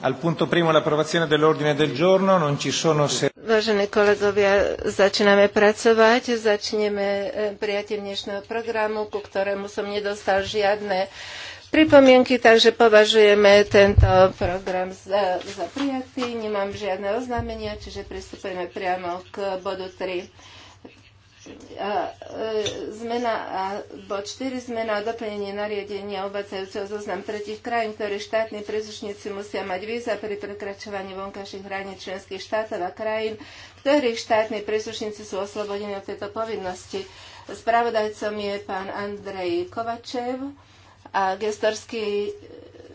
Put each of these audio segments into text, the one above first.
Al punto primo l'approvazione dell'ordine del giorno, non ci sono Vážení kolegovia, začíname pracovať, začneme eh, prijatím dnešného programu, ku ktorému som nedostal žiadne pripomienky, takže považujeme tento program za, za prijatý. Nemám žiadne oznámenia, čiže pristupujeme priamo k bodu 3 a, e, zmena a bod 4 zmena a doplnenie nariadenia obacajúceho zoznam tretich krajín, ktoré štátni príslušníci musia mať víza pri prekračovaní vonkajších hraníc členských štátov a krajín, ktorých štátni príslušníci sú oslobodení od tejto povinnosti. Spravodajcom je pán Andrej Kovačev a gestorský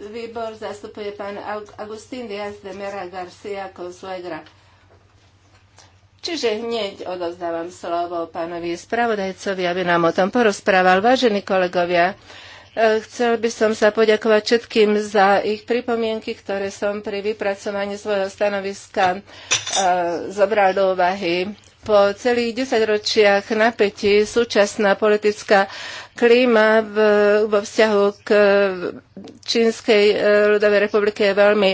výbor zastupuje pán Agustín Diaz de Mera Garcia ako Čiže hneď odovzdávam slovo pánovi spravodajcovi, aby nám o tom porozprával. Vážení kolegovia, e, Chcel by som sa poďakovať všetkým za ich pripomienky, ktoré som pri vypracovaní svojho stanoviska e, zobral do úvahy. Po celých desaťročiach napätí súčasná politická klíma v, vo vzťahu k Čínskej e, ľudovej republike je veľmi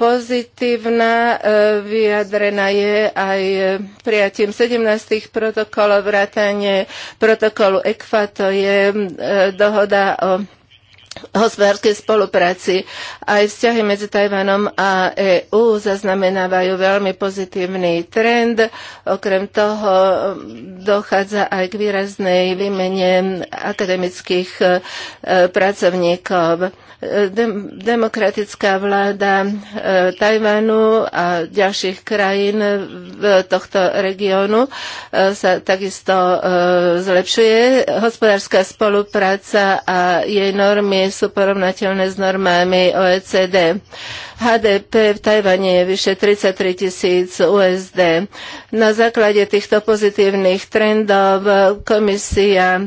pozitívna, e, vyjadrená je aj e, prijatím 17 protokolov vrátane protokolu ECFA, to je e, dohoda o hospodárskej spolupráci. Aj vzťahy medzi Tajvanom a EÚ zaznamenávajú veľmi pozitívny trend. Okrem toho mm, dochádza aj k výraznej výmene akademických e, pracovníkov. E, demokratická vláda e, Tajvanu a ďalších krajín v tohto regiónu sa takisto zlepšuje. Hospodárska spolupráca a jej normy nie sú porovnateľné s normami OECD. HDP v Tajvane je vyše 33 tisíc USD. Na základe týchto pozitívnych trendov komisia e,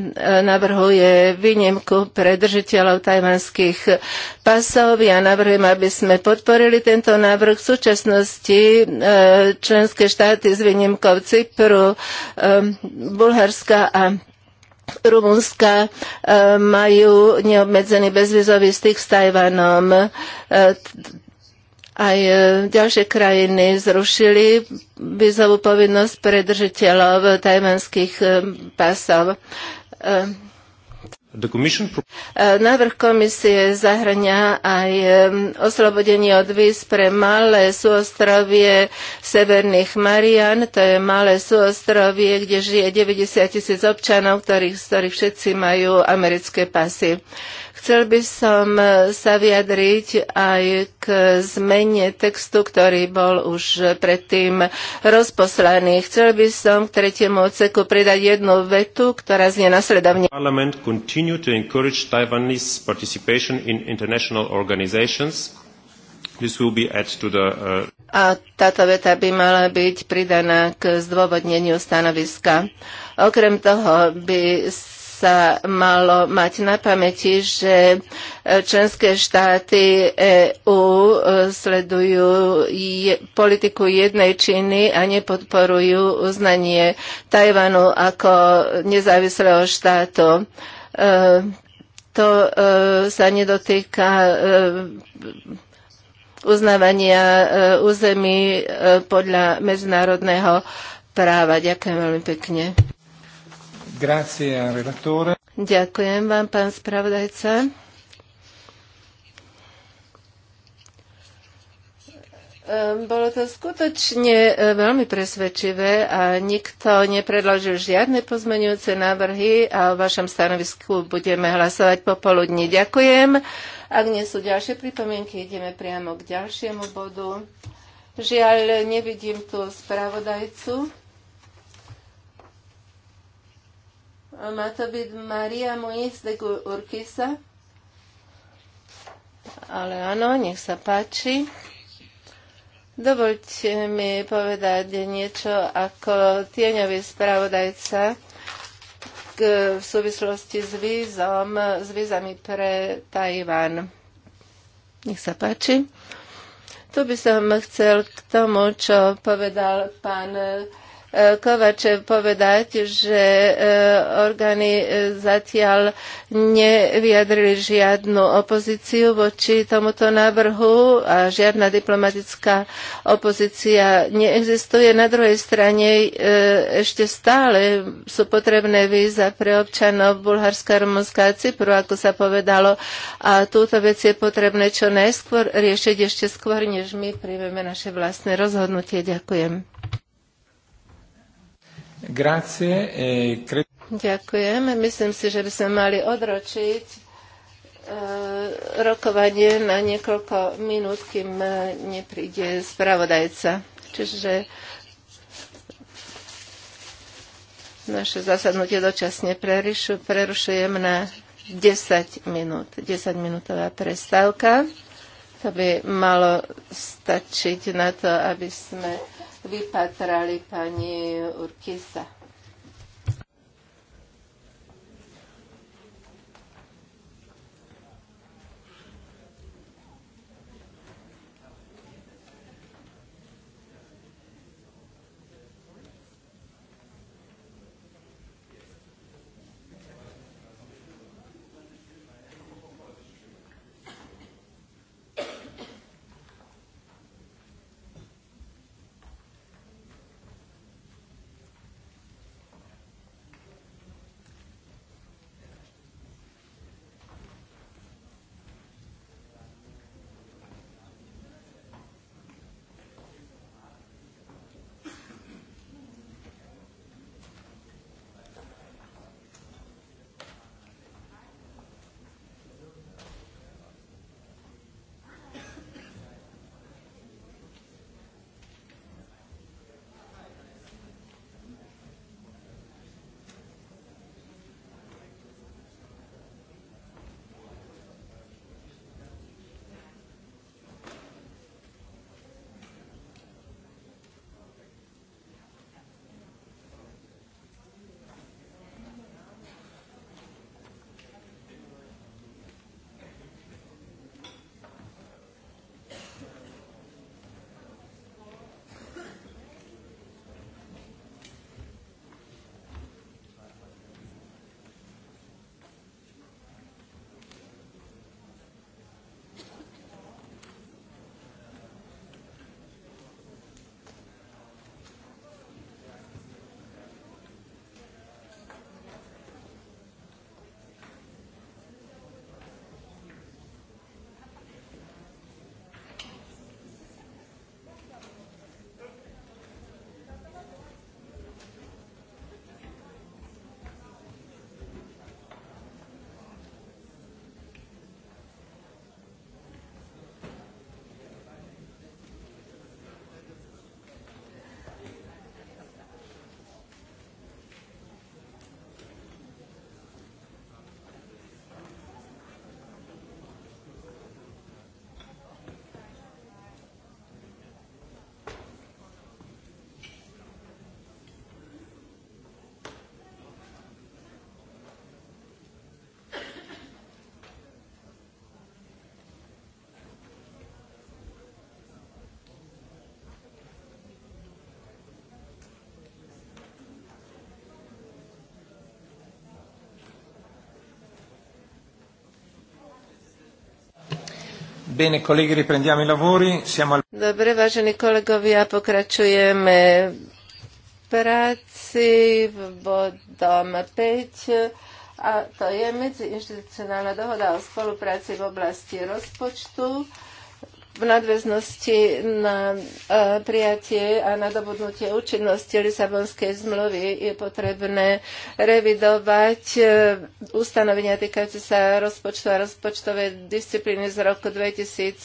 navrhuje výnimku pre držiteľov tajvanských pasov. Ja navrhujem, aby sme podporili tento návrh. V súčasnosti e, členské štáty s výnimkou Cypru, e, Bulharska a Rumunska e, majú neobmedzený bezvizový styk s Tajvanom. E, aj e, ďalšie krajiny zrušili vizovú povinnosť pre držiteľov tajvanských pasov. E, návrh komisie zahŕňa aj e, oslobodenie od víz pre malé súostrovie Severných Marian. To je malé súostrovie, kde žije 90 tisíc občanov, ktorých, z ktorých všetci majú americké pasy. Chcel by som e, sa vyjadriť aj k zmene textu, ktorý bol už predtým rozposlaný. Chcel by som k tretiemu oceku pridať jednu vetu, ktorá znie nasledovne. Parlament continue to encourage Taiwanese participation in international organizations. This will be added to the, uh... A táto veta by mala byť pridaná k zdôvodneniu stanoviska. Okrem toho by sa malo mať na pamäti, že e, členské štáty EÚ e, sledujú politiku jednej činy a nepodporujú uznanie Tajvanu ako nezávislého štátu e, to sa nedotýka uznávania území podľa medzinárodného práva. Ďakujem veľmi pekne. Ďakujem vám, pán spravodajca. Ehm, bolo to skutočne e, veľmi presvedčivé a nikto nepredložil žiadne pozmenujúce návrhy a o vašom stanovisku budeme hlasovať popoludní. Ďakujem. Ak nie sú ďalšie pripomienky, ideme priamo k ďalšiemu bodu. Žiaľ, nevidím tu spravodajcu. Má to byť Maria Muiz de Urquiza. Ale áno, nech sa páči. Dovolte mi povedať niečo ako tieňový spravodajca k, v súvislosti s, vízom, s vízami pre Tajván. Nech sa páči. Tu by som chcel k tomu, čo povedal pán Kovačev povedať, že e, orgány e, zatiaľ nevyjadrili žiadnu opozíciu voči tomuto návrhu a žiadna diplomatická opozícia neexistuje. Na druhej strane e, ešte stále sú potrebné víza pre občanov Bulharska, Rumunska a Cypru, ako sa povedalo. A túto vec je potrebné čo najskôr riešiť ešte skôr, než my príjmeme naše vlastné rozhodnutie. Ďakujem. E Ďakujem. Myslím si, že by sme mali odročiť e, rokovanie na niekoľko minút, kým e, nepríde spravodajca. Čiže naše zasadnutie dočasne prerušujem na 10 minút. 10 minútová prestávka. To by malo stačiť na to, aby sme vypatrali pani Urkisa. Bene, colleghi, riprendiamo i lavori. Siamo al... Dobre, vážení kolegovia, pokračujeme práci v bodom 5 a to je medziinstitucionálna dohoda o spolupráci v oblasti rozpočtu v nadväznosti na e, prijatie a nadobudnutie účinnosti Lisabonskej zmluvy je potrebné revidovať e, ustanovenia týkajúce sa rozpočtu a rozpočtovej disciplíny z roku 2006.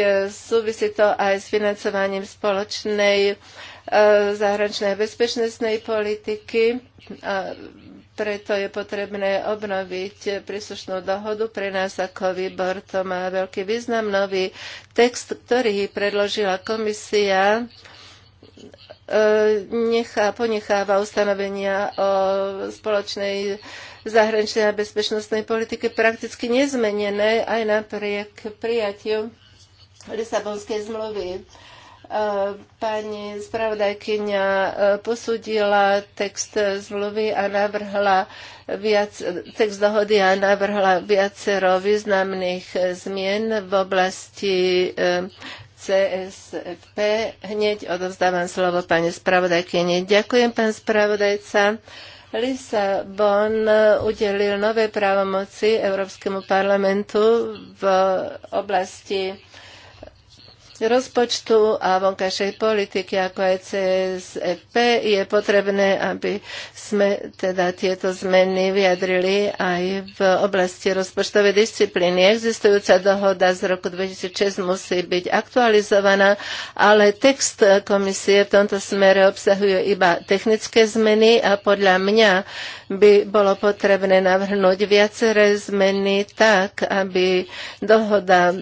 E, súvisí to aj s financovaním spoločnej zahraničnej a bezpečnostnej politiky preto je potrebné obnoviť príslušnú dohodu. Pre nás ako výbor to má veľký význam. Nový text, ktorý predložila komisia, e, nechá, ponecháva ustanovenia o spoločnej zahraničnej a bezpečnostnej politike prakticky nezmenené aj napriek prijatiu Lisabonskej zmluvy. Pani spravodajkyňa e, posúdila text zmluvy a navrhla viac, text dohody a navrhla viacero významných e, zmien v oblasti e, CSFP. Hneď odovzdávam slovo pani spravodajkyni. Ďakujem, pán spravodajca. Lisabon udelil nové právomoci Európskemu parlamentu v oblasti rozpočtu a vonkajšej politiky, ako aj CSFP, je potrebné, aby sme teda tieto zmeny vyjadrili aj v oblasti rozpočtovej disciplíny. Existujúca dohoda z roku 2006 musí byť aktualizovaná, ale text komisie v tomto smere obsahuje iba technické zmeny a podľa mňa by bolo potrebné navrhnúť viaceré zmeny tak, aby dohoda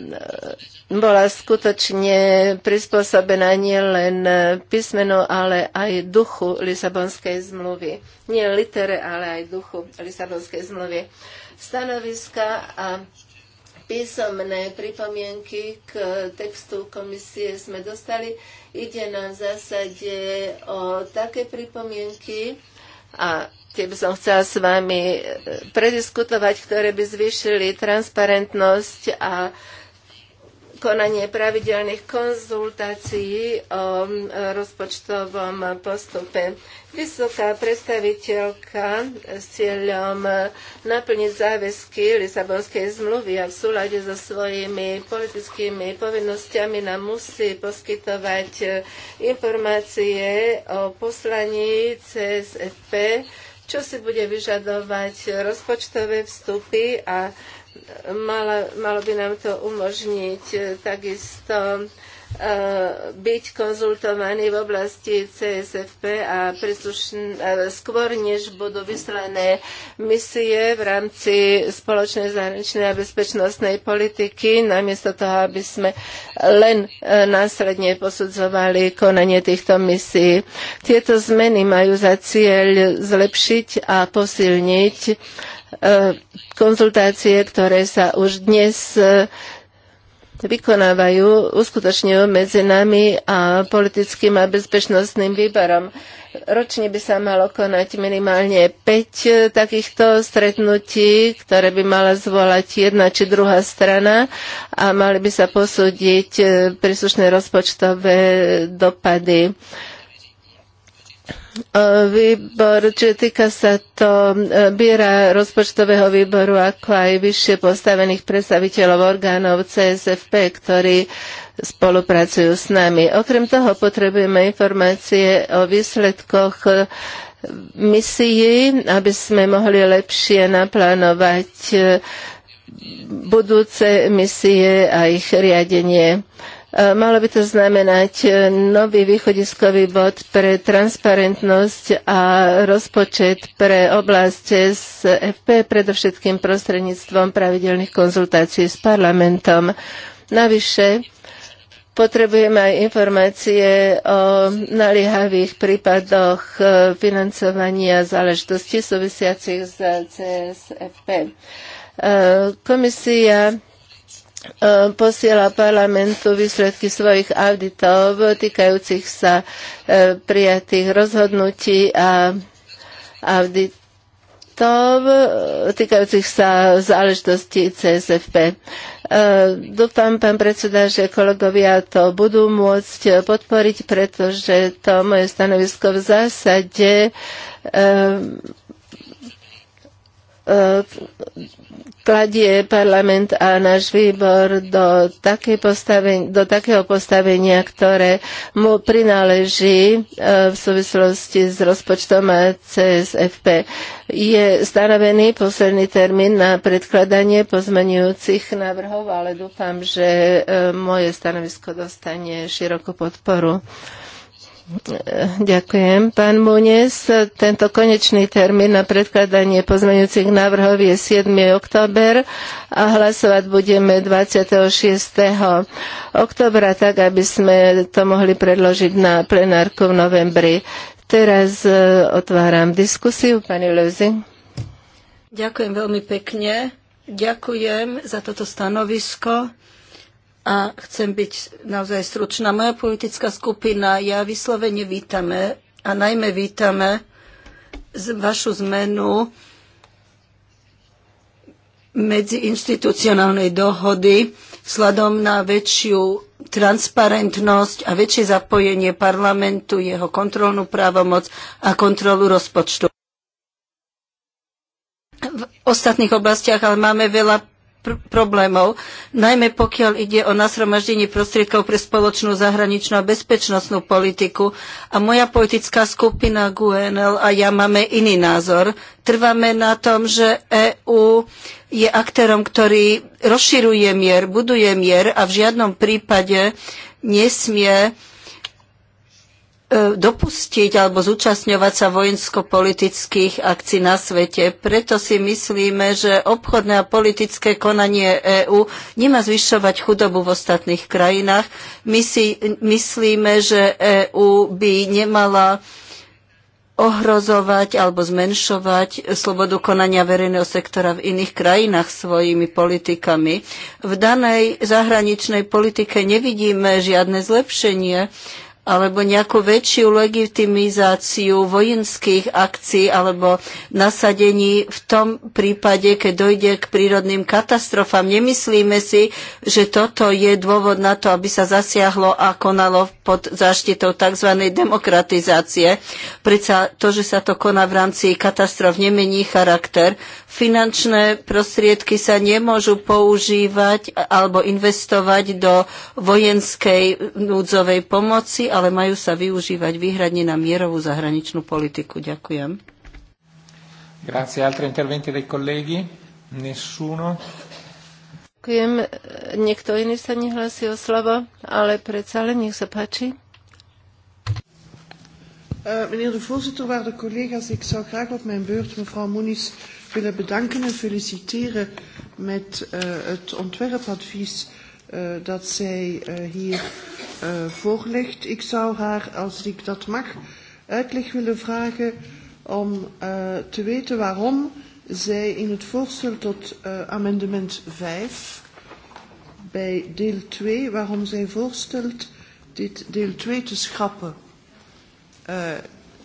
bola skutočne prispôsobená nielen písmenu, ale aj duchu Lisabonskej zmluvy. Nie litere, ale aj duchu Lisabonskej zmluvy. Stanoviska a písomné pripomienky k textu komisie sme dostali. Ide nám v zásade o také pripomienky a tie by som chcela s vami prediskutovať, ktoré by zvýšili transparentnosť a konanie pravidelných konzultácií o rozpočtovom postupe. Vysoká predstaviteľka s cieľom naplniť záväzky Lisabonskej zmluvy a v súlade so svojimi politickými povinnosťami nám musí poskytovať informácie o poslaní CSFP, čo si bude vyžadovať rozpočtové vstupy a Malo, malo by nám to umožniť e, takisto e, byť konzultovaní v oblasti CSFP a e, skôr, než budú vyslané misie v rámci spoločnej zahraničnej a bezpečnostnej politiky, namiesto toho, aby sme len následne posudzovali konanie týchto misií. Tieto zmeny majú za cieľ zlepšiť a posilniť E, konzultácie, ktoré sa už dnes e, vykonávajú, uskutočňujú medzi nami a politickým a bezpečnostným výborom. Ročne by sa malo konať minimálne 5 e, takýchto stretnutí, ktoré by mala zvolať jedna či druhá strana a mali by sa posúdiť príslušné rozpočtové dopady výbor, čiže týka sa to e, biera rozpočtového výboru, ako aj vyššie postavených predstaviteľov orgánov CSFP, ktorí spolupracujú s nami. Okrem toho potrebujeme informácie o výsledkoch e, misií, aby sme mohli lepšie naplánovať e, budúce misie a ich riadenie. E, malo by to znamenať e, nový východiskový bod pre transparentnosť a rozpočet pre oblasť FP predovšetkým prostredníctvom pravidelných konzultácií s parlamentom. Navyše, Potrebujeme aj informácie o naliehavých prípadoch e, financovania záležitostí súvisiacich s CSFP. Komisia posiela parlamentu výsledky svojich auditov týkajúcich sa e, prijatých rozhodnutí a auditov e, týkajúcich sa záležitostí CSFP. E, dúfam, pán predseda, že kolegovia to budú môcť podporiť, pretože to moje stanovisko v zásade E, kladie parlament a náš výbor do, také do takého postavenia, ktoré mu prináleží e, v súvislosti s rozpočtom a CSFP. Je stanovený posledný termín na predkladanie pozmenujúcich návrhov, ale dúfam, že e, moje stanovisko dostane širokú podporu. Ďakujem, pán Munes. Tento konečný termín na predkladanie pozmeňujúcich návrhov je 7. október a hlasovať budeme 26. oktobra, tak aby sme to mohli predložiť na plenárku v novembri. Teraz e, otváram diskusiu. Pani Levzi. Ďakujem veľmi pekne. Ďakujem za toto stanovisko a chcem byť naozaj stručná. Moja politická skupina, ja vyslovene vítame a najmä vítame vašu zmenu medziinstitucionálnej dohody vzhľadom na väčšiu transparentnosť a väčšie zapojenie parlamentu, jeho kontrolnú právomoc a kontrolu rozpočtu v ostatných oblastiach, ale máme veľa pr- problémov, najmä pokiaľ ide o nasromaždenie prostriedkov pre spoločnú zahraničnú a bezpečnostnú politiku. A moja politická skupina GUNL a ja máme iný názor. Trváme na tom, že EÚ je aktérom, ktorý rozširuje mier, buduje mier a v žiadnom prípade nesmie E, dopustiť alebo zúčastňovať sa vojensko-politických akcií na svete. Preto si myslíme, že obchodné a politické konanie EÚ nemá zvyšovať chudobu v ostatných krajinách. My si myslíme, že EÚ by nemala ohrozovať alebo zmenšovať slobodu konania verejného sektora v iných krajinách svojimi politikami. V danej zahraničnej politike nevidíme žiadne zlepšenie alebo nejakú väčšiu legitimizáciu vojenských akcií alebo nasadení v tom prípade, keď dojde k prírodným katastrofám. Nemyslíme si, že toto je dôvod na to, aby sa zasiahlo a konalo pod záštitou tzv. demokratizácie. Preca to, že sa to koná v rámci katastrof, nemení charakter finančné prostriedky sa nemôžu používať alebo investovať do vojenskej núdzovej pomoci, ale majú sa využívať výhradne na mierovú zahraničnú politiku. Ďakujem. Grazie. Altri interventi dei colleghi? Nessuno? Ďakujem. Niekto iný sa nehlasí o slovo, ale predsa len nech sa páči. Uh, meneer de voorzitter, waarde collega's, ik zou graag op mijn beurt mevrouw Moenis willen bedanken en feliciteren met uh, het ontwerpadvies uh, dat zij uh, hier uh, voorlegt. Ik zou haar, als ik dat mag, uitleg willen vragen om uh, te weten waarom zij in het voorstel tot uh, amendement 5 bij deel 2, waarom zij voorstelt dit deel 2 te schrappen. Uh,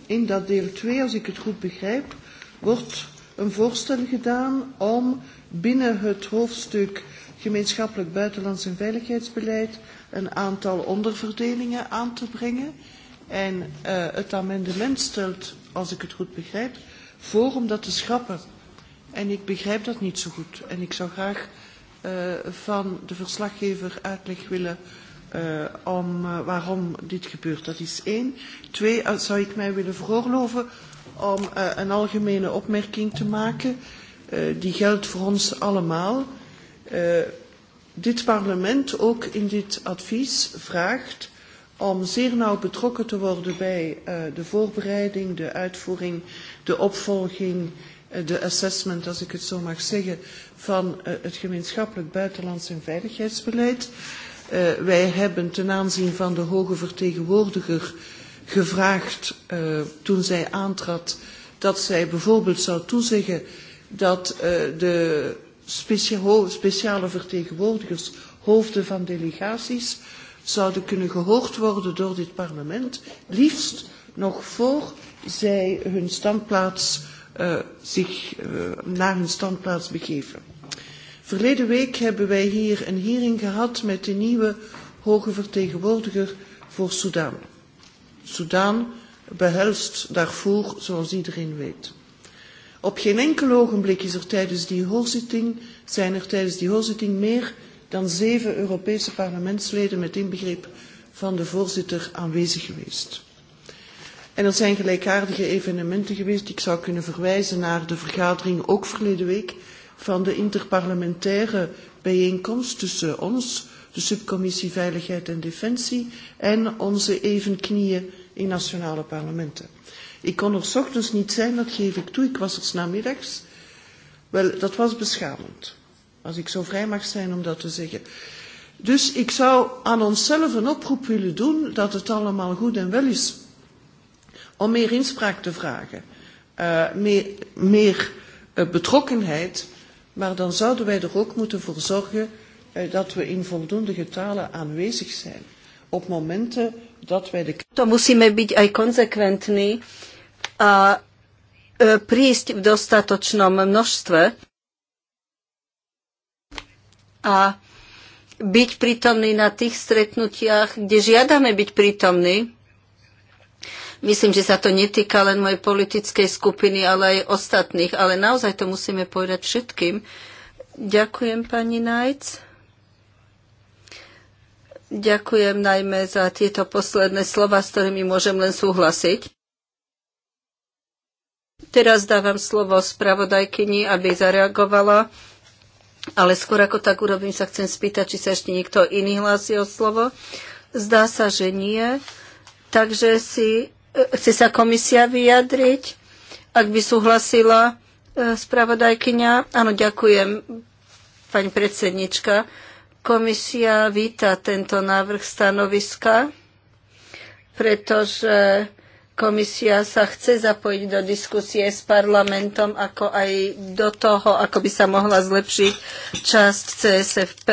in dat deel 2, als ik het goed begrijp, wordt een voorstel gedaan om binnen het hoofdstuk gemeenschappelijk buitenlands en veiligheidsbeleid een aantal onderverdelingen aan te brengen. En uh, het amendement stelt, als ik het goed begrijp, voor om dat te schrappen. En ik begrijp dat niet zo goed. En ik zou graag uh, van de verslaggever uitleg willen uh, om uh, waarom dit gebeurt. Dat is één. Twee, uh, zou ik mij willen veroorloven om uh, een algemene opmerking te maken. Uh, die geldt voor ons allemaal. Uh, dit parlement ook in dit advies vraagt om zeer nauw betrokken te worden bij uh, de voorbereiding, de uitvoering, de opvolging, uh, de assessment, als ik het zo mag zeggen, van uh, het gemeenschappelijk buitenlands en veiligheidsbeleid. Uh, wij hebben ten aanzien van de hoge vertegenwoordiger uh, gevraagd uh, toen zij aantrad dat zij bijvoorbeeld zou toezeggen dat uh, de speciale vertegenwoordigers, hoofden van delegaties, zouden kunnen gehoord worden door dit parlement, liefst nog voor zij hun standplaats, uh, zich uh, naar hun standplaats begeven. Verleden week hebben wij hier een hearing gehad met de nieuwe hoge vertegenwoordiger voor Soedan. Soudaan behelst daarvoor, zoals iedereen weet. Op geen enkel ogenblik is er tijdens die hoorzitting, zijn er tijdens die hoorzitting meer dan zeven Europese parlementsleden met inbegrip van de voorzitter aanwezig geweest. En er zijn gelijkaardige evenementen geweest. Ik zou kunnen verwijzen naar de vergadering ook verleden week van de interparlementaire bijeenkomst tussen ons, de subcommissie Veiligheid en Defensie en onze evenknieën in nationale parlementen. Ik kon er s ochtends niet zijn, dat geef ik toe. Ik was er s namiddags. Wel, dat was beschamend. Als ik zo vrij mag zijn om dat te zeggen. Dus ik zou aan onszelf een oproep willen doen dat het allemaal goed en wel is om meer inspraak te vragen, uh, meer, meer uh, betrokkenheid, maar dan zouden wij er ook moeten voor zorgen Eh, dat we in voldoende getalen aanwezig zijn. Op momenten dat wij de... To musíme byť aj konzekventní a eh, prísť v dostatočnom množstve a byť prítomný na tých stretnutiach, kde žiadame byť prítomný. Myslím, že sa to netýka len mojej politickej skupiny, ale aj ostatných, ale naozaj to musíme povedať všetkým. Ďakujem, pani Najc. Ďakujem najmä za tieto posledné slova, s ktorými môžem len súhlasiť. Teraz dávam slovo spravodajkyni, aby zareagovala, ale skôr ako tak urobím, sa chcem spýtať, či sa ešte niekto iný hlási o slovo. Zdá sa, že nie. Takže si, e, chce sa komisia vyjadriť, ak by súhlasila e, spravodajkyňa. Áno, ďakujem, pani predsednička. Komisia víta tento návrh stanoviska, pretože komisia sa chce zapojiť do diskusie s parlamentom, ako aj do toho, ako by sa mohla zlepšiť časť CSFP.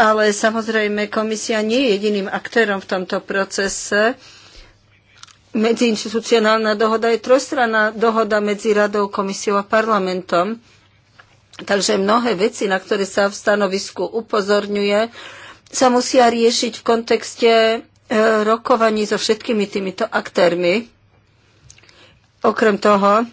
Ale samozrejme, komisia nie je jediným aktérom v tomto procese. Medziinstitucionálna dohoda je trojstranná dohoda medzi radou, komisiou a parlamentom. Takže mnohé veci, na ktoré sa v stanovisku upozorňuje, sa musia riešiť v kontekste e, rokovaní so všetkými týmito aktérmi. Okrem toho,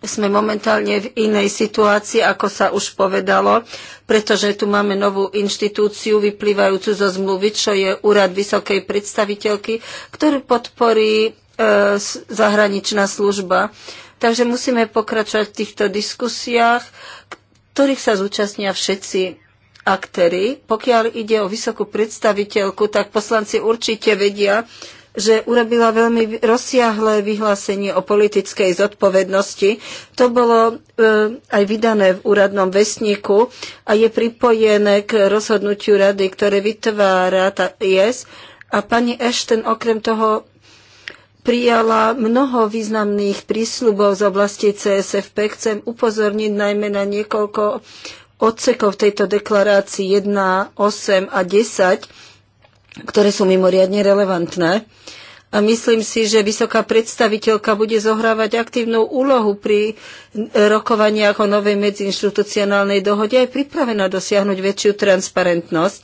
sme momentálne v inej situácii, ako sa už povedalo, pretože tu máme novú inštitúciu vyplývajúcu zo zmluvy, čo je úrad vysokej predstaviteľky, ktorý podporí e, zahraničná služba. Takže musíme pokračovať v týchto diskusiách, ktorých sa zúčastnia všetci aktéry. Pokiaľ ide o vysokú predstaviteľku, tak poslanci určite vedia, že urobila veľmi rozsiahlé vyhlásenie o politickej zodpovednosti. To bolo e, aj vydané v úradnom vesníku a je pripojené k rozhodnutiu rady, ktoré vytvára tá IS. A pani Ashton okrem toho prijala mnoho významných prísľubov z oblasti CSFP. Chcem upozorniť najmä na niekoľko odsekov tejto deklarácii 1, 8 a 10, ktoré sú mimoriadne relevantné. A myslím si, že vysoká predstaviteľka bude zohrávať aktívnu úlohu pri rokovaniach o novej medziinstitucionálnej dohode a je pripravená dosiahnuť väčšiu transparentnosť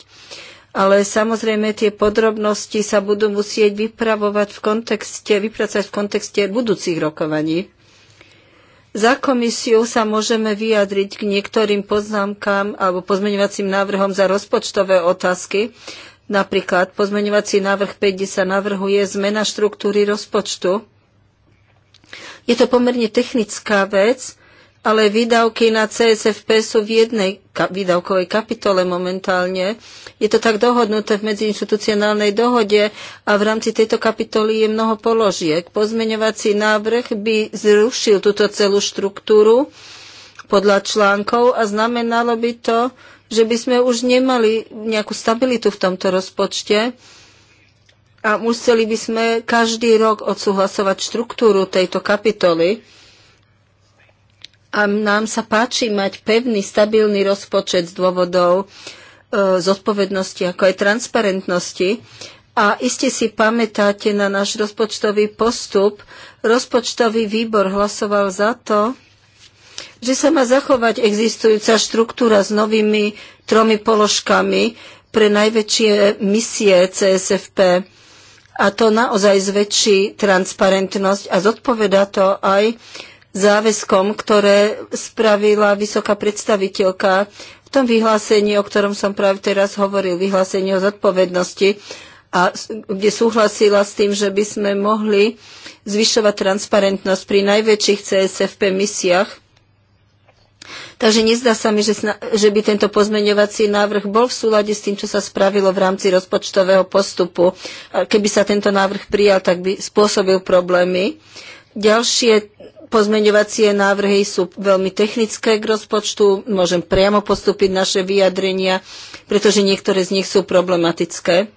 ale samozrejme tie podrobnosti sa budú musieť vypravovať v kontexte, vypracovať v kontexte budúcich rokovaní. Za komisiu sa môžeme vyjadriť k niektorým poznámkam alebo pozmeňovacím návrhom za rozpočtové otázky. Napríklad pozmeňovací návrh 50 navrhuje zmena štruktúry rozpočtu. Je to pomerne technická vec, ale výdavky na CSFP sú v jednej ka- výdavkovej kapitole momentálne. Je to tak dohodnuté v medziinstitucionálnej dohode a v rámci tejto kapitoly je mnoho položiek. Pozmeňovací návrh by zrušil túto celú štruktúru podľa článkov a znamenalo by to, že by sme už nemali nejakú stabilitu v tomto rozpočte a museli by sme každý rok odsúhlasovať štruktúru tejto kapitoly a nám sa páči mať pevný, stabilný rozpočet z dôvodov e, zodpovednosti, ako aj transparentnosti. A iste si pamätáte na náš rozpočtový postup. Rozpočtový výbor hlasoval za to, že sa má zachovať existujúca štruktúra s novými tromi položkami pre najväčšie misie CSFP. A to naozaj zväčší transparentnosť a zodpoveda to aj záväzkom, ktoré spravila vysoká predstaviteľka v tom vyhlásení, o ktorom som práve teraz hovoril, vyhlásení o zodpovednosti, a kde súhlasila s tým, že by sme mohli zvyšovať transparentnosť pri najväčších CSFP misiach. Takže nezdá sa mi, že, že by tento pozmeňovací návrh bol v súlade s tým, čo sa spravilo v rámci rozpočtového postupu. Keby sa tento návrh prijal, tak by spôsobil problémy. Ďalšie Pozmeňovacie návrhy sú veľmi technické k rozpočtu. Môžem priamo postúpiť naše vyjadrenia, pretože niektoré z nich sú problematické.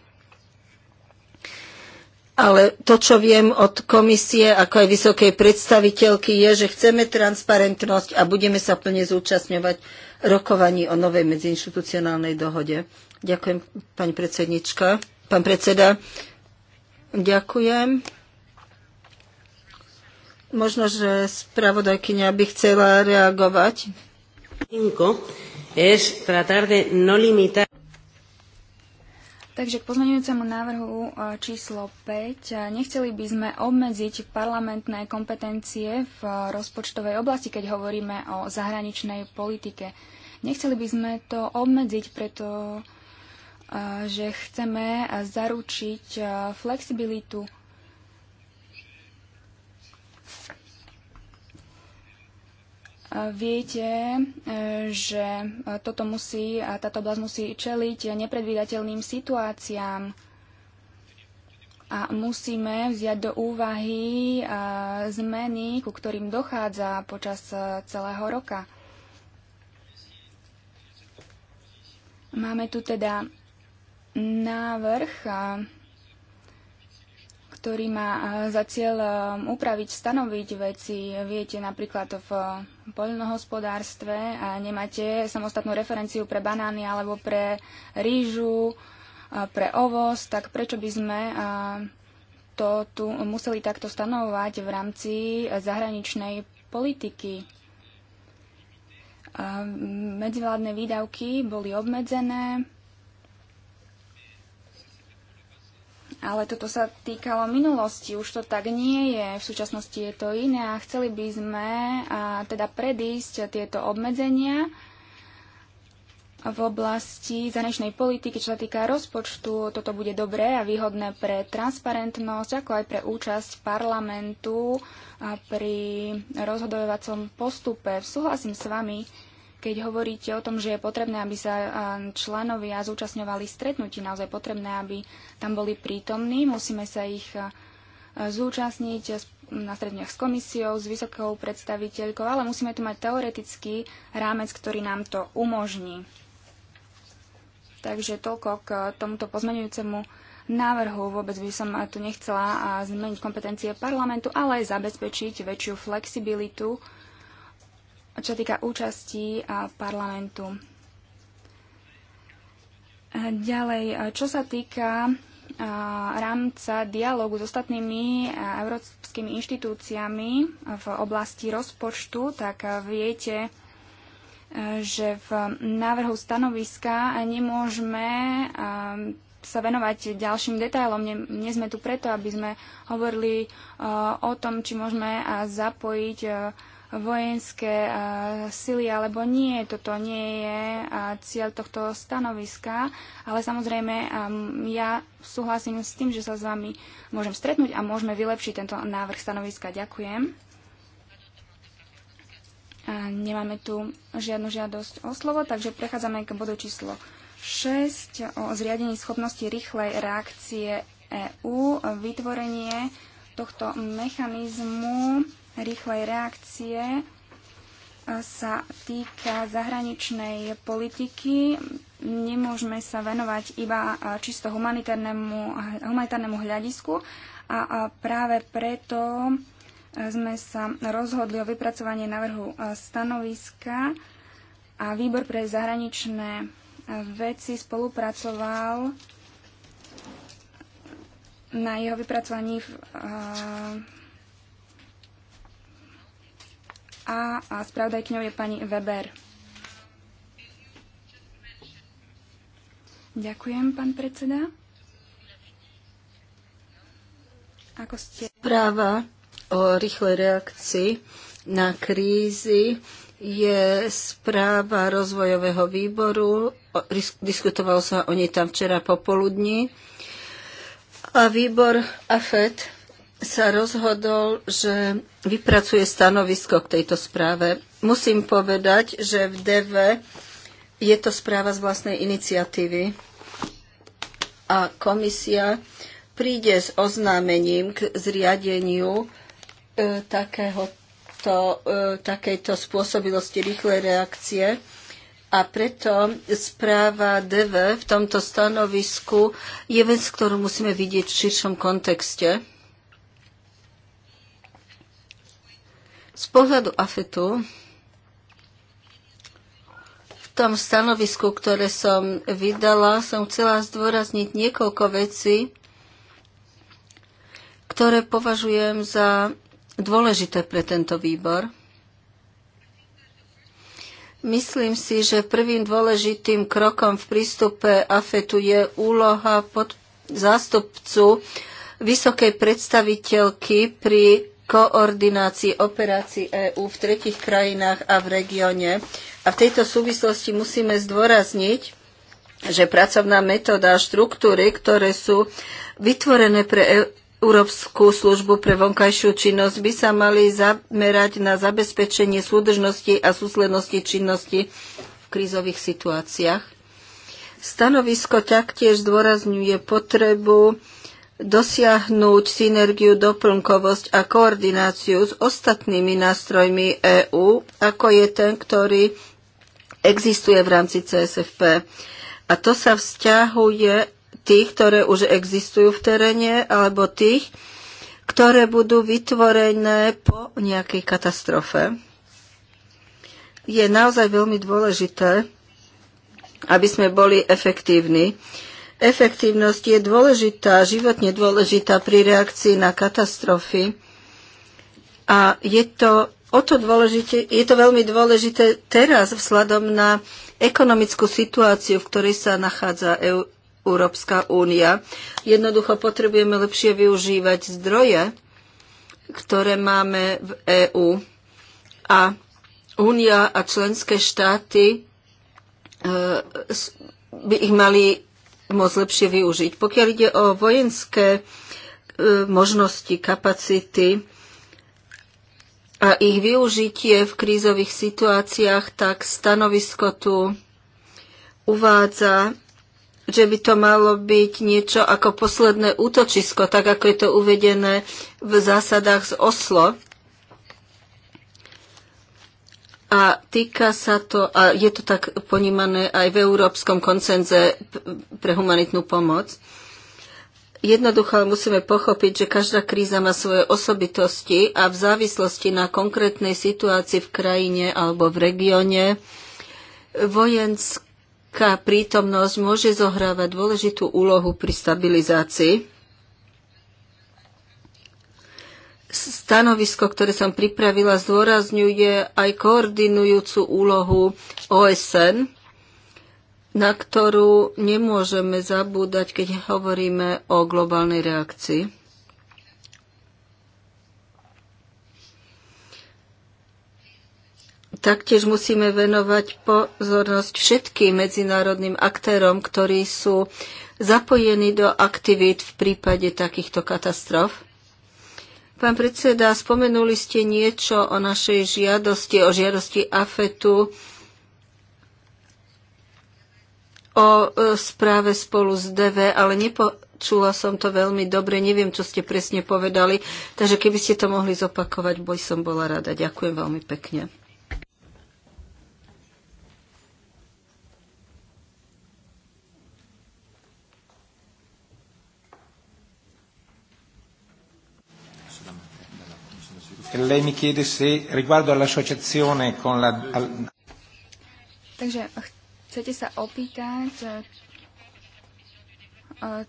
Ale to, čo viem od komisie, ako aj vysokej predstaviteľky, je, že chceme transparentnosť a budeme sa plne zúčastňovať rokovaní o novej medziinstitucionálnej dohode. Ďakujem, pani predsednička. Pán predseda, ďakujem. Možno, že spravodajkynia by chcela reagovať. No Takže k pozmeňujúcemu návrhu e, číslo 5. E, nechceli by sme obmedziť parlamentné kompetencie v e, rozpočtovej oblasti, keď hovoríme o zahraničnej politike. Nechceli by sme to obmedziť, pretože chceme zaručiť flexibilitu Viete, e, že toto musí, táto oblasť musí čeliť nepredvídateľným situáciám a musíme vziať do úvahy e, zmeny, ku ktorým dochádza počas e, celého roka. Máme tu teda návrh ktorý má e, za cieľ e, upraviť, stanoviť veci. Viete napríklad v e, poľnohospodárstve a nemáte samostatnú referenciu pre banány alebo pre rýžu, pre ovoz, tak prečo by sme to tu museli takto stanovovať v rámci zahraničnej politiky? Medzivládne výdavky boli obmedzené, Ale toto sa týkalo minulosti, už to tak nie je, v súčasnosti je to iné a chceli by sme a teda predísť tieto obmedzenia v oblasti zanečnej politiky, čo sa týka rozpočtu. Toto bude dobré a výhodné pre transparentnosť, ako aj pre účasť parlamentu a pri rozhodovacom postupe. Súhlasím s vami, keď hovoríte o tom, že je potrebné, aby sa členovia zúčastňovali stretnutí, naozaj potrebné, aby tam boli prítomní, musíme sa ich zúčastniť na stredniach s komisiou, s vysokou predstaviteľkou, ale musíme tu mať teoretický rámec, ktorý nám to umožní. Takže toľko k tomuto pozmenujúcemu návrhu. Vôbec by som tu nechcela zmeniť kompetencie parlamentu, ale aj zabezpečiť väčšiu flexibilitu čo týka účasti parlamentu. Ďalej, čo sa týka rámca dialogu s ostatnými európskymi inštitúciami v oblasti rozpočtu, tak viete, že v návrhu stanoviska nemôžeme sa venovať ďalším detailom. Nie, nie sme tu preto, aby sme hovorili o tom, či môžeme zapojiť vojenské sily alebo nie. Toto nie je cieľ tohto stanoviska, ale samozrejme ja súhlasím s tým, že sa s vami môžem stretnúť a môžeme vylepšiť tento návrh stanoviska. Ďakujem. A nemáme tu žiadnu žiadosť o slovo, takže prechádzame k bodu číslo 6 o zriadení schopnosti rýchlej reakcie EÚ, vytvorenie tohto mechanizmu rýchlej reakcie e, sa týka zahraničnej politiky. Nemôžeme sa venovať iba e, čisto humanitárnemu, humanitárnemu hľadisku a práve preto e, sme sa rozhodli o vypracovanie návrhu stanoviska a výbor pre zahraničné veci spolupracoval na jeho vypracovaní v, A, a spravodajkňou je pani Weber. Ďakujem, pán predseda. Ako ste... Práva o rýchlej reakcii na krízy je správa rozvojového výboru. Diskutovalo sa o nej tam včera popoludní. A výbor AFET sa rozhodol, že vypracuje stanovisko k tejto správe. Musím povedať, že v DV je to správa z vlastnej iniciatívy a komisia príde s oznámením k zriadeniu e, takéhoto, e, takejto spôsobilosti rýchlej reakcie a preto správa DV v tomto stanovisku je vec, ktorú musíme vidieť v širšom kontexte Z pohľadu AFETu v tom stanovisku, ktoré som vydala, som chcela zdôrazniť niekoľko vecí, ktoré považujem za dôležité pre tento výbor. Myslím si, že prvým dôležitým krokom v prístupe AFETu je úloha pod zástupcu vysokej predstaviteľky pri koordinácii operácií EÚ v tretich krajinách a v regióne. A v tejto súvislosti musíme zdôrazniť, že pracovná metóda a štruktúry, ktoré sú vytvorené pre e Európsku službu pre vonkajšiu činnosť, by sa mali zamerať na zabezpečenie súdržnosti a súslednosti činnosti v krízových situáciách. Stanovisko taktiež zdôrazňuje potrebu dosiahnuť synergiu, doplnkovosť a koordináciu s ostatnými nástrojmi EÚ, ako je ten, ktorý existuje v rámci CSFP. A to sa vzťahuje tých, ktoré už existujú v teréne, alebo tých, ktoré budú vytvorené po nejakej katastrofe. Je naozaj veľmi dôležité, aby sme boli efektívni. Efektívnosť je dôležitá, životne dôležitá pri reakcii na katastrofy. A je to, o to, dôležite, je to veľmi dôležité teraz vzhľadom na ekonomickú situáciu, v ktorej sa nachádza EU, Európska únia. Jednoducho potrebujeme lepšie využívať zdroje, ktoré máme v EÚ. A únia a členské štáty e, by ich mali môcť lepšie využiť. Pokiaľ ide o vojenské e, možnosti, kapacity a ich využitie v krízových situáciách, tak stanovisko tu uvádza, že by to malo byť niečo ako posledné útočisko, tak ako je to uvedené v zásadách z Oslo. A týka sa to, a je to tak ponímané aj v európskom koncenze pre humanitnú pomoc. Jednoducho musíme pochopiť, že každá kríza má svoje osobitosti a v závislosti na konkrétnej situácii v krajine alebo v regióne vojenská prítomnosť môže zohrávať dôležitú úlohu pri stabilizácii Stanovisko, ktoré som pripravila, zdôrazňuje aj koordinujúcu úlohu OSN, na ktorú nemôžeme zabúdať, keď hovoríme o globálnej reakcii. Taktiež musíme venovať pozornosť všetkým medzinárodným aktérom, ktorí sú zapojení do aktivít v prípade takýchto katastrof. Pán predseda, spomenuli ste niečo o našej žiadosti, o žiadosti AFETu, o e, správe spolu s DV, ale nepočula som to veľmi dobre, neviem, čo ste presne povedali, takže keby ste to mohli zopakovať, boj som bola rada. Ďakujem veľmi pekne. lei mi chiede se riguardo all'associazione con la... Al... Takže chcete sa opýtať, e, e,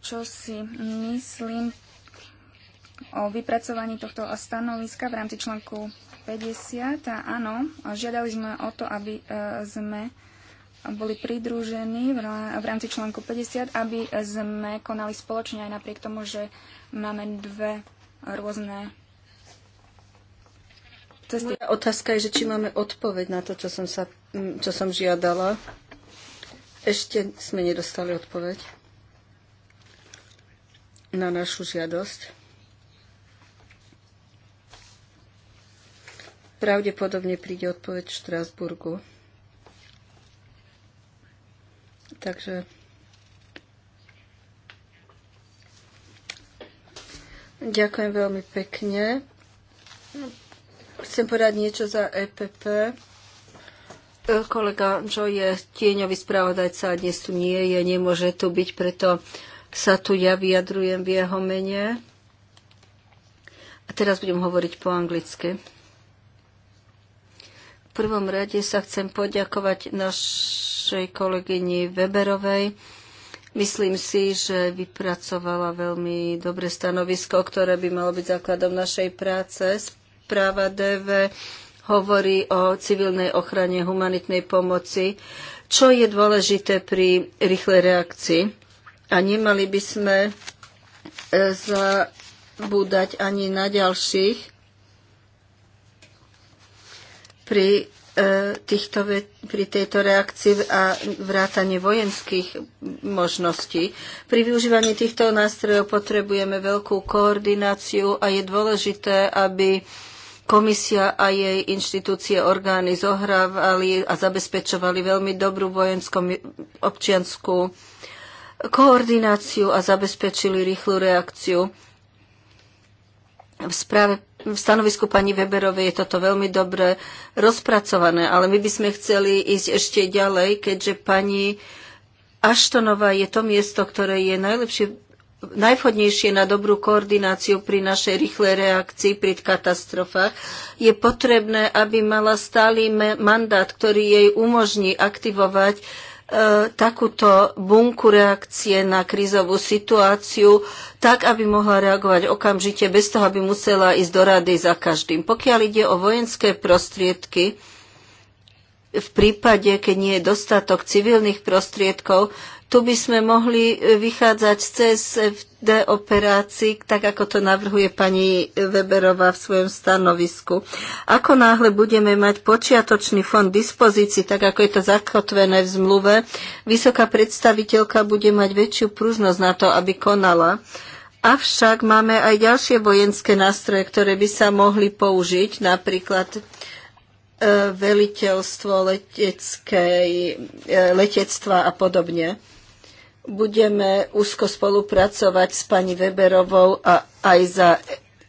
čo si myslím o vypracovaní tohto stanoviska v rámci článku 50. A áno, žiadali sme o to, aby e, sme boli pridružení v rámci článku 50, aby sme konali spoločne aj napriek tomu, že máme dve rôzne cesty. Moja otázka je, že či máme odpoveď na to, čo som, sa, čo som žiadala. Ešte sme nedostali odpoveď na našu žiadosť. Pravdepodobne príde odpoveď v Štrásburgu. Takže ďakujem veľmi pekne. Chcem povedať niečo za EPP. E, kolega Čo je tieňový spravodajca a dnes tu nie je, nemôže tu byť, preto sa tu ja vyjadrujem v jeho mene. A teraz budem hovoriť po anglicky. V prvom rade sa chcem poďakovať našej kolegyni Weberovej. Myslím si, že vypracovala veľmi dobré stanovisko, ktoré by malo byť základom našej práce správa DV hovorí o civilnej ochrane humanitnej pomoci, čo je dôležité pri rýchlej reakcii. A nemali by sme e, zabúdať ani na ďalších pri e, týchto, pri tejto reakcii a vrátanie vojenských možností. Pri využívaní týchto nástrojov potrebujeme veľkú koordináciu a je dôležité, aby Komisia a jej inštitúcie, orgány zohrávali a zabezpečovali veľmi dobrú vojensko-občianskú koordináciu a zabezpečili rýchlu reakciu. V, správe, v stanovisku pani Weberovej je toto veľmi dobre rozpracované, ale my by sme chceli ísť ešte ďalej, keďže pani Aštonová je to miesto, ktoré je najlepšie najvhodnejšie na dobrú koordináciu pri našej rýchlej reakcii pri katastrofách, je potrebné, aby mala stály mandát, ktorý jej umožní aktivovať e, takúto bunku reakcie na krízovú situáciu, tak, aby mohla reagovať okamžite, bez toho, aby musela ísť do rady za každým. Pokiaľ ide o vojenské prostriedky, v prípade, keď nie je dostatok civilných prostriedkov, tu by sme mohli e, vychádzať z FD operácií, tak ako to navrhuje pani Weberová v svojom stanovisku. Ako náhle budeme mať počiatočný fond dispozícii, tak ako je to zakotvené v zmluve, vysoká predstaviteľka bude mať väčšiu prúžnosť na to, aby konala. Avšak máme aj ďalšie vojenské nástroje, ktoré by sa mohli použiť, napríklad e, veliteľstvo leteckej, e, letectva a podobne budeme úzko spolupracovať s pani Weberovou a aj za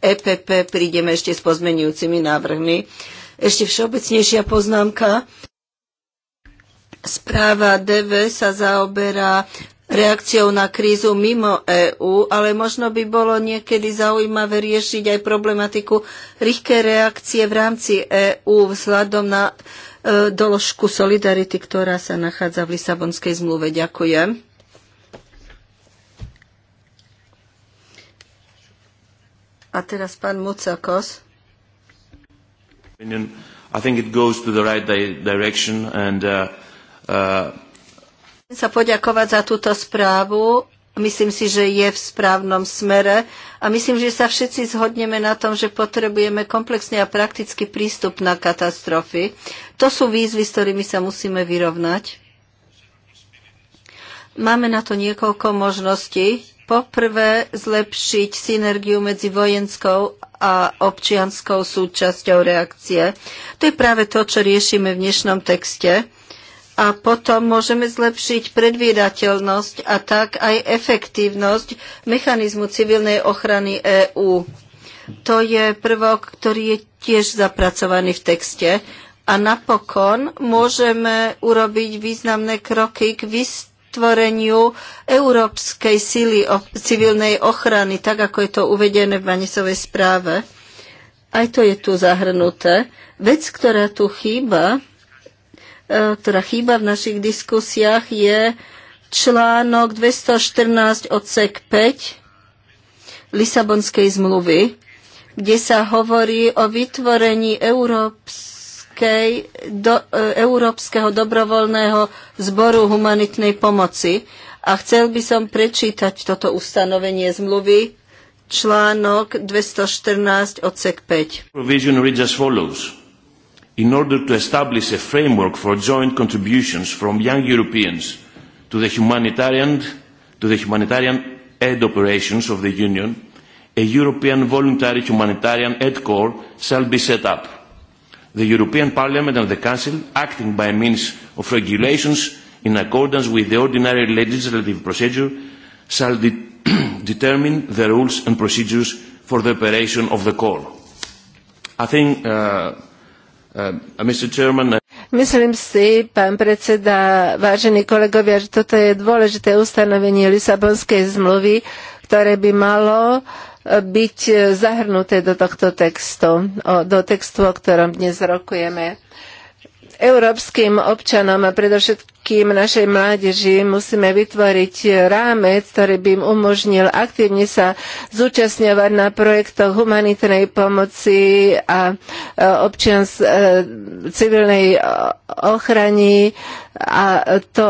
EPP prídeme ešte s pozmenujúcimi návrhmi. Ešte všeobecnejšia poznámka. Správa DV sa zaoberá reakciou na krízu mimo EÚ, ale možno by bolo niekedy zaujímavé riešiť aj problematiku rýchkej reakcie v rámci EÚ vzhľadom na e, doložku solidarity, ktorá sa nachádza v Lisabonskej zmluve. Ďakujem. A teraz pán Mucakos. I think it goes to the right direction and uh, uh, sa poďakovať za túto správu. Myslím si, že je v správnom smere a myslím, že sa všetci zhodneme na tom, že potrebujeme komplexný a praktický prístup na katastrofy. To sú výzvy, s ktorými sa musíme vyrovnať. Máme na to niekoľko možností poprvé zlepšiť synergiu medzi vojenskou a občianskou súčasťou reakcie. To je práve to, čo riešime v dnešnom texte. A potom môžeme zlepšiť predvídateľnosť a tak aj efektívnosť mechanizmu civilnej ochrany EÚ. To je prvok, ktorý je tiež zapracovaný v texte. A napokon môžeme urobiť významné kroky k vystúpeniu vytvoreniu európskej síly civilnej ochrany, tak ako je to uvedené v Manisovej správe. Aj to je tu zahrnuté. Vec, ktorá tu chýba, e, ktorá chýba v našich diskusiách, je článok 214 odsek 5 Lisabonskej zmluvy, kde sa hovorí o vytvorení Európs Európskej, do, e, Európskeho dobrovoľného zboru humanitnej pomoci. A chcel by som prečítať toto ustanovenie zmluvy, článok 214 odsek 5. Provision reads as follows. In order to establish a framework for joint contributions from young Europeans to the humanitarian, to the humanitarian aid operations of the Union, a European voluntary humanitarian aid corps shall be set up the European Parliament and the Council, acting by means of regulations in accordance with the ordinary legislative procedure, shall de determine the rules and procedures for the operation of the call. I think, uh, uh, uh Mr. Chairman, Myslím si, pán predseda, vážení kolegovia, že toto je dôležité ustanovenie Lisabonskej zmluvy, ktoré by malo uh, byť zahrnuté do tohto textu, do textu, o ktorom dnes rokujeme. Európskym občanom a predovšetkým našej mládeži musíme vytvoriť rámec, ktorý by im umožnil aktívne sa zúčastňovať na projektoch humanitnej pomoci a e, občians e, civilnej ochrany a to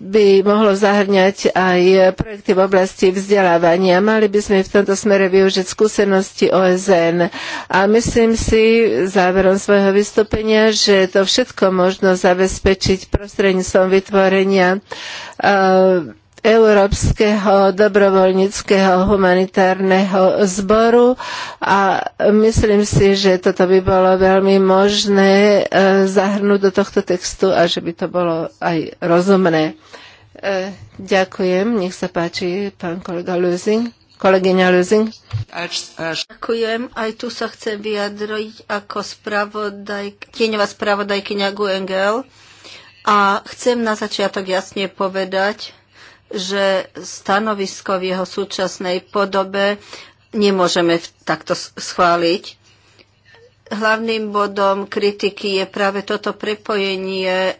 by mohlo zahrňať aj projekty v oblasti vzdelávania. Mali by sme v tomto smere využiť skúsenosti OSN. A myslím si záverom svojho vystúpenia, že to všetko možno zabezpečiť prostredníctvom vytvorenia uh, Európskeho dobrovoľníckého humanitárneho zboru a myslím si, že toto by bolo veľmi možné e, zahrnúť do tohto textu a že by to bolo aj rozumné. E, ďakujem, nech sa páči, pán kolega Luzing. Kolegyňa Lusing. Ďakujem, aj tu sa chcem vyjadroť ako spravodaj, tieňová spravodajkyňa Guengel. A chcem na začiatok jasne povedať, že stanovisko v jeho súčasnej podobe nemôžeme takto schváliť. Hlavným bodom kritiky je práve toto prepojenie e,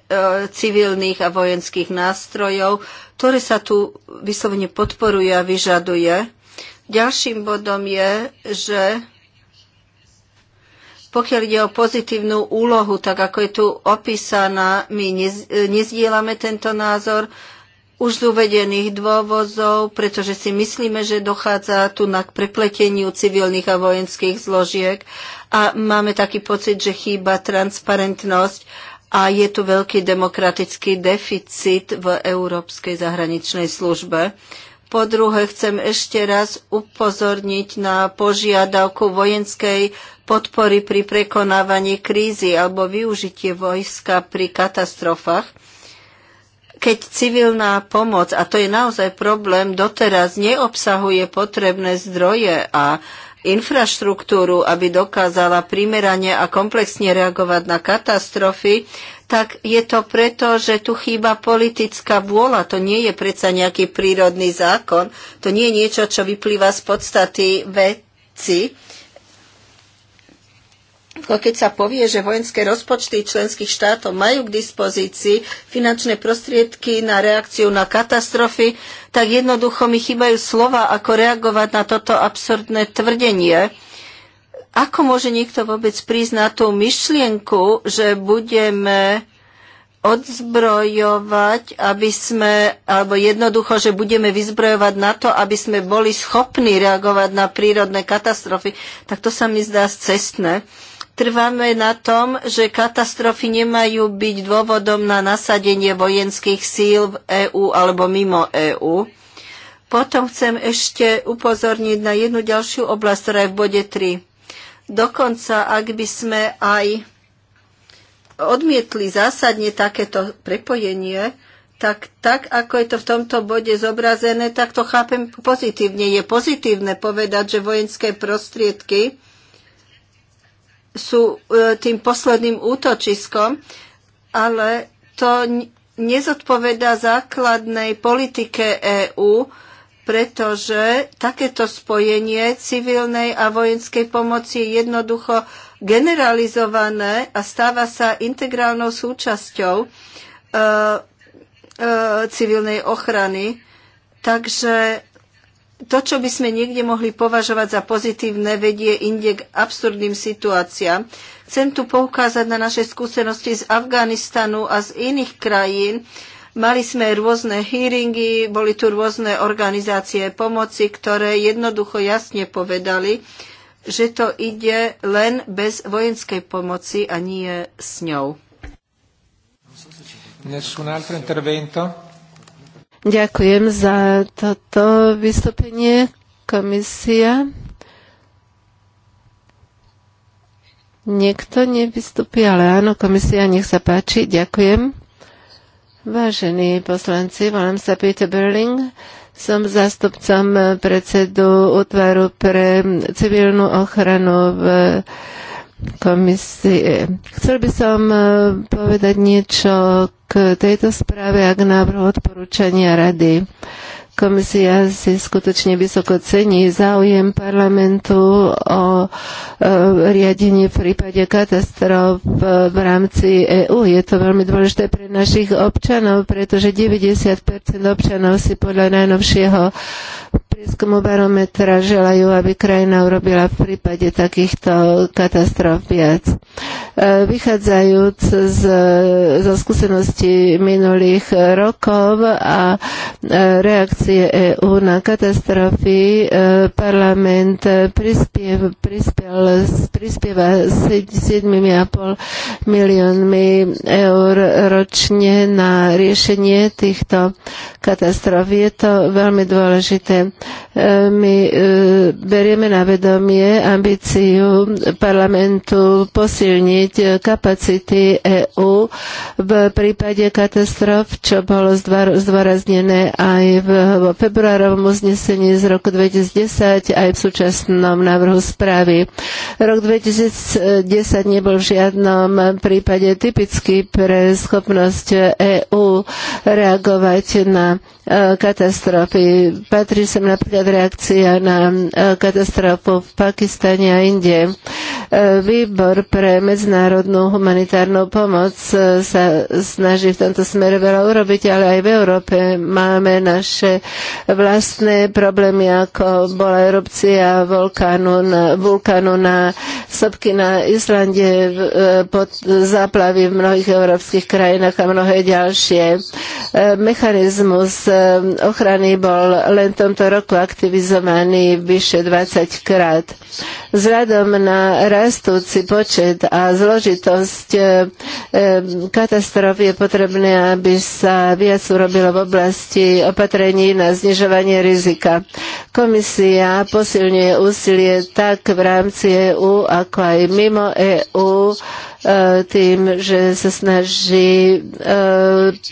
civilných a vojenských nástrojov, ktoré sa tu vyslovene podporuje a vyžaduje. Ďalším bodom je, že pokiaľ ide o pozitívnu úlohu, tak ako je tu opísaná, my e, nezdielame tento názor, už z uvedených dôvozov, pretože si myslíme, že dochádza tu na k prepleteniu civilných a vojenských zložiek a máme taký pocit, že chýba transparentnosť a je tu veľký demokratický deficit v Európskej zahraničnej službe. Po druhé, chcem ešte raz upozorniť na požiadavku vojenskej podpory pri prekonávaní krízy alebo využitie vojska pri katastrofách keď civilná pomoc, a to je naozaj problém, doteraz neobsahuje potrebné zdroje a infraštruktúru, aby dokázala primerane a komplexne reagovať na katastrofy, tak je to preto, že tu chýba politická vôľa. To nie je predsa nejaký prírodný zákon. To nie je niečo, čo vyplýva z podstaty veci všetko, keď sa povie, že vojenské rozpočty členských štátov majú k dispozícii finančné prostriedky na reakciu na katastrofy, tak jednoducho mi chýbajú slova, ako reagovať na toto absurdné tvrdenie. Ako môže niekto vôbec prísť na tú myšlienku, že budeme odzbrojovať, aby sme, alebo jednoducho, že budeme vyzbrojovať na to, aby sme boli schopní reagovať na prírodné katastrofy, tak to sa mi zdá cestné. Trváme na tom, že katastrofy nemajú byť dôvodom na nasadenie vojenských síl v EÚ alebo mimo EÚ. Potom chcem ešte upozorniť na jednu ďalšiu oblasť, ktorá je v bode 3. Dokonca, ak by sme aj odmietli zásadne takéto prepojenie, tak, tak ako je to v tomto bode zobrazené, tak to chápem pozitívne. Je pozitívne povedať, že vojenské prostriedky sú e, tým posledným útočiskom, ale to nezodpoveda základnej politike EÚ, pretože takéto spojenie civilnej a vojenskej pomoci je jednoducho generalizované a stáva sa integrálnou súčasťou e, e, civilnej ochrany. Takže to, čo by sme niekde mohli považovať za pozitívne, vedie inde k absurdným situáciám. Chcem tu poukázať na naše skúsenosti z Afganistanu a z iných krajín. Mali sme rôzne hearingy, boli tu rôzne organizácie pomoci, ktoré jednoducho jasne povedali, že to ide len bez vojenskej pomoci a nie s ňou. Nessun altro intervento? Ďakujem za toto vystúpenie. Komisia. Niekto nevystupí, ale áno, komisia, nech sa páči. Ďakujem. Vážení poslanci, volám sa Peter Berling. Som zástupcom predsedu útvaru pre civilnú ochranu v komisie. Chcel by som eh, povedať niečo k tejto správe a k návrhu odporúčania Rady. Komisia si skutočne vysoko cení záujem parlamentu o e, riadení v prípade katastrof v rámci EÚ. Je to veľmi dôležité pre našich občanov, pretože 90 občanov si podľa najnovšieho prieskumu barometra želajú, aby krajina urobila v prípade takýchto katastrof viac. E, vychádzajúc z, zo skúseností minulých rokov a e, reakcie EÚ na katastrofy, e, parlament prispiev, prispiel, prispieva 7,5 miliónmi eur ročne na riešenie týchto katastrof. Je to veľmi dôležité. My e, berieme na vedomie ambíciu parlamentu posilniť kapacity EÚ v prípade katastrof, čo bolo zdôraznené aj v februárovom uznesení z roku 2010, aj v súčasnom návrhu správy. Rok 2010 nebol v žiadnom prípade typický pre schopnosť EÚ reagovať na e, katastrofy. Patrí sem na napríklad reakcia na e, katastrofu v Pakistane a Indie. E, výbor pre medzinárodnú humanitárnu pomoc e, sa snaží v tomto smere veľa urobiť, ale aj v Európe máme naše vlastné problémy, ako bola erupcia vulkánu na, vulkánu na sopky na Islande, pod záplavy v mnohých európskych krajinách a mnohé ďalšie. Mechanizmus ochrany bol len v tomto roku roku aktivizovaný vyše 20 krát. Vzhľadom na rastúci počet a zložitosť e, e, katastrof je potrebné, aby sa viac urobilo v oblasti opatrení na znižovanie rizika. Komisia posilňuje úsilie tak v rámci EU, ako aj mimo EU E, tým, že sa snaží e,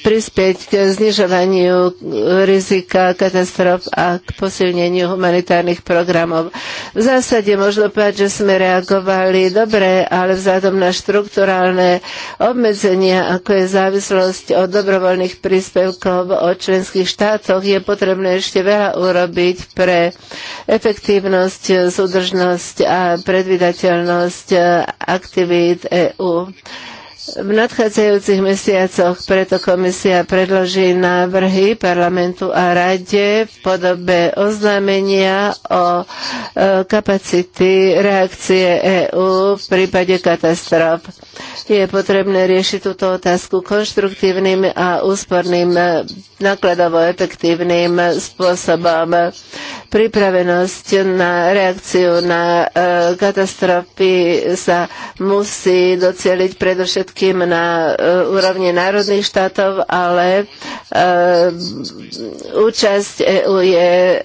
prispieť k znižovaniu rizika katastrof a k posilneniu humanitárnych programov. V zásade možno povedať, že sme reagovali dobre, ale vzhľadom na štruktúrálne obmedzenia, ako je závislosť od dobrovoľných príspevkov od členských štátoch, je potrebné ešte veľa urobiť pre efektívnosť, súdržnosť a predvydateľnosť aktivít EU EÚ. V nadchádzajúcich mesiacoch preto komisia predloží návrhy parlamentu a rade v podobe oznámenia o e, kapacity reakcie EÚ v prípade katastrof. Je potrebné riešiť túto otázku konštruktívnym a úsporným e, nákladovo efektívnym spôsobom. Pripravenosť na reakciu na e, katastrofy sa musí docieliť predovšetkým predovšetkým na e, úrovni národných štátov, ale e, účasť EU je e,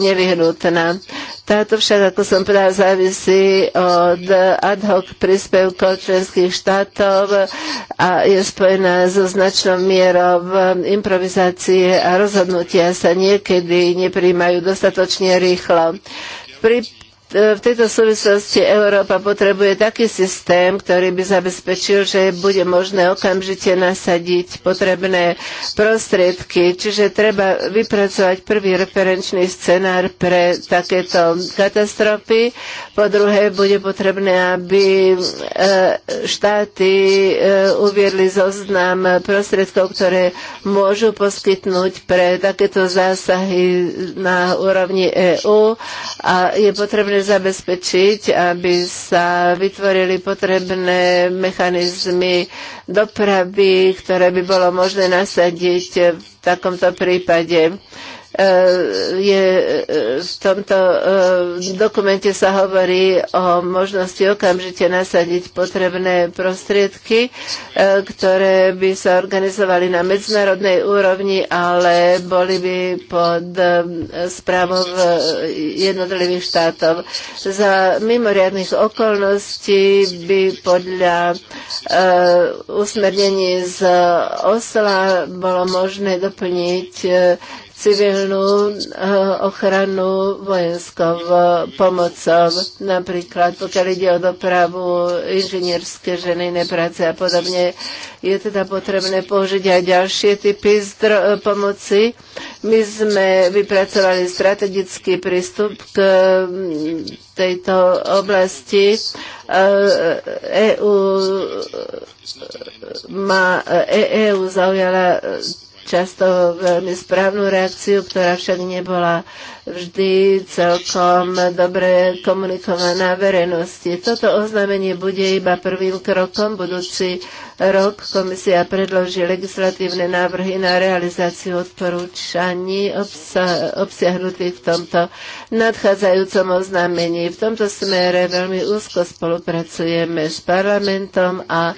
nevyhnutná. Táto však, ako som povedal, závisí od ad hoc príspevkov členských štátov a je spojená so značnou mierou improvizácie a rozhodnutia sa niekedy nepríjmajú dostatočne rýchlo. Pri E, v tejto súvislosti Európa potrebuje taký systém, ktorý by zabezpečil, že bude možné okamžite nasadiť potrebné prostriedky. Čiže treba vypracovať prvý referenčný scenár pre takéto katastrofy. Po druhé, bude potrebné, aby e, štáty e, uviedli zoznam prostriedkov, ktoré môžu poskytnúť pre takéto zásahy na úrovni EÚ a je potrebné zabezpečiť, aby sa vytvorili potrebné mechanizmy dopravy, ktoré by bolo možné nasadiť v takomto prípade. E, je, e, v tomto e, dokumente sa hovorí o možnosti okamžite nasadiť potrebné prostriedky, ktoré by sa organizovali na medzinárodnej úrovni, ale boli by pod správou jednotlivých štátov. Za mimoriadných okolností by podľa usmernení z Osla bolo možné doplniť civilnú eh, ochranu vojenskou eh, pomocou, napríklad pokiaľ ide o dopravu, inžinierské ženy práce a podobne. Je teda potrebné použiť aj ďalšie typy eh, pomoci. My sme vypracovali strategický prístup k mm, tejto oblasti. EU e má, EU e e zaujala často veľmi správnu reakciu, ktorá však nebola vždy celkom dobre komunikovaná verejnosti. Toto oznámenie bude iba prvým krokom. Budúci rok komisia predloží legislatívne návrhy na realizáciu odporúčaní obsa- obsiahnutých v tomto nadchádzajúcom oznámení. V tomto smere veľmi úzko spolupracujeme s parlamentom a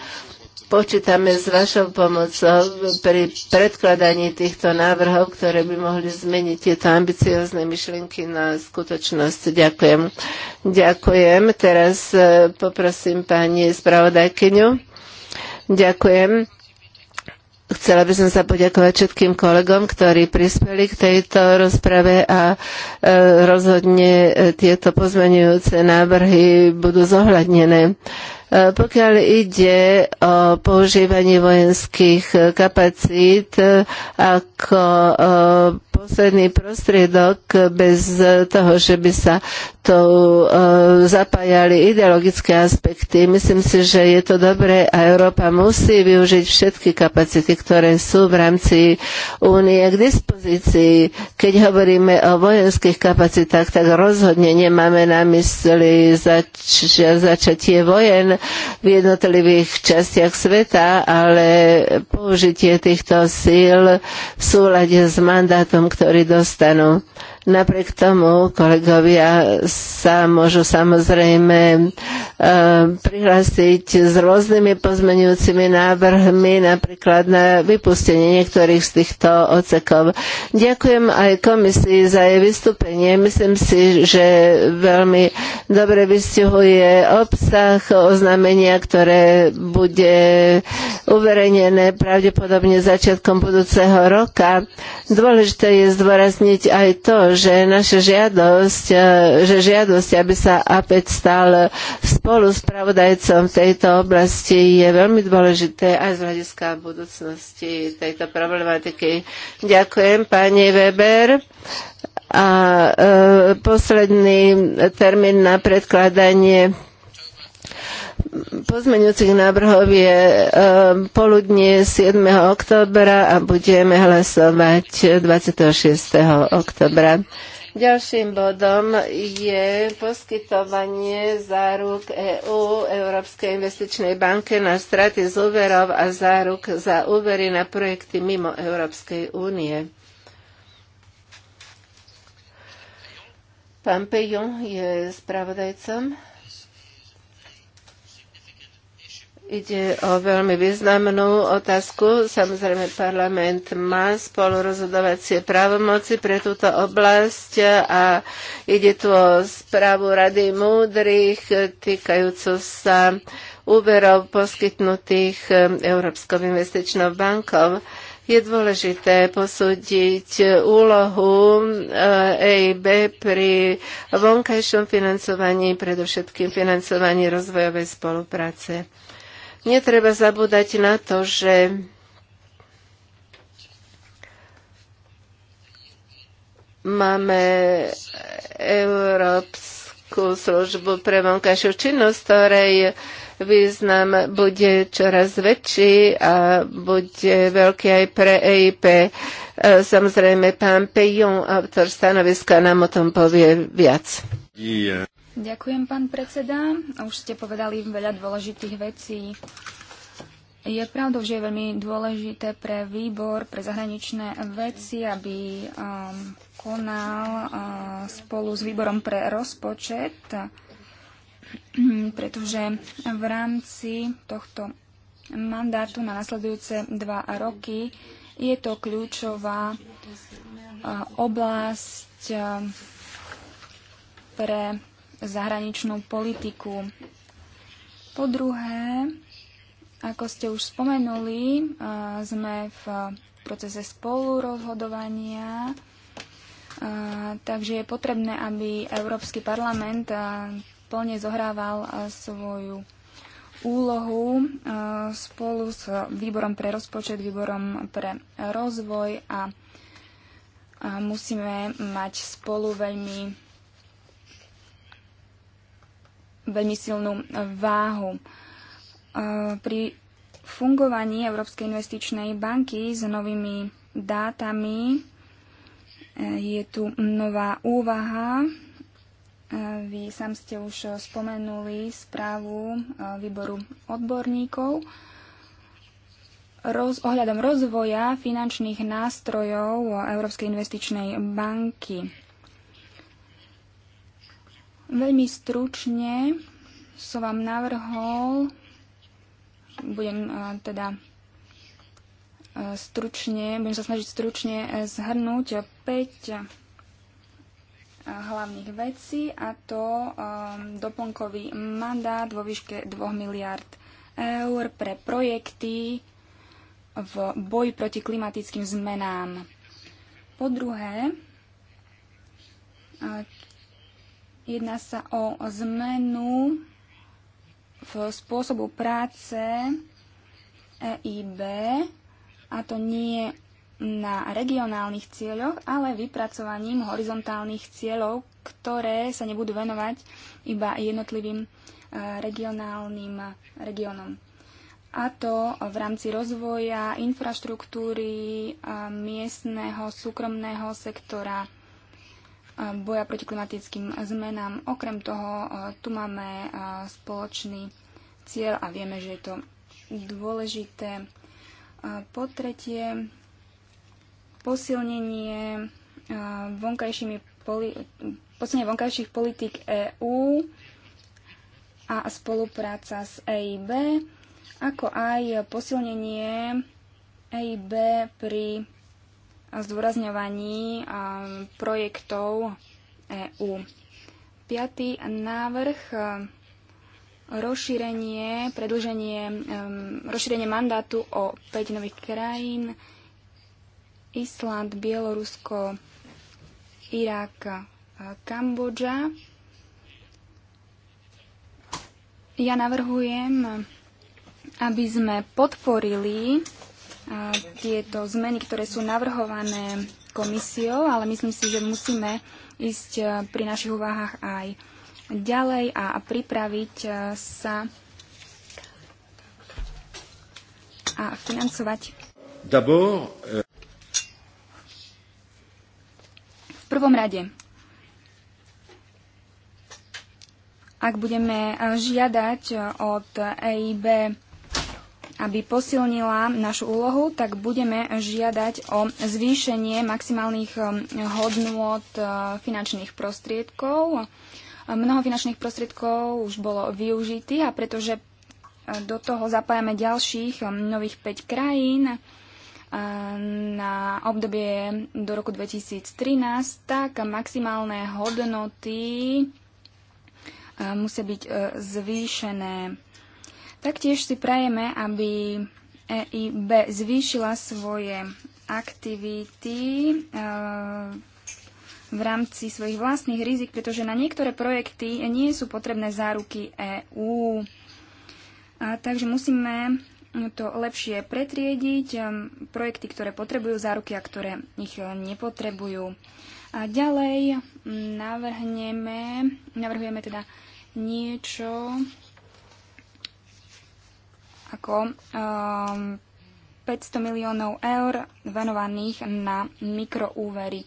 počítame s vašou pomocou pri predkladaní týchto návrhov, ktoré by mohli zmeniť tieto ambiciozne myšlienky na skutočnosť. Ďakujem. Ďakujem. Teraz e, poprosím pani spravodajkyňu. Ďakujem. Chcela by som sa poďakovať všetkým kolegom, ktorí prispeli k tejto rozprave a e, rozhodne e, tieto pozmenujúce návrhy budú zohľadnené. Pokiaľ ide o používanie vojenských kapacít ako posledný prostriedok bez toho, že by sa to e, zapájali ideologické aspekty. Myslím si, že je to dobré a Európa musí využiť všetky kapacity, ktoré sú v rámci únie k dispozícii. Keď hovoríme o vojenských kapacitách, tak rozhodne nemáme na mysli zač- začatie vojen v jednotlivých častiach sveta, ale použitie týchto síl v súlade s mandátom, ktorý dostanú. Napriek tomu kolegovia sa môžu samozrejme e, prihlásiť s rôznymi pozmenujúcimi návrhmi, napríklad na vypustenie niektorých z týchto ocekov. Ďakujem aj komisii za jej vystúpenie. Myslím si, že veľmi dobre vystihuje obsah oznámenia, ktoré bude uverejnené pravdepodobne začiatkom budúceho roka. Dôležité je zdôrazniť aj to, že naša žiadosť, e, že žiadosť, aby sa APEC stal spolu v tejto oblasti je veľmi dôležité aj z hľadiska budúcnosti tejto problematiky. Ďakujem, pani Weber. A e, posledný termín na predkladanie Pozmeňujúcich návrhov je e, poludne 7. oktobra a budeme hlasovať 26. oktobra. Ďalším bodom je poskytovanie záruk EÚ EU, Európskej investičnej banke na straty z úverov a záruk za úvery na projekty mimo Európskej únie. Pán Pejon je spravodajcom. Ide o veľmi významnú otázku. Samozrejme, parlament má spolurozhodovacie právomoci pre túto oblasť a ide tu o správu Rady múdrych týkajúcu sa úverov poskytnutých e, Európskou investičnou bankou je dôležité posúdiť úlohu EIB e pri vonkajšom financovaní, predovšetkým financovaní rozvojovej spolupráce. Netreba zabúdať na to, že máme Európsku službu pre vonkajšiu činnosť, ktorej význam bude čoraz väčší a bude veľký aj pre EIP. Samozrejme, pán Pejon, autor stanoviska, nám o tom povie viac. Yeah. Ďakujem, pán predseda. Už ste povedali veľa dôležitých vecí. Je pravdou, že je veľmi dôležité pre výbor, pre zahraničné veci, aby um, konal uh, spolu s výborom pre rozpočet, pretože v rámci tohto mandátu na nasledujúce dva roky je to kľúčová uh, oblasť uh, pre zahraničnú politiku. Po druhé, ako ste už spomenuli, sme v procese spolurozhodovania, takže je potrebné, aby Európsky parlament plne zohrával svoju úlohu spolu s výborom pre rozpočet, výborom pre rozvoj a musíme mať spolu veľmi veľmi silnú e, váhu. E, pri fungovaní Európskej investičnej banky s novými dátami e, je tu nová úvaha. Vy sám ste už spomenuli správu výboru odborníkov roz, ohľadom rozvoja finančných nástrojov Európskej investičnej banky. Veľmi stručne som vám navrhol, budem e, teda e, stručne, budem sa snažiť stručne e, zhrnúť 5 hlavných vecí a to doplnkový mandát vo výške 2 miliard eur pre projekty v boji proti klimatickým zmenám. Po druhé, Jedná sa o zmenu v spôsobu práce EIB, a to nie na regionálnych cieľoch, ale vypracovaním horizontálnych cieľov, ktoré sa nebudú venovať iba jednotlivým e, regionálnym regionom. A to v rámci rozvoja infraštruktúry miestneho súkromného sektora boja proti klimatickým zmenám. Okrem toho, e, tu máme e, spoločný cieľ a vieme, že je to dôležité. E, po tretie, posilnenie vonkajšími poli- posilnenie vonkajších politik EÚ a spolupráca s EIB, ako aj posilnenie EIB pri zdôrazňovaní projektov EÚ. Piatý návrh rozšírenie, predlženie, rozšírenie mandátu o 5 nových krajín Island, Bielorusko, Irak, Kambodža. Ja navrhujem, aby sme podporili tieto zmeny, ktoré sú navrhované komisiou, ale myslím si, že musíme ísť e, pri našich úvahách aj ďalej a pripraviť e, sa a financovať. E- v prvom rade, ak budeme žiadať od EIB aby posilnila našu úlohu, tak budeme žiadať o zvýšenie maximálnych um, hodnôt uh, finančných prostriedkov. Mnoho finančných prostriedkov už bolo využitých a pretože uh, do toho zapájame ďalších um, nových 5 krajín, uh, na obdobie do roku 2013, tak maximálne hodnoty musia byť zvýšené. Taktiež si prajeme, aby EIB zvýšila svoje aktivity eh, v rámci svojich vlastných rizik, pretože na niektoré projekty nie sú potrebné záruky EÚ. Takže musíme to lepšie pretriediť, eh, projekty, ktoré potrebujú záruky a ktoré ich nepotrebujú. A ďalej navrhneme, navrhujeme teda niečo, ako um, 500 miliónov eur venovaných na mikroúvery.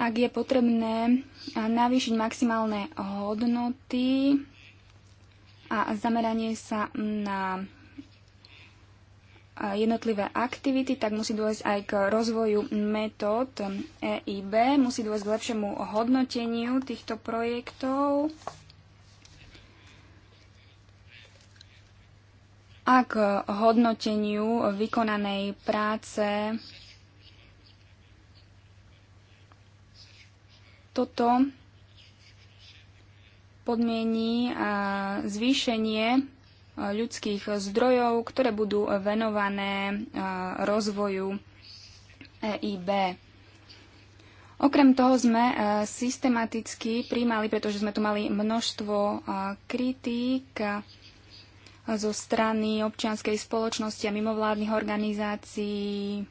Ak je potrebné eh, navýšiť maximálne hodnoty a zameranie sa na eh, jednotlivé aktivity, tak musí dôjsť aj k rozvoju metód EIB, musí dôjsť k lepšiemu hodnoteniu týchto projektov a k hodnoteniu vykonanej práce. Toto podmiení zvýšenie ľudských zdrojov, ktoré budú venované rozvoju EIB. Okrem toho sme systematicky príjmali, pretože sme tu mali množstvo kritík, zo strany občianskej spoločnosti a mimovládnych organizácií.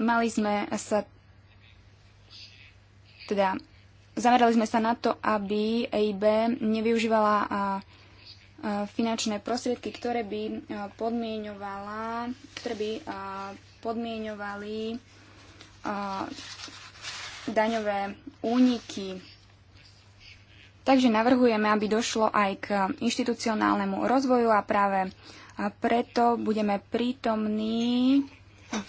Mali sme sa teda zamerali sme sa na to, aby EIB nevyužívala finančné prostriedky, ktoré by podmienovala, ktoré by podmienovali daňové úniky Takže navrhujeme, aby došlo aj k inštitucionálnemu rozvoju a práve preto budeme prítomní v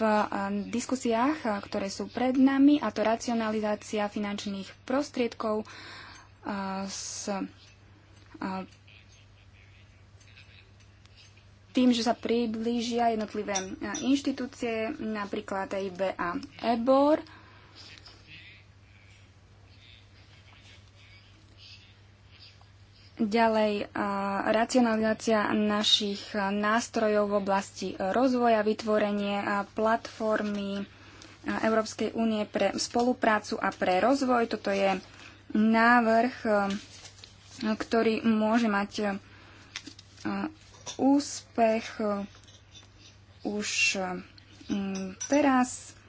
diskusiách, ktoré sú pred nami, a to racionalizácia finančných prostriedkov s tým, že sa priblížia jednotlivé inštitúcie, napríklad EIB a EBOR. Ďalej, racionalizácia našich nástrojov v oblasti e, rozvoja, vytvorenie platformy Európskej únie pre spoluprácu a pre rozvoj. Toto je návrh, e, ktorý môže mať e, úspech už teraz.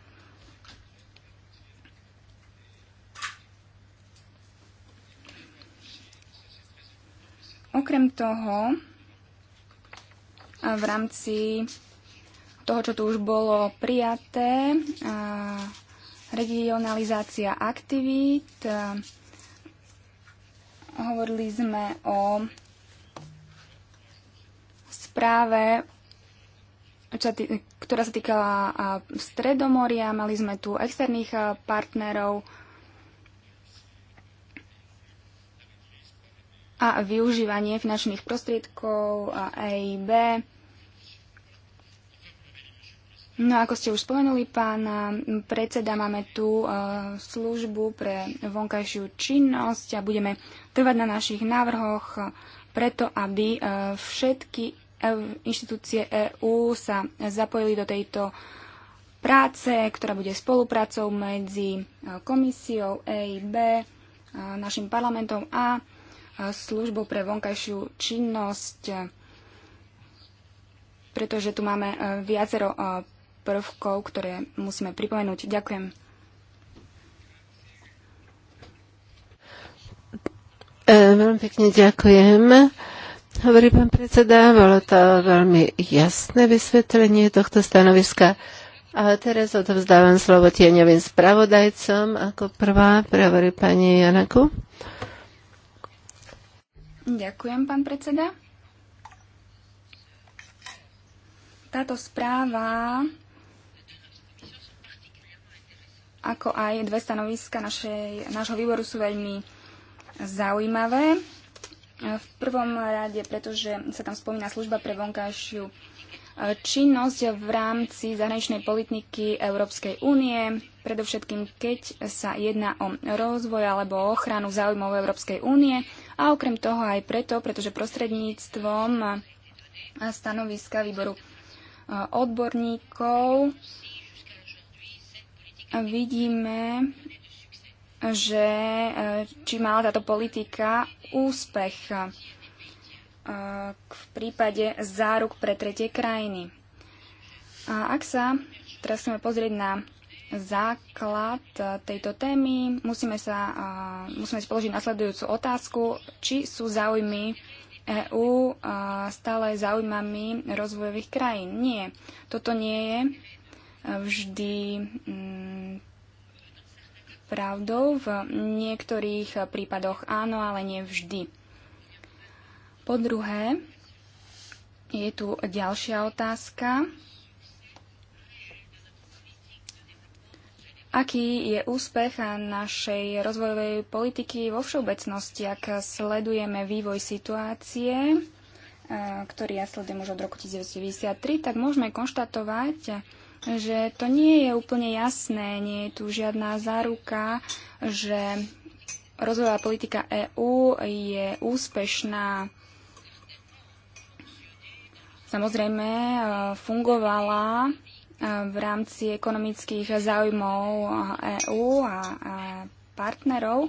Okrem toho, a v rámci toho, čo tu už bolo prijaté, regionalizácia aktivít, hovorili sme o správe, ktorá sa týkala Stredomoria, mali sme tu externých partnerov, a využívanie finančných prostriedkov a EIB. No ako ste už spomenuli, pán predseda, máme tu e, službu pre vonkajšiu činnosť a budeme trvať na našich návrhoch preto, aby e, všetky inštitúcie EÚ sa zapojili do tejto práce, ktorá bude spoluprácou medzi e, komisiou EIB, našim parlamentom a službu pre vonkajšiu činnosť, pretože tu máme e, viacero e, prvkov, ktoré musíme pripomenúť. Ďakujem. E, veľmi pekne ďakujem. Hovorí pán predseda, bolo to veľmi jasné vysvetlenie tohto stanoviska. A teraz odovzdávam slovo tieňovým spravodajcom. Ako prvá prehovorí pani Janaku. Ďakujem, pán predseda. Táto správa, ako aj dve stanoviska našej, nášho výboru sú veľmi zaujímavé. V prvom rade, pretože sa tam spomína služba pre vonkajšiu e, činnosť v rámci zahraničnej politiky Európskej únie, predovšetkým keď sa jedná o rozvoj alebo ochranu záujmov Európskej únie a okrem toho aj preto, pretože prostredníctvom stanoviska výboru e, odborníkov vidíme, že e, či mala táto politika úspech e, v prípade záruk pre tretie krajiny. A ak sa teraz chceme pozrieť na základ e, tejto témy musíme, sa, e, musíme si položiť nasledujúcu otázku, či sú záujmy EÚ e, stále záujmami rozvojových krajín. Nie, toto nie je vždy mm, pravdou. V niektorých prípadoch áno, ale nie vždy. Po druhé, je tu ďalšia otázka, aký je úspech našej rozvojovej politiky vo všeobecnosti, ak sledujeme vývoj situácie, eh, ktorý ja sledujem už od roku 1993, tak môžeme konštatovať, že to nie je úplne jasné, nie je tu žiadna záruka, že rozvojová politika EÚ je úspešná. Samozrejme, eh, fungovala v rámci ekonomických záujmov EÚ a partnerov.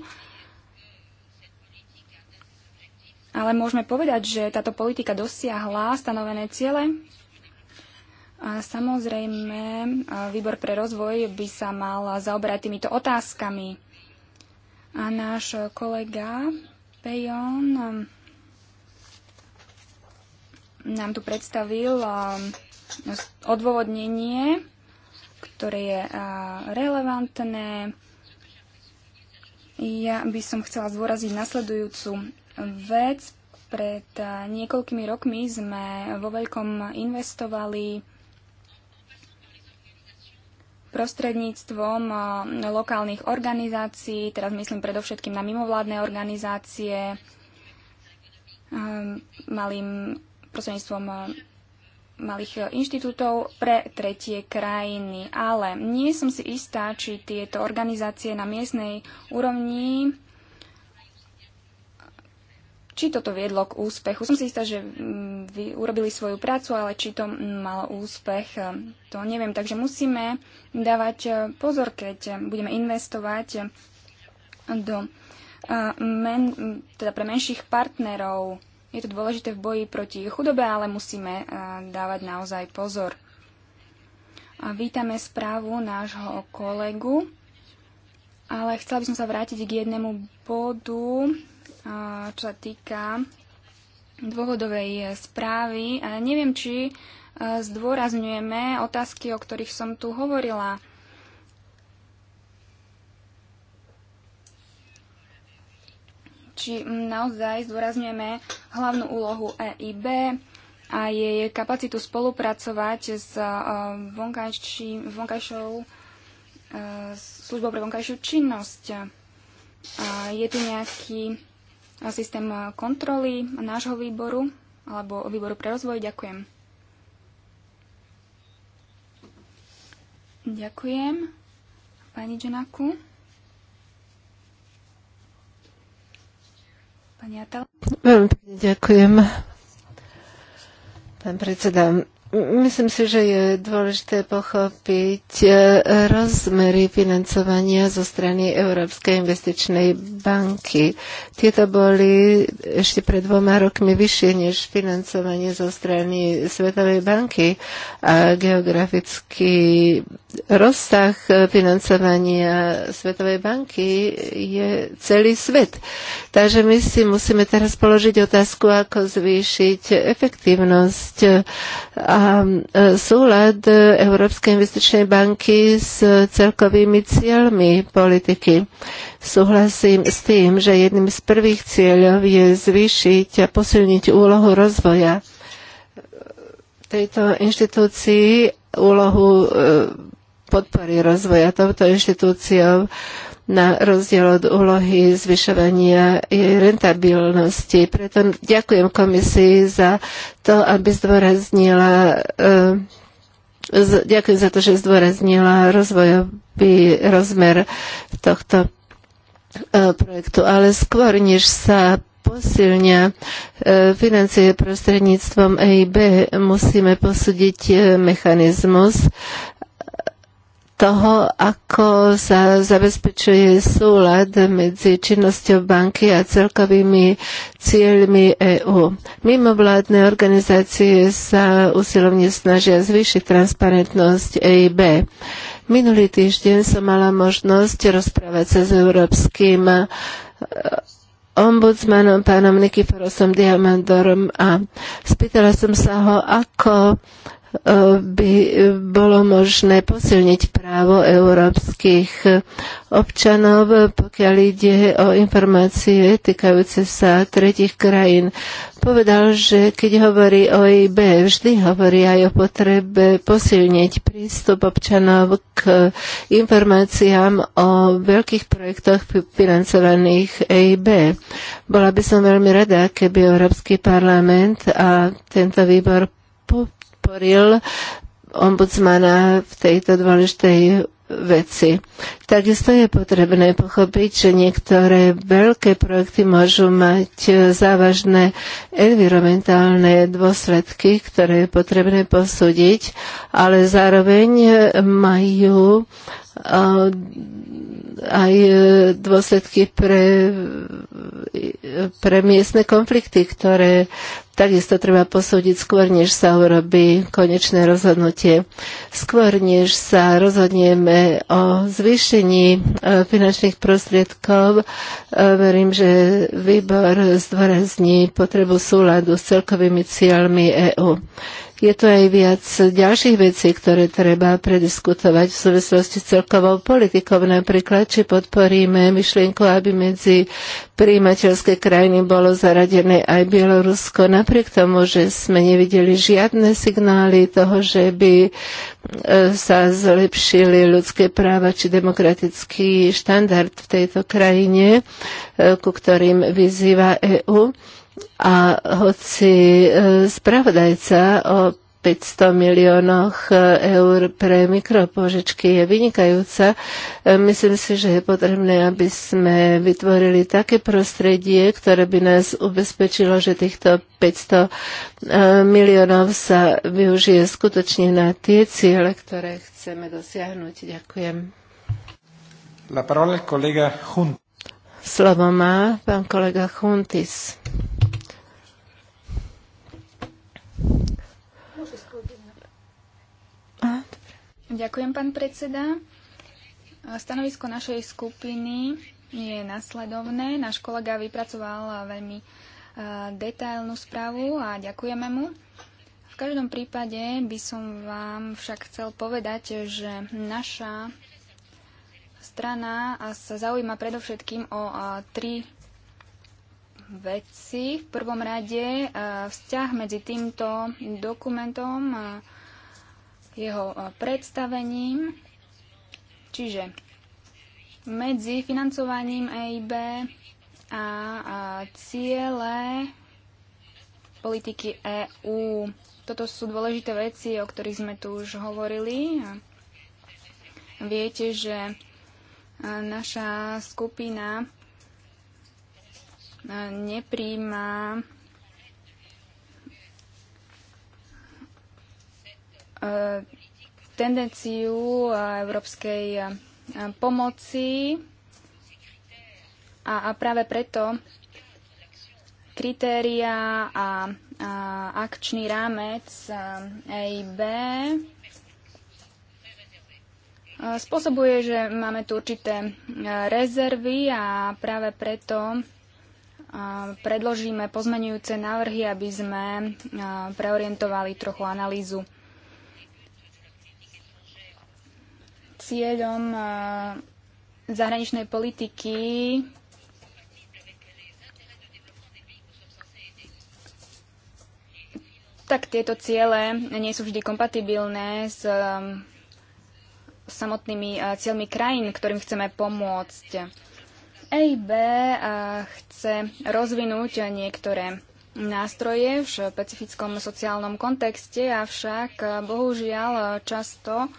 Ale môžeme povedať, že táto politika dosiahla stanovené ciele. A samozrejme, výbor pre rozvoj by sa mal zaoberať týmito otázkami. A náš kolega Pejon um, nám tu predstavil um, odôvodnenie, ktoré je relevantné. Ja by som chcela zdôraziť nasledujúcu vec. Pred niekoľkými rokmi sme vo veľkom investovali prostredníctvom lokálnych organizácií, teraz myslím predovšetkým na mimovládne organizácie, malým prostredníctvom malých e, inštitútov pre tretie krajiny. Ale nie som si istá, či tieto organizácie na miestnej úrovni či toto viedlo k úspechu. Som si istá, že mm, vy urobili svoju prácu, ale či to malo úspech, e, to neviem. Takže musíme dávať e, pozor, keď budeme investovať do men, teda pre menších partnerov je to dôležité v boji proti chudobe, ale musíme eh, dávať naozaj pozor. A vítame správu nášho kolegu, ale chcela by som sa vrátiť k jednému bodu, eh, čo sa týka dôvodovej eh, správy. Neviem, či zdôrazňujeme otázky, o ktorých som tu hovorila. či naozaj zdôrazňujeme hlavnú úlohu EIB a jej kapacitu spolupracovať s eh, vonkajšou eh, službou pre vonkajšiu činnosť. je tu nejaký eh, systém kontroly nášho výboru alebo výboru pre rozvoj. Ďakujem. Ďakujem. Pani Dženaku. Pani Atal. Veľmi pekne ďakujem. Pán predseda, Myslím si, že je dôležité pochopiť e, rozmery financovania zo strany Európskej investičnej banky. Tieto boli ešte pred dvoma rokmi vyššie než financovanie zo strany Svetovej banky a geografický rozsah financovania Svetovej banky je celý svet. Takže my si musíme teraz položiť otázku, ako zvýšiť efektívnosť a a e, súlad Európskej investičnej banky s celkovými cieľmi politiky. Súhlasím s tým, že jedným z prvých cieľov je zvýšiť a posilniť úlohu rozvoja tejto inštitúcii, úlohu e, podpory rozvoja touto inštitúciou na rozdiel od úlohy zvyšovania jej rentabilnosti. Preto ďakujem komisii za to, aby zdôraznila e, Ďakujem za to, že zdôraznila rozvojový rozmer tohto e, projektu, ale skôr, než sa posilňa e, financie prostredníctvom EIB, musíme posúdiť mechanizmus, toho, ako sa zabezpečuje súlad medzi činnosťou banky a celkovými cieľmi EÚ. Mimovládne organizácie sa usilovne snažia zvýšiť transparentnosť EIB. Minulý týždeň som mala možnosť rozprávať sa s európskym e, ombudsmanom, pánom Nikiforosom Diamandorom a spýtala som sa ho, ako by bolo možné posilniť právo európskych občanov, pokiaľ ide o informácie týkajúce sa tretich krajín. Povedal, že keď hovorí o IB, vždy hovorí aj o potrebe posilniť prístup občanov k informáciám o veľkých projektoch financovaných EIB. Bola by som veľmi rada, keby Európsky parlament a tento výbor podporil ombudsmana v tejto dôležitej veci. Takisto je potrebné pochopiť, že niektoré veľké projekty môžu mať závažné environmentálne dôsledky, ktoré je potrebné posúdiť, ale zároveň majú a aj e, dôsledky pre, pre miestne konflikty, ktoré takisto treba posúdiť skôr, než sa urobí konečné rozhodnutie. Skôr, než sa rozhodneme o zvýšení e, finančných prostriedkov, e, verím, že výbor zdôrazní potrebu súladu s celkovými cieľmi EÚ. Je tu aj viac ďalších vecí, ktoré treba prediskutovať v súvislosti s celkovou politikou. Napríklad, či podporíme myšlienku, aby medzi príjimateľské krajiny bolo zaradené aj Bielorusko. Napriek tomu, že sme nevideli žiadne signály toho, že by e, sa zlepšili ľudské práva či demokratický štandard v tejto krajine, e, ku ktorým vyzýva EÚ a hoci e, spravodajca o 500 miliónoch e, eur pre mikropožičky je vynikajúca. E, myslím si, že je potrebné, aby sme vytvorili také prostredie, ktoré by nás ubezpečilo, že týchto 500 miliónov sa využije skutočne na tie ciele, ktoré chceme dosiahnuť. Ďakujem. La parola kolega Hunt. Slovo má pán kolega Huntis. Ďakujem, pán predseda. Stanovisko našej skupiny je nasledovné. Náš kolega vypracoval veľmi eh, detailnú správu a ďakujeme mu. V každom prípade by som vám však chcel povedať, že naša strana sa zaujíma predovšetkým o eh, tri veci. V prvom rade eh, vzťah medzi týmto dokumentom a jeho e, predstavením, čiže medzi financovaním EIB a, a ciele politiky EÚ. Toto sú dôležité veci, o ktorých sme tu už hovorili. Viete, že e, naša skupina e, nepríjma Eh, tendenciu eh, európskej eh, pomoci a, a práve preto kritéria a, a akčný rámec EIB spôsobuje, že máme tu určité rezervy a práve preto predložíme pozmenujúce návrhy, aby sme preorientovali trochu analýzu Cieľom zahraničnej politiky tak tieto ciele nie sú vždy kompatibilné s samotnými cieľmi krajín, ktorým chceme pomôcť. EIB chce rozvinúť niektoré nástroje v špecifickom sociálnom kontexte, avšak bohužiaľ často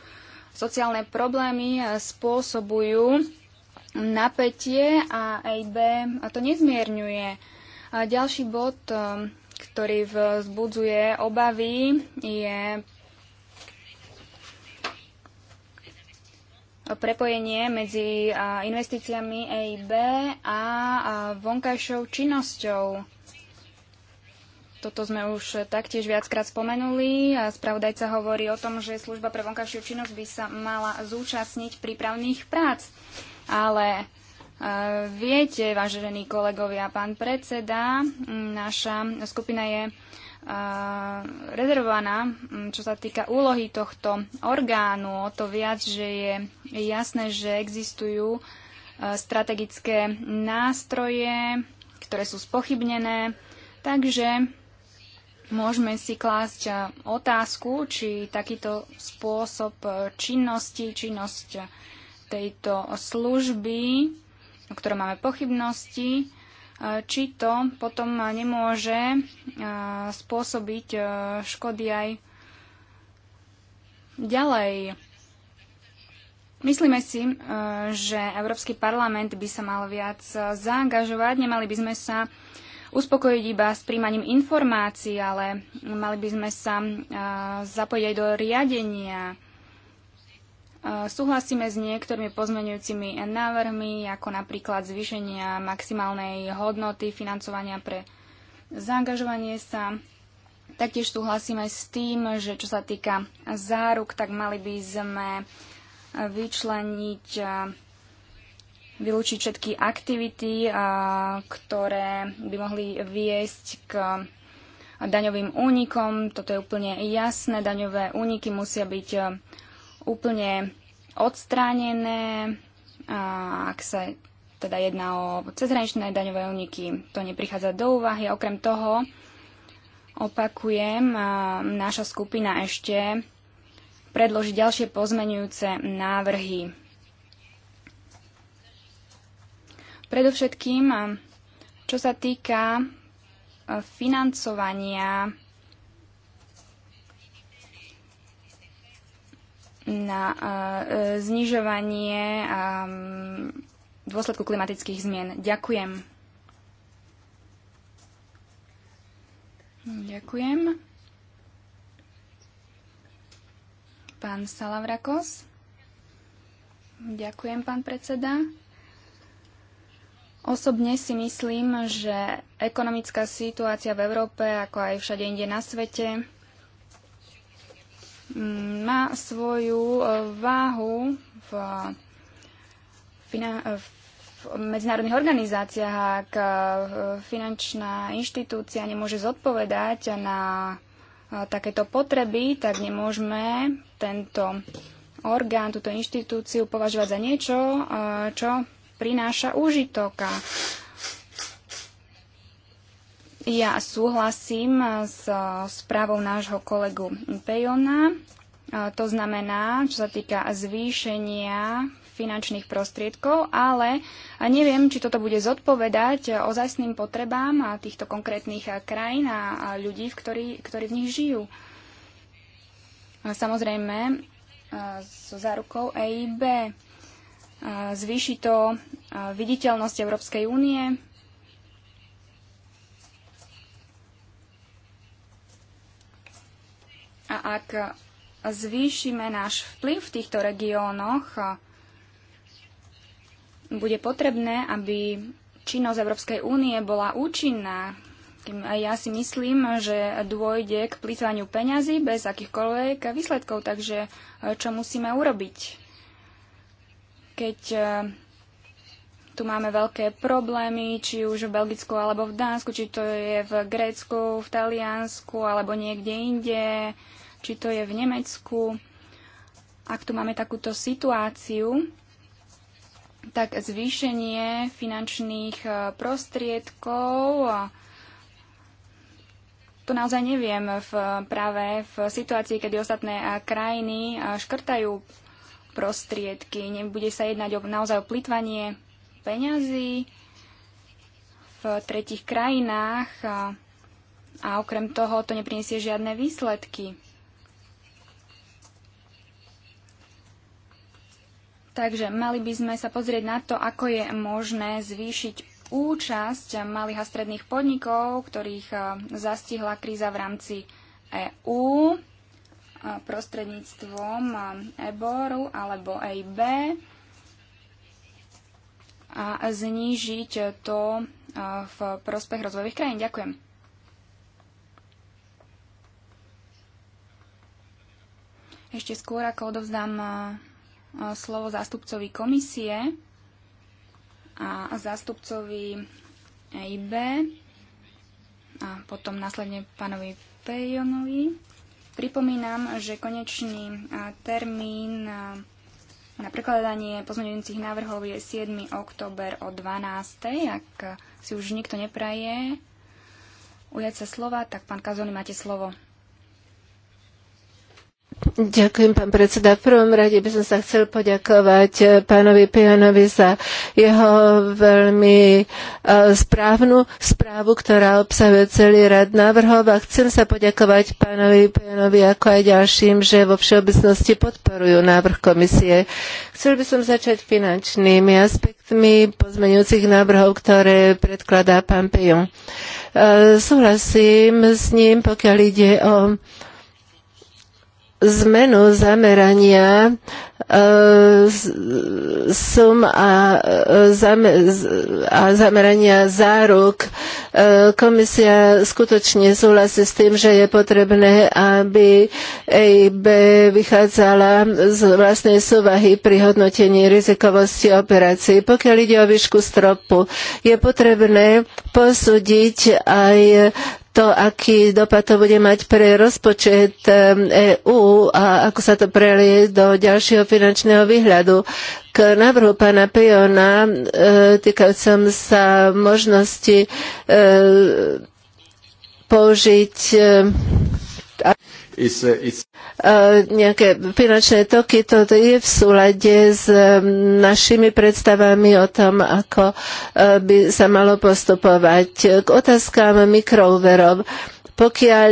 Sociálne problémy e, spôsobujú napätie a EIB to nezmierňuje. A ďalší bod, e, ktorý vzbudzuje obavy, je prepojenie medzi investíciami EIB a vonkajšou činnosťou. Toto sme už taktiež viackrát spomenuli. A spravodajca hovorí o tom, že služba pre vonkajšiu činnosť by sa mala zúčastniť prípravných prác. Ale e, viete, vážení kolegovia, pán predseda, naša skupina je e, rezervovaná, čo sa týka úlohy tohto orgánu, o to viac, že je jasné, že existujú e, strategické nástroje, ktoré sú spochybnené, takže Môžeme si klásť e, otázku, či takýto spôsob e, činnosti, činnosť e, tejto služby, o ktorom máme pochybnosti, či to potom nemôže spôsobiť škody aj ďalej. Myslíme si, že Európsky parlament by sa mal viac zaangažovať, nemali by sme sa uspokojiť iba s príjmaním informácií, ale mali by sme sa zapojiť aj do riadenia. Súhlasíme s niektorými pozmeňujúcimi návrhmi, ako napríklad zvýšenia maximálnej hodnoty financovania pre zaangažovanie sa. Taktiež súhlasíme s tým, že čo sa týka záruk, tak mali by sme vyčleniť vylúčiť všetky aktivity, ktoré by mohli viesť k daňovým únikom. Toto je úplne jasné. Daňové úniky musia byť e, úplne odstránené. Ak sa teda jedná o cezhraničné daňové úniky, to neprichádza do úvahy. Okrem toho, opakujem, naša skupina ešte predloží ďalšie pozmenujúce návrhy Predovšetkým, čo sa týka financovania na e, znižovanie dôsledku klimatických zmien. Ďakujem. Ďakujem. Pán Salavrakos. Ďakujem, pán predseda. Osobne si myslím, že ekonomická situácia v Európe, ako aj všade inde na svete, mm, má svoju e, váhu v, e, v medzinárodných organizáciách, ak e, finančná inštitúcia nemôže zodpovedať na takéto potreby, tak nemôžeme tento orgán, túto inštitúciu považovať za niečo, čo prináša úžitok. Ja súhlasím s správou nášho kolegu Pejona. To znamená, čo sa týka zvýšenia finančných prostriedkov, ale neviem, či toto bude zodpovedať ozajstným potrebám týchto konkrétnych krajín a ľudí, v ktorý, ktorí v nich žijú. Samozrejme, so zárukou EIB zvýši to viditeľnosť Európskej únie. A ak zvýšime náš vplyv v týchto regiónoch, bude potrebné, aby činnosť Európskej únie bola účinná. Ja si myslím, že dôjde k plýtvaniu peňazí bez akýchkoľvek výsledkov, takže čo musíme urobiť? keď e, tu máme veľké problémy, či už v Belgicku alebo v Dánsku, či to je v Grécku, v Taliansku alebo niekde inde, či to je v Nemecku. Ak tu máme takúto situáciu, tak zvýšenie finančných e, prostriedkov to naozaj neviem v, práve v situácii, kedy ostatné e, krajiny škrtajú prostriedky. Nebude sa jednať o, naozaj o plitvanie peňazí v tretich krajinách a, a okrem toho to neprinesie žiadne výsledky. Takže mali by sme sa pozrieť na to, ako je možné zvýšiť účasť malých a stredných podnikov, ktorých zastihla kríza v rámci EÚ prostredníctvom EBORu alebo EIB a znížiť to v prospech rozvojových krajín. Ďakujem. Ešte skôr, ako odovzdám slovo zástupcovi komisie a zástupcovi EIB a potom následne pánovi Pejonovi Pripomínam, že konečný termín na prekladanie pozmeňujúcich návrhov je 7. október o 12. Ak si už nikto nepraje ujať sa slova, tak pán Kazony, máte slovo. Ďakujem, pán predseda. V prvom rade by som sa chcel poďakovať eh, pánovi Pejanovi za jeho veľmi eh, správnu správu, ktorá obsahuje celý rad návrhov a chcem sa poďakovať pánovi Pejanovi, ako aj ďalším, že vo všeobecnosti podporujú návrh komisie. Chcel by som začať finančnými aspektmi pozmeňujúcich návrhov, ktoré predkladá pán Pijon. Eh, súhlasím s ním, pokiaľ ide o zmenu zamerania e, sum e, a, zamerania záruk. E, komisia skutočne súhlasí s tým, že je potrebné, aby EIB vychádzala z vlastnej súvahy pri hodnotení rizikovosti operácií. Pokiaľ ide o výšku stropu, je potrebné posúdiť aj to, aký dopad to bude mať pre rozpočet um, EÚ a ako sa to prelie do ďalšieho finančného výhľadu. K návrhu pána Pejona týkal uh, týkajúcom sa možnosti uh, použiť uh, Uh, nejaké finančné toky, to je v súlade s um, našimi predstavami o tom, ako uh, by sa malo postupovať. K otázkám mikroúverov. Pokiaľ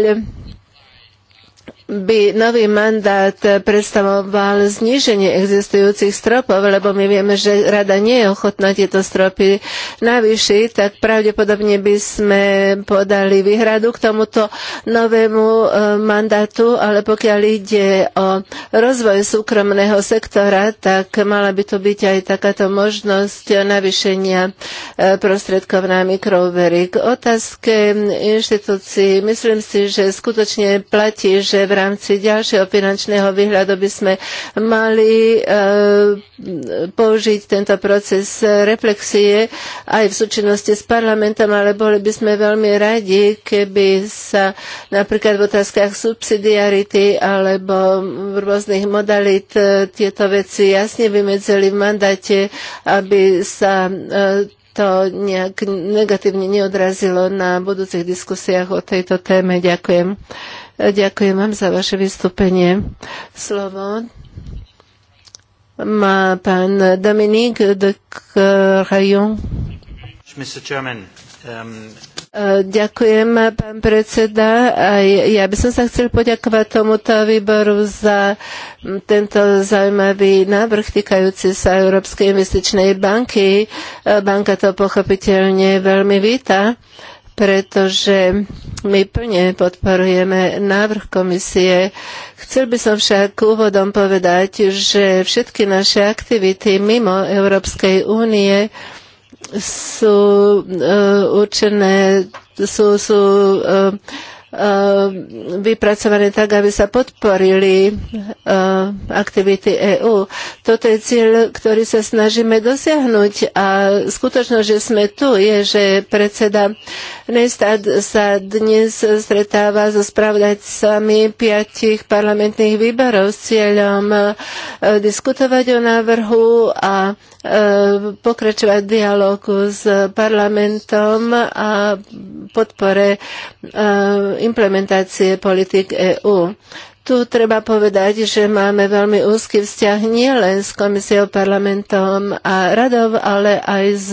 by nový mandát predstavoval zníženie existujúcich stropov, lebo my vieme, že rada nie je ochotná tieto stropy navýšiť, tak pravdepodobne by sme podali výhradu k tomuto novému e, mandátu, ale pokiaľ ide o rozvoj súkromného sektora, tak mala by tu byť aj takáto možnosť navýšenia e, prostriedkov na mikrouvery. K otázke inštitúcií myslím si, že skutočne platí, že v rámci ďalšieho finančného výhľadu by sme mali eh, použiť tento proces reflexie aj v súčinnosti s parlamentom, ale boli by sme veľmi radi, keby sa napríklad v otázkach subsidiarity alebo rôznych modalit eh, tieto veci jasne vymedzili v mandáte, aby sa eh, to nejak negatívne neodrazilo na budúcich diskusiách o tejto téme. Ďakujem. Ďakujem vám za vaše vystúpenie. Slovo má pán Dominik de Crayon. um... Ďakujem, pán predseda. Aj ja by som sa chcel poďakovať tomuto výboru za tento zaujímavý návrh týkajúci sa Európskej investičnej banky. Banka to pochopiteľne veľmi víta pretože my plne podporujeme návrh komisie. Chcel by som však úvodom povedať, že všetky naše aktivity mimo Európskej únie sú uh, určené, sú, sú uh, Ehm, vypracované tak, aby sa podporili ehm, aktivity EÚ. Toto je cieľ, ktorý sa snažíme dosiahnuť a skutočno, že sme tu, je, že predseda Nestad sa dnes stretáva so spravdajcami piatich parlamentných výborov s cieľom ehm, diskutovať o návrhu a pokračovať dialogu s parlamentom a podpore implementácie politik EÚ. Tu treba povedať, že máme veľmi úzky vzťah nielen s komisiou, parlamentom a radov, ale aj s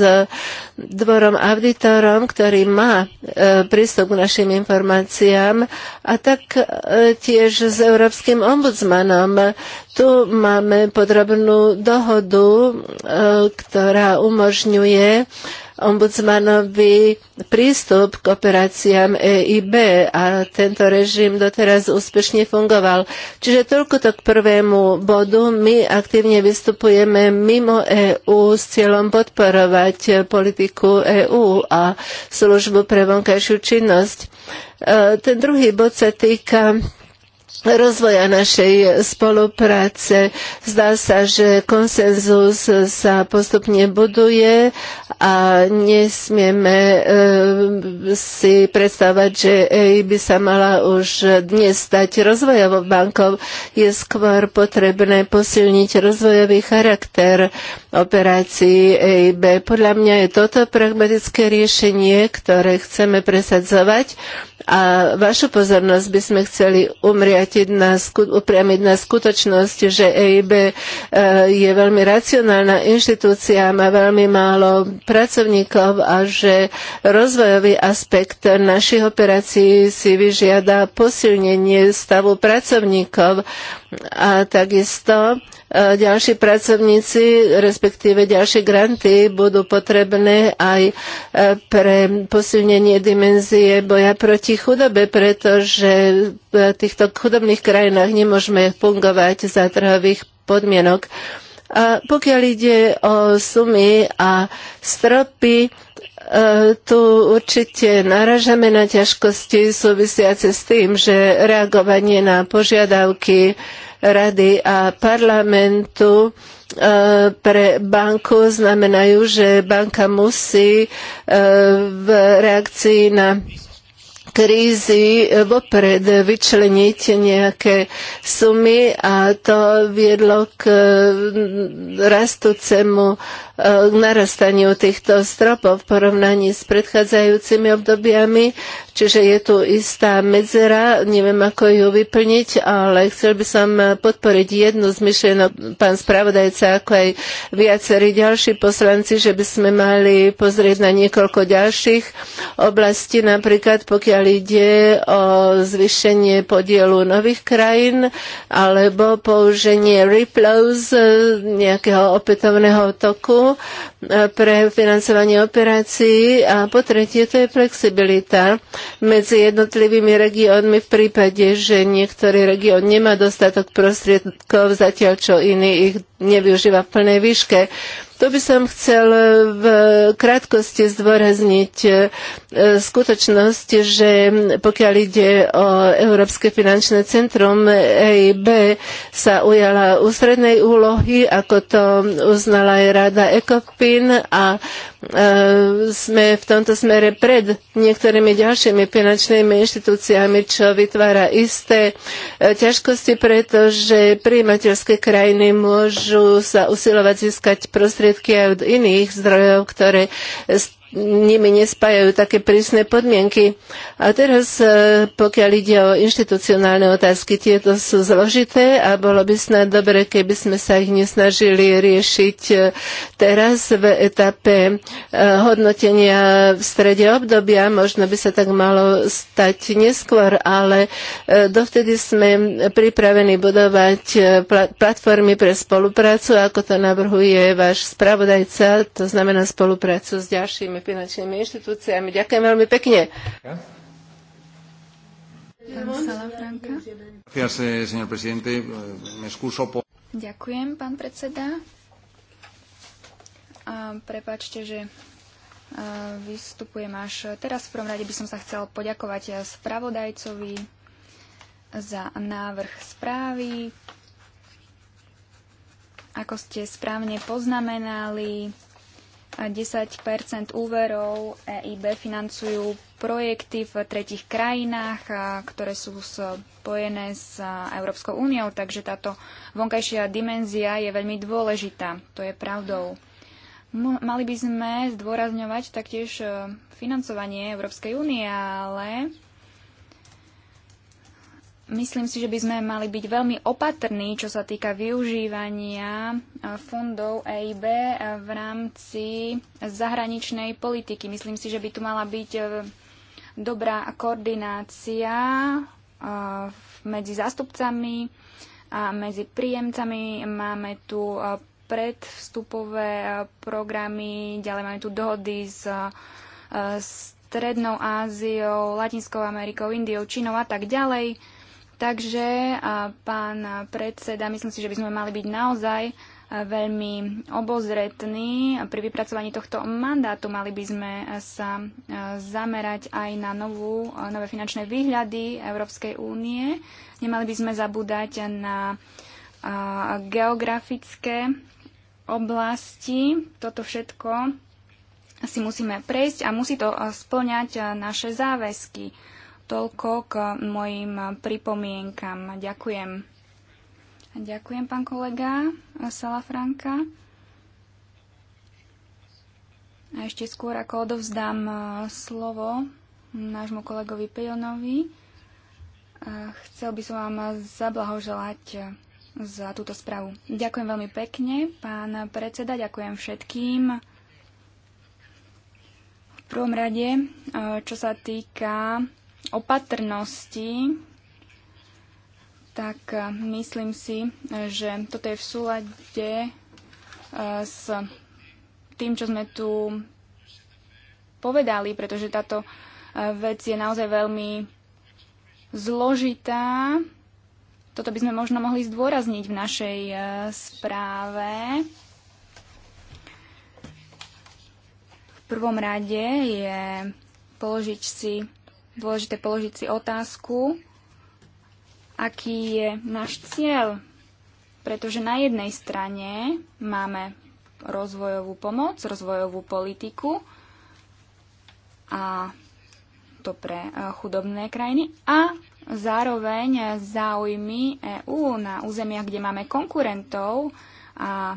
dvorom auditorom, ktorý má e, prístup k našim informáciám a tak e, tiež s európskym ombudsmanom. Tu máme podrobnú dohodu, e, ktorá umožňuje ombudsmanovi prístup k operáciám EIB a tento režim doteraz úspešne fungoval. Čiže toľko to k prvému bodu. My aktívne vystupujeme mimo EÚ s cieľom podporovať politiku EÚ a službu pre vonkajšiu činnosť. E, ten druhý bod sa týka rozvoja našej spolupráce. Zdá sa, že konsenzus sa postupne buduje a nesmieme e, si predstavať, že EI by sa mala už dnes stať rozvojovou bankou. Je skôr potrebné posilniť rozvojový charakter operácií EIB. Podľa mňa je toto pragmatické riešenie, ktoré chceme presadzovať a vašu pozornosť by sme chceli umriatiť na, upriamiť na skutočnosť, že EIB e, je veľmi racionálna inštitúcia, má veľmi málo pracovníkov a že rozvojový aspekt našich operácií si vyžiada posilnenie stavu pracovníkov a takisto E, ďalší pracovníci, respektíve ďalšie granty budú potrebné aj e, pre posilnenie dimenzie boja proti chudobe, pretože v týchto chudobných krajinách nemôžeme fungovať za trhových podmienok. A pokiaľ ide o sumy a stropy, e, tu určite naražame na ťažkosti súvisiace s tým, že reagovanie na požiadavky Rady a parlamentu e, pre banku znamenajú, že banka musí e, v reakcii na krízy vopred vyčleniť nejaké sumy a to viedlo k mm, rastúcemu k e, narastaniu týchto stropov v porovnaní s predchádzajúcimi obdobiami, čiže je tu istá medzera, neviem ako ju vyplniť, ale chcel by som podporiť jednu z myšlienok pán spravodajca, ako aj viacerí ďalší poslanci, že by sme mali pozrieť na niekoľko ďalších oblastí, napríklad pokiaľ pokiaľ ide o zvýšenie podielu nových krajín alebo použenie replows e, nejakého opätovného toku e, pre financovanie operácií. A po tretie, to je flexibilita medzi jednotlivými regiónmi v prípade, že niektorý región nemá dostatok prostriedkov, zatiaľ čo iný ich nevyužíva v plnej výške. To by som chcel e, v krátkosti zdôrazniť e, skutočnosť, že pokiaľ ide o Európske finančné centrum, EIB sa ujala ústrednej úlohy, ako to uznala aj rada ECOPIN a e, sme v tomto smere pred niektorými ďalšími finančnými inštitúciami, čo vytvára isté ťažkosti, pretože príjimateľské krajiny môžu sa usilovať získať prostriedky prostriedky aj od iných zdrojov, ktoré nimi nespájajú také prísne podmienky. A teraz, e, pokiaľ ide o inštitucionálne otázky, tieto sú zložité a bolo by snad dobre, keby sme sa ich nesnažili riešiť e, teraz v etape e, hodnotenia v strede obdobia. Možno by sa tak malo stať neskôr, ale dovtedy sme pripravení budovať platformy pre spoluprácu, ako to navrhuje váš spravodajca, to znamená spoluprácu s ďalšími štátnymi finančnými inštitúciami. Ďakujem veľmi pekne. Eh, Ďakujem, pán predseda. A prepáčte, že vystupujem až teraz. V prvom rade by som sa chcel poďakovať eh, spravodajcovi za návrh správy. Ako ste správne poznamenali, 10 úverov EIB financujú projekty v tretich krajinách, ktoré sú spojené s Európskou úniou, takže táto vonkajšia dimenzia je veľmi dôležitá. To je pravdou. Mali by sme zdôrazňovať taktiež e, financovanie Európskej únie, ale Myslím si, že by sme mali byť veľmi opatrní, čo sa týka využívania fondov EIB v rámci zahraničnej politiky. Myslím si, že by tu mala byť e, dobrá koordinácia medzi zástupcami a medzi príjemcami. Máme tu predvstupové programy, ďalej máme tu dohody s, Strednou Áziou, Latinskou Amerikou, Indiou, Čínou a tak ďalej. Takže, pán predseda, myslím si, že by sme mali byť naozaj e, veľmi obozretní. Pri vypracovaní tohto mandátu mali by sme e, sa e, zamerať aj na novú, nové finančné výhľady Európskej únie. Nemali by sme zabúdať na geografické oblasti. Toto všetko si musíme prejsť a musí to splňať naše záväzky. Toľko k mojim pripomienkam. Ďakujem. Ďakujem, pán kolega Salafranka. A ešte skôr, ako odovzdám e, slovo nášmu kolegovi Pejonovi, e, chcel by som vám zablahoželať za túto správu. Ďakujem veľmi pekne, pán predseda, ďakujem všetkým. V prvom rade, e, čo sa týka opatrnosti, tak eh, myslím si, že toto je v súlade eh, s tým, čo sme tu povedali, pretože táto eh, vec je naozaj veľmi zložitá. Toto by sme možno mohli zdôrazniť v našej správe. V prvom rade je položiť si dôležité položiť si otázku, aký je náš cieľ. Pretože na jednej strane máme rozvojovú pomoc, rozvojovú politiku a to pre eh, chudobné krajiny a zároveň záujmy EÚ na územiach, kde máme konkurentov a eh,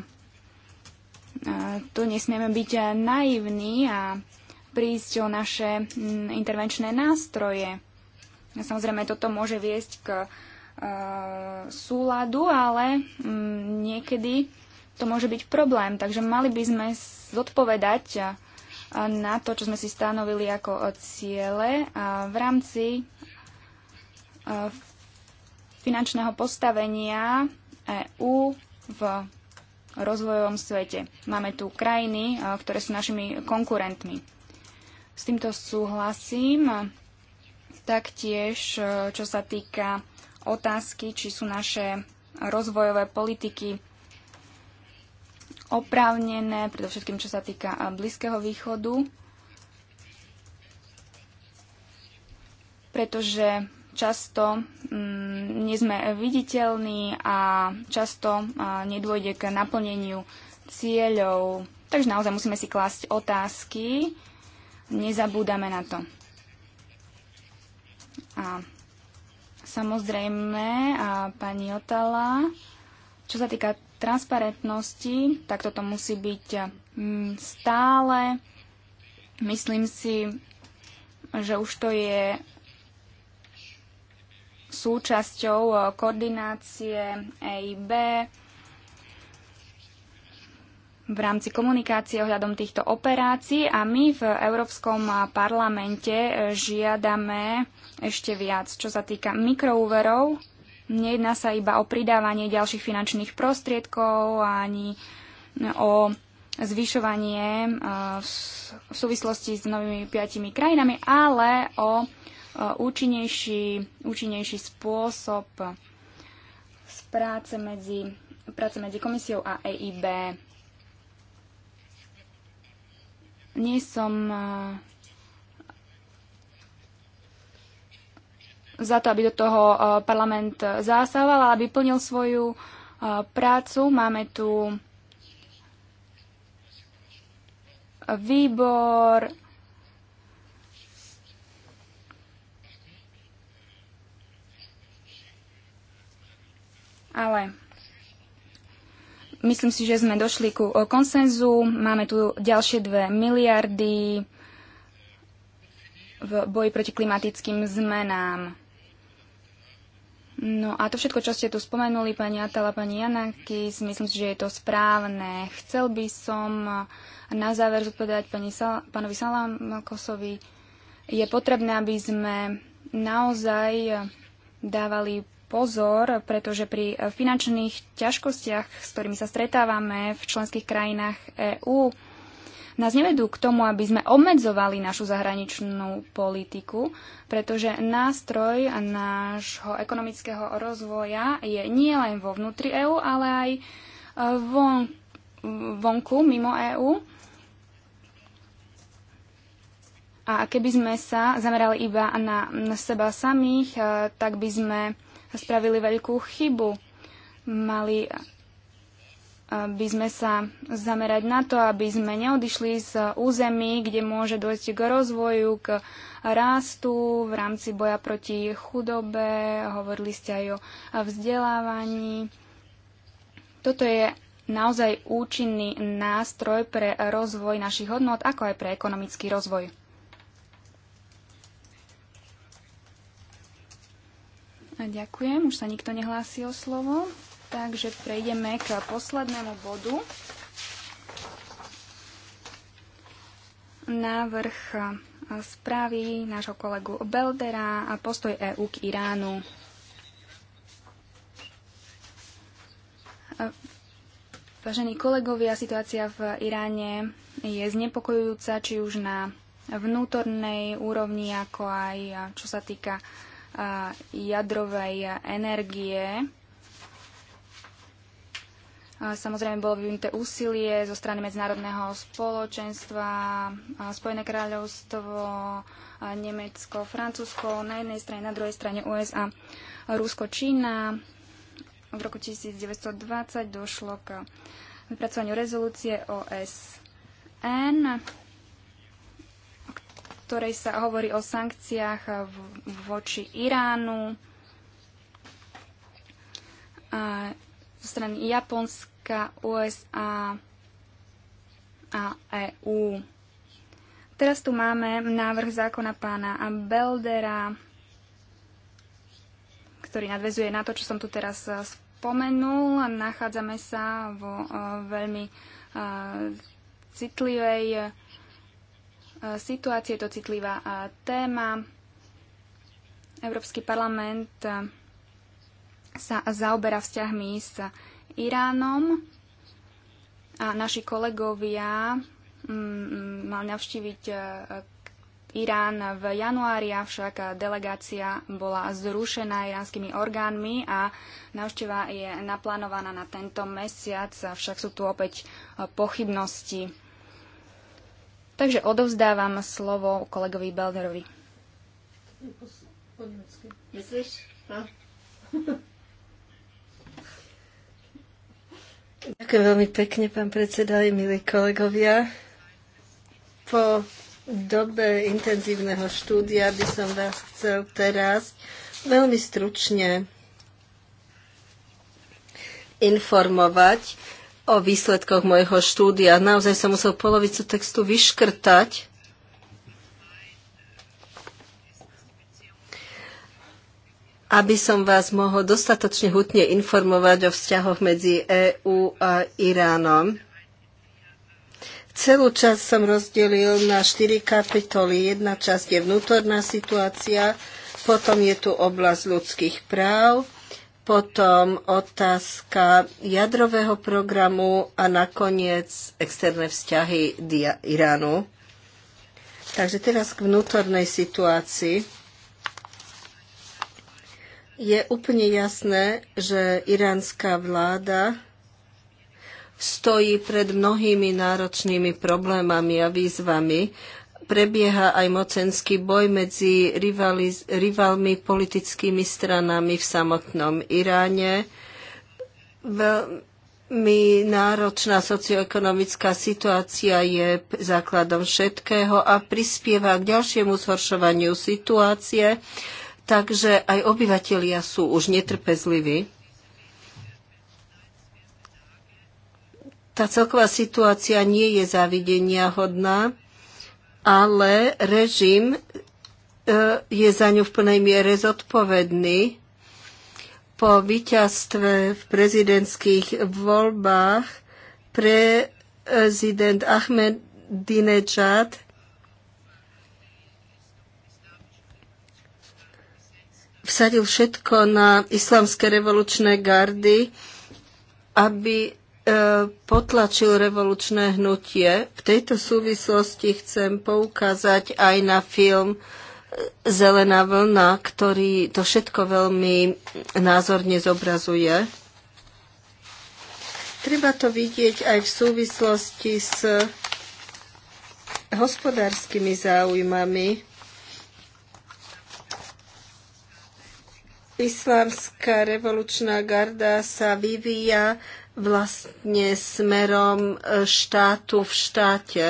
tu nesmieme byť naivní a prísť o naše mm, intervenčné nástroje. Samozrejme, toto môže viesť k e, súladu, ale mm, niekedy to môže byť problém. Takže mali by sme zodpovedať e, na to, čo sme si stanovili ako e, ciele a v rámci finančného postavenia EÚ v rozvojovom svete. Máme tu krajiny, ktoré sú našimi konkurentmi. S týmto súhlasím. Taktiež, e, čo sa týka otázky, či sú naše rozvojové politiky oprávnené, predovšetkým čo sa týka e, Blízkeho východu, pretože často mm, nie sme viditeľní a často a, e, nedôjde k naplneniu cieľov. Takže naozaj musíme si klásť otázky, Nezabúdame na to. A samozrejme, a pani Otala, čo sa týka transparentnosti, tak toto musí byť mm, stále. Myslím si, že už to je súčasťou koordinácie EIB, v rámci komunikácie ohľadom týchto operácií a my v Európskom parlamente e, žiadame ešte viac. Čo sa týka mikroúverov, nejedná sa iba o pridávanie ďalších finančných prostriedkov ani e, o zvyšovanie e, v súvislosti s novými piatimi krajinami, ale o účinnejší, účinnejší spôsob práce medzi, práce medzi komisiou a EIB nie som eh, za to, aby do toho eh, parlament zásahoval, ale aby plnil svoju eh, prácu. Máme tu výbor ale Myslím si, že sme došli ku eh, konsenzu. Máme tu ďalšie dve miliardy v boji proti klimatickým zmenám. No a to všetko, čo ste tu spomenuli, pani Atala, pani Janakis, myslím si, že je to správne. Chcel by som na záver zodpovedať pani Sal- pánovi Salamakosovi. Je potrebné, aby sme naozaj dávali pozor, pretože pri finančných ťažkostiach, s ktorými sa stretávame v členských krajinách EÚ, nás nevedú k tomu, aby sme obmedzovali našu zahraničnú politiku, pretože nástroj nášho ekonomického rozvoja je nielen vo vnútri EÚ, ale aj e, von, vonku, mimo EÚ. A keby sme sa zamerali iba na seba samých, e, tak by sme spravili veľkú chybu. Mali eh, by sme sa zamerať na to, aby sme neodišli z území, kde môže dôjsť k rozvoju, k rastu v rámci boja proti chudobe. Hovorili ste aj o vzdelávaní. Toto je naozaj účinný nástroj pre rozvoj našich hodnot, ako aj pre ekonomický rozvoj. ďakujem, už sa nikto nehlási o slovo, takže prejdeme k poslednému bodu. Návrh správy nášho kolegu Beldera a postoj EÚ k Iránu. Vážení kolegovia, situácia v Iráne je znepokojujúca, či už na vnútornej úrovni, ako aj čo sa týka jadrovej energie. Samozrejme bolo vyvinuté úsilie zo strany medzinárodného spoločenstva, Spojené kráľovstvo, Nemecko, Francúzsko na jednej strane, na druhej strane USA, Rusko, Čína. V roku 1920 došlo k vypracovaniu rezolúcie OSN ktorej sa hovorí o sankciách voči Iránu a zo strany Japonska, USA a EÚ. Teraz tu máme návrh zákona pána Beldera, ktorý nadvezuje na to, čo som tu teraz e, spomenul. Nachádzame sa vo e, veľmi e, citlivej situácie, je to citlivá téma. Európsky parlament sa zaoberá vzťahmi s Iránom a naši kolegovia mm, mm, mal navštíviť Irán v januári, avšak delegácia bola zrušená iránskymi orgánmi a návšteva je naplánovaná na tento mesiac, avšak sú tu opäť pochybnosti. Takže odovzdávam slovo kolegovi Belderovi. Myslíš? No. Ďakujem veľmi pekne, pán predseda, aj milí kolegovia. Po dobe intenzívneho štúdia by som vás chcel teraz veľmi stručne informovať o výsledkoch mojho štúdia. Naozaj som musel polovicu textu vyškrtať. aby som vás mohol dostatočne hutne informovať o vzťahoch medzi EÚ a Iránom. Celú časť som rozdelil na štyri kapitoly. Jedna časť je vnútorná situácia, potom je tu oblasť ľudských práv, potom otázka jadrového programu a nakoniec externé vzťahy Iránu. Takže teraz k vnútornej situácii. Je úplne jasné, že iránska vláda stojí pred mnohými náročnými problémami a výzvami, prebieha aj mocenský boj medzi rivali, rivalmi politickými stranami v samotnom Iráne. Veľmi náročná socioekonomická situácia je základom všetkého a prispieva k ďalšiemu zhoršovaniu situácie, takže aj obyvatelia sú už netrpezliví. Tá celková situácia nie je závidenia hodná ale režim e, je za ňu v plnej miere zodpovedný. Po víťazstve v prezidentských voľbách prezident Ahmedinejad vsadil všetko na islamské revolučné gardy, aby E, potlačil revolučné hnutie. V tejto súvislosti chcem poukázať aj na film Zelená vlna, ktorý to všetko veľmi názorne zobrazuje. Treba to vidieť aj v súvislosti s hospodárskymi záujmami. Islamská revolučná garda sa vyvíja vlastne smerom e, štátu v štáte.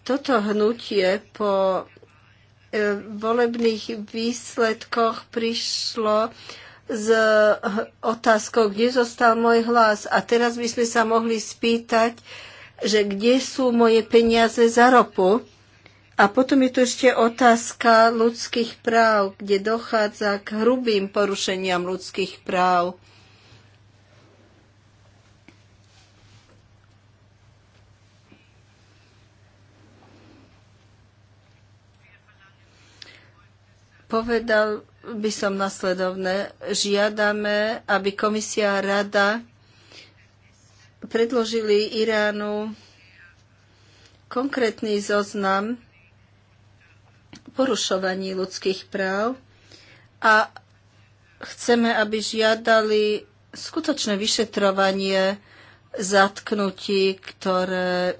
Toto hnutie po e, volebných výsledkoch prišlo s otázkou, kde zostal môj hlas. A teraz by sme sa mohli spýtať, že kde sú moje peniaze za ropu. A potom je tu ešte otázka ľudských práv, kde dochádza k hrubým porušeniam ľudských práv. Povedal by som nasledovné. Žiadame, aby komisia a rada predložili Iránu konkrétny zoznam porušovaní ľudských práv a chceme, aby žiadali skutočné vyšetrovanie zatknutí, ktoré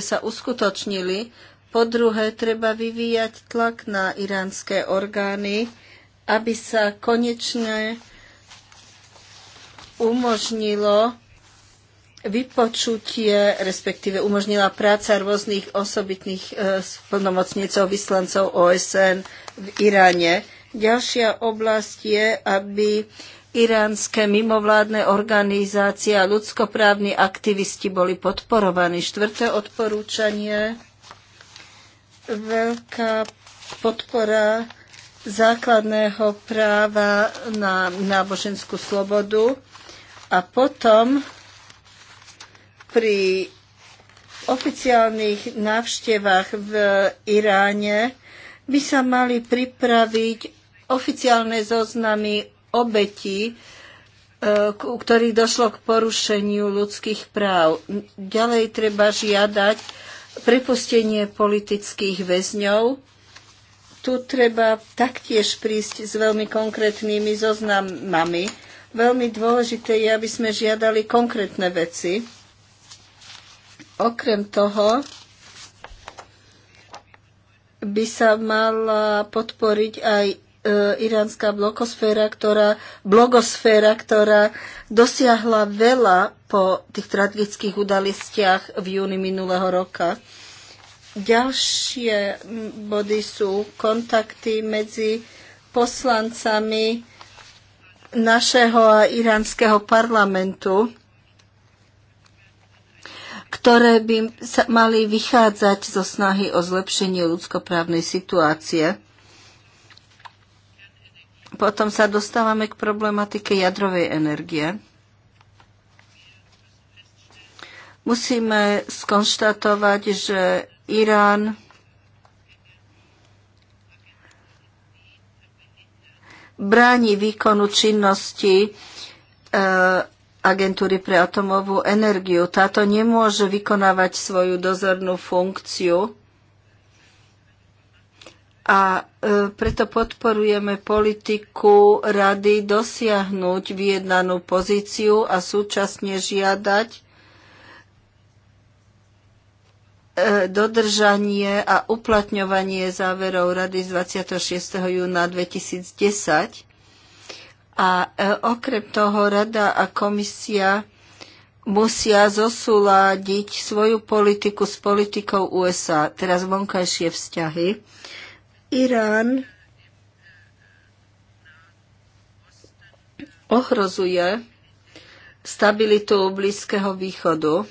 sa uskutočnili po druhé, treba vyvíjať tlak na iránske orgány, aby sa konečne umožnilo vypočutie, respektíve umožnila práca rôznych osobitných e, plnomocnícov, vyslancov OSN v Iráne. Ďalšia oblasť je, aby iránske mimovládne organizácie a ľudskoprávni aktivisti boli podporovaní. Štvrté odporúčanie veľká podpora základného práva na náboženskú slobodu a potom pri oficiálnych návštevách v Iráne by sa mali pripraviť oficiálne zoznamy obetí, e, ktorých došlo k porušeniu ľudských práv. Ďalej treba žiadať prepustenie politických väzňov. Tu treba taktiež prísť s veľmi konkrétnymi zoznamami. Veľmi dôležité je, aby sme žiadali konkrétne veci. Okrem toho by sa mala podporiť aj E, iránska blokosféra, ktorá, blogosféra, ktorá dosiahla veľa po tých tragických udalistiach v júni minulého roka. Ďalšie body sú kontakty medzi poslancami našeho a iránskeho parlamentu, ktoré by mali vychádzať zo snahy o zlepšenie ľudskoprávnej situácie. Potom sa dostávame k problematike jadrovej energie. Musíme skonštatovať, že Irán bráni výkonu činnosti e, agentúry pre atomovú energiu. Táto nemôže vykonávať svoju dozornú funkciu a e, preto podporujeme politiku rady dosiahnuť vyjednanú pozíciu a súčasne žiadať e, dodržanie a uplatňovanie záverov Rady z 26. júna 2010. A e, okrem toho Rada a komisia musia zosúľadiť svoju politiku s politikou USA, teraz vonkajšie vzťahy. Irán ohrozuje stabilitu Blízkeho východu.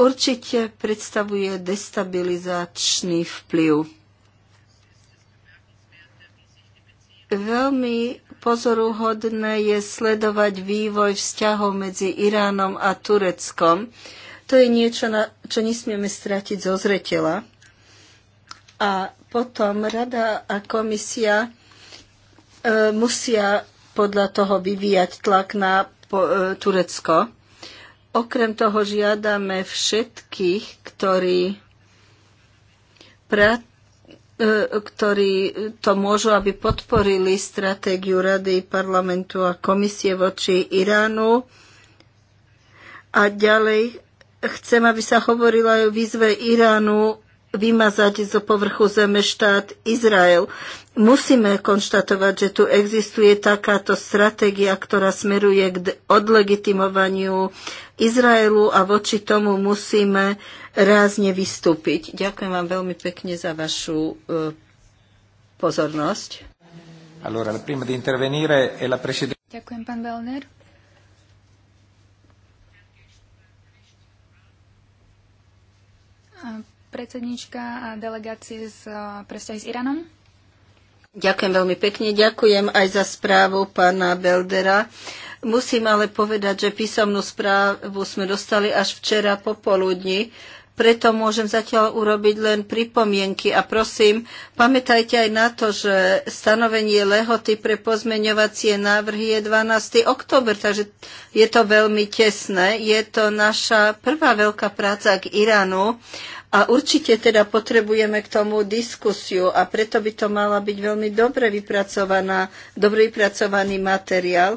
Určite predstavuje destabilizačný vplyv. Veľmi pozoruhodné je sledovať vývoj vzťahov medzi Iránom a Tureckom to je niečo, na, čo nesmieme stratiť zo zretela. A potom rada a komisia e, musia podľa toho vyvíjať tlak na po, e, Turecko. Okrem toho žiadame všetkých, ktorí, pra, e, ktorí to môžu, aby podporili stratégiu Rady, parlamentu a komisie voči Iránu. A ďalej Chcem, aby sa hovorilo aj o výzve Iránu vymazať zo povrchu zeme štát Izrael. Musíme konštatovať, že tu existuje takáto stratégia, ktorá smeruje k odlegitimovaniu Izraelu a voči tomu musíme rázne vystúpiť. Ďakujem vám veľmi pekne za vašu e, pozornosť. Ďakujem, pán Belner. predsednička delegácie z, presťahy s Iránom. Ďakujem veľmi pekne, ďakujem aj za správu pána Beldera. Musím ale povedať, že písomnú správu sme dostali až včera popoludní preto môžem zatiaľ urobiť len pripomienky a prosím, pamätajte aj na to, že stanovenie lehoty pre pozmeňovacie návrhy je 12. október, takže je to veľmi tesné. Je to naša prvá veľká práca k Iránu a určite teda potrebujeme k tomu diskusiu a preto by to mala byť veľmi dobre vypracovaná, dobre vypracovaný materiál.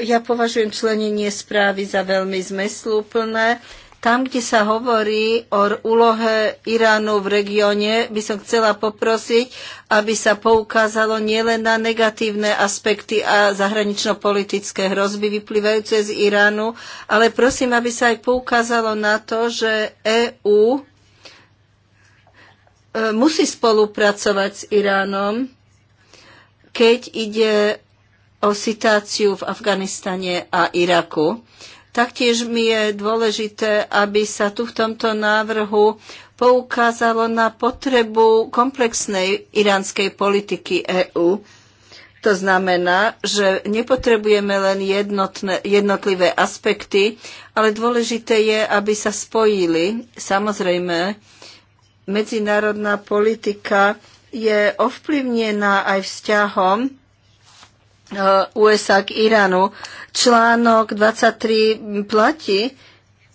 Ja považujem členenie správy za veľmi zmysluplné tam, kde sa hovorí o úlohe Iránu v regióne, by som chcela poprosiť, aby sa poukázalo nielen na negatívne aspekty a zahranično-politické hrozby vyplývajúce z Iránu, ale prosím, aby sa aj poukázalo na to, že EÚ e, musí spolupracovať s Iránom, keď ide o situáciu v Afganistane a Iraku. Taktiež mi je dôležité, aby sa tu v tomto návrhu poukázalo na potrebu komplexnej iránskej politiky EÚ. To znamená, že nepotrebujeme len jednotné, jednotlivé aspekty, ale dôležité je, aby sa spojili. Samozrejme, medzinárodná politika je ovplyvnená aj vzťahom e, USA k Iránu článok 23 platí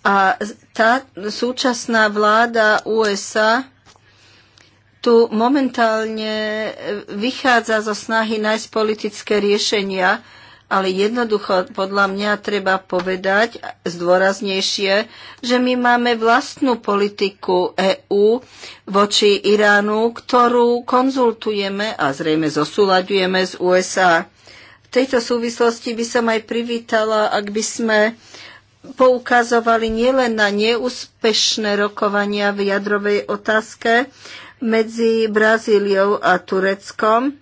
a tá súčasná vláda USA tu momentálne vychádza zo snahy nájsť politické riešenia, ale jednoducho podľa mňa treba povedať zdôraznejšie, že my máme vlastnú politiku EÚ voči Iránu, ktorú konzultujeme a zrejme zosúľadujeme z USA. V tejto súvislosti by som aj privítala, ak by sme poukazovali nielen na neúspešné rokovania v jadrovej otázke medzi Brazíliou a Tureckom.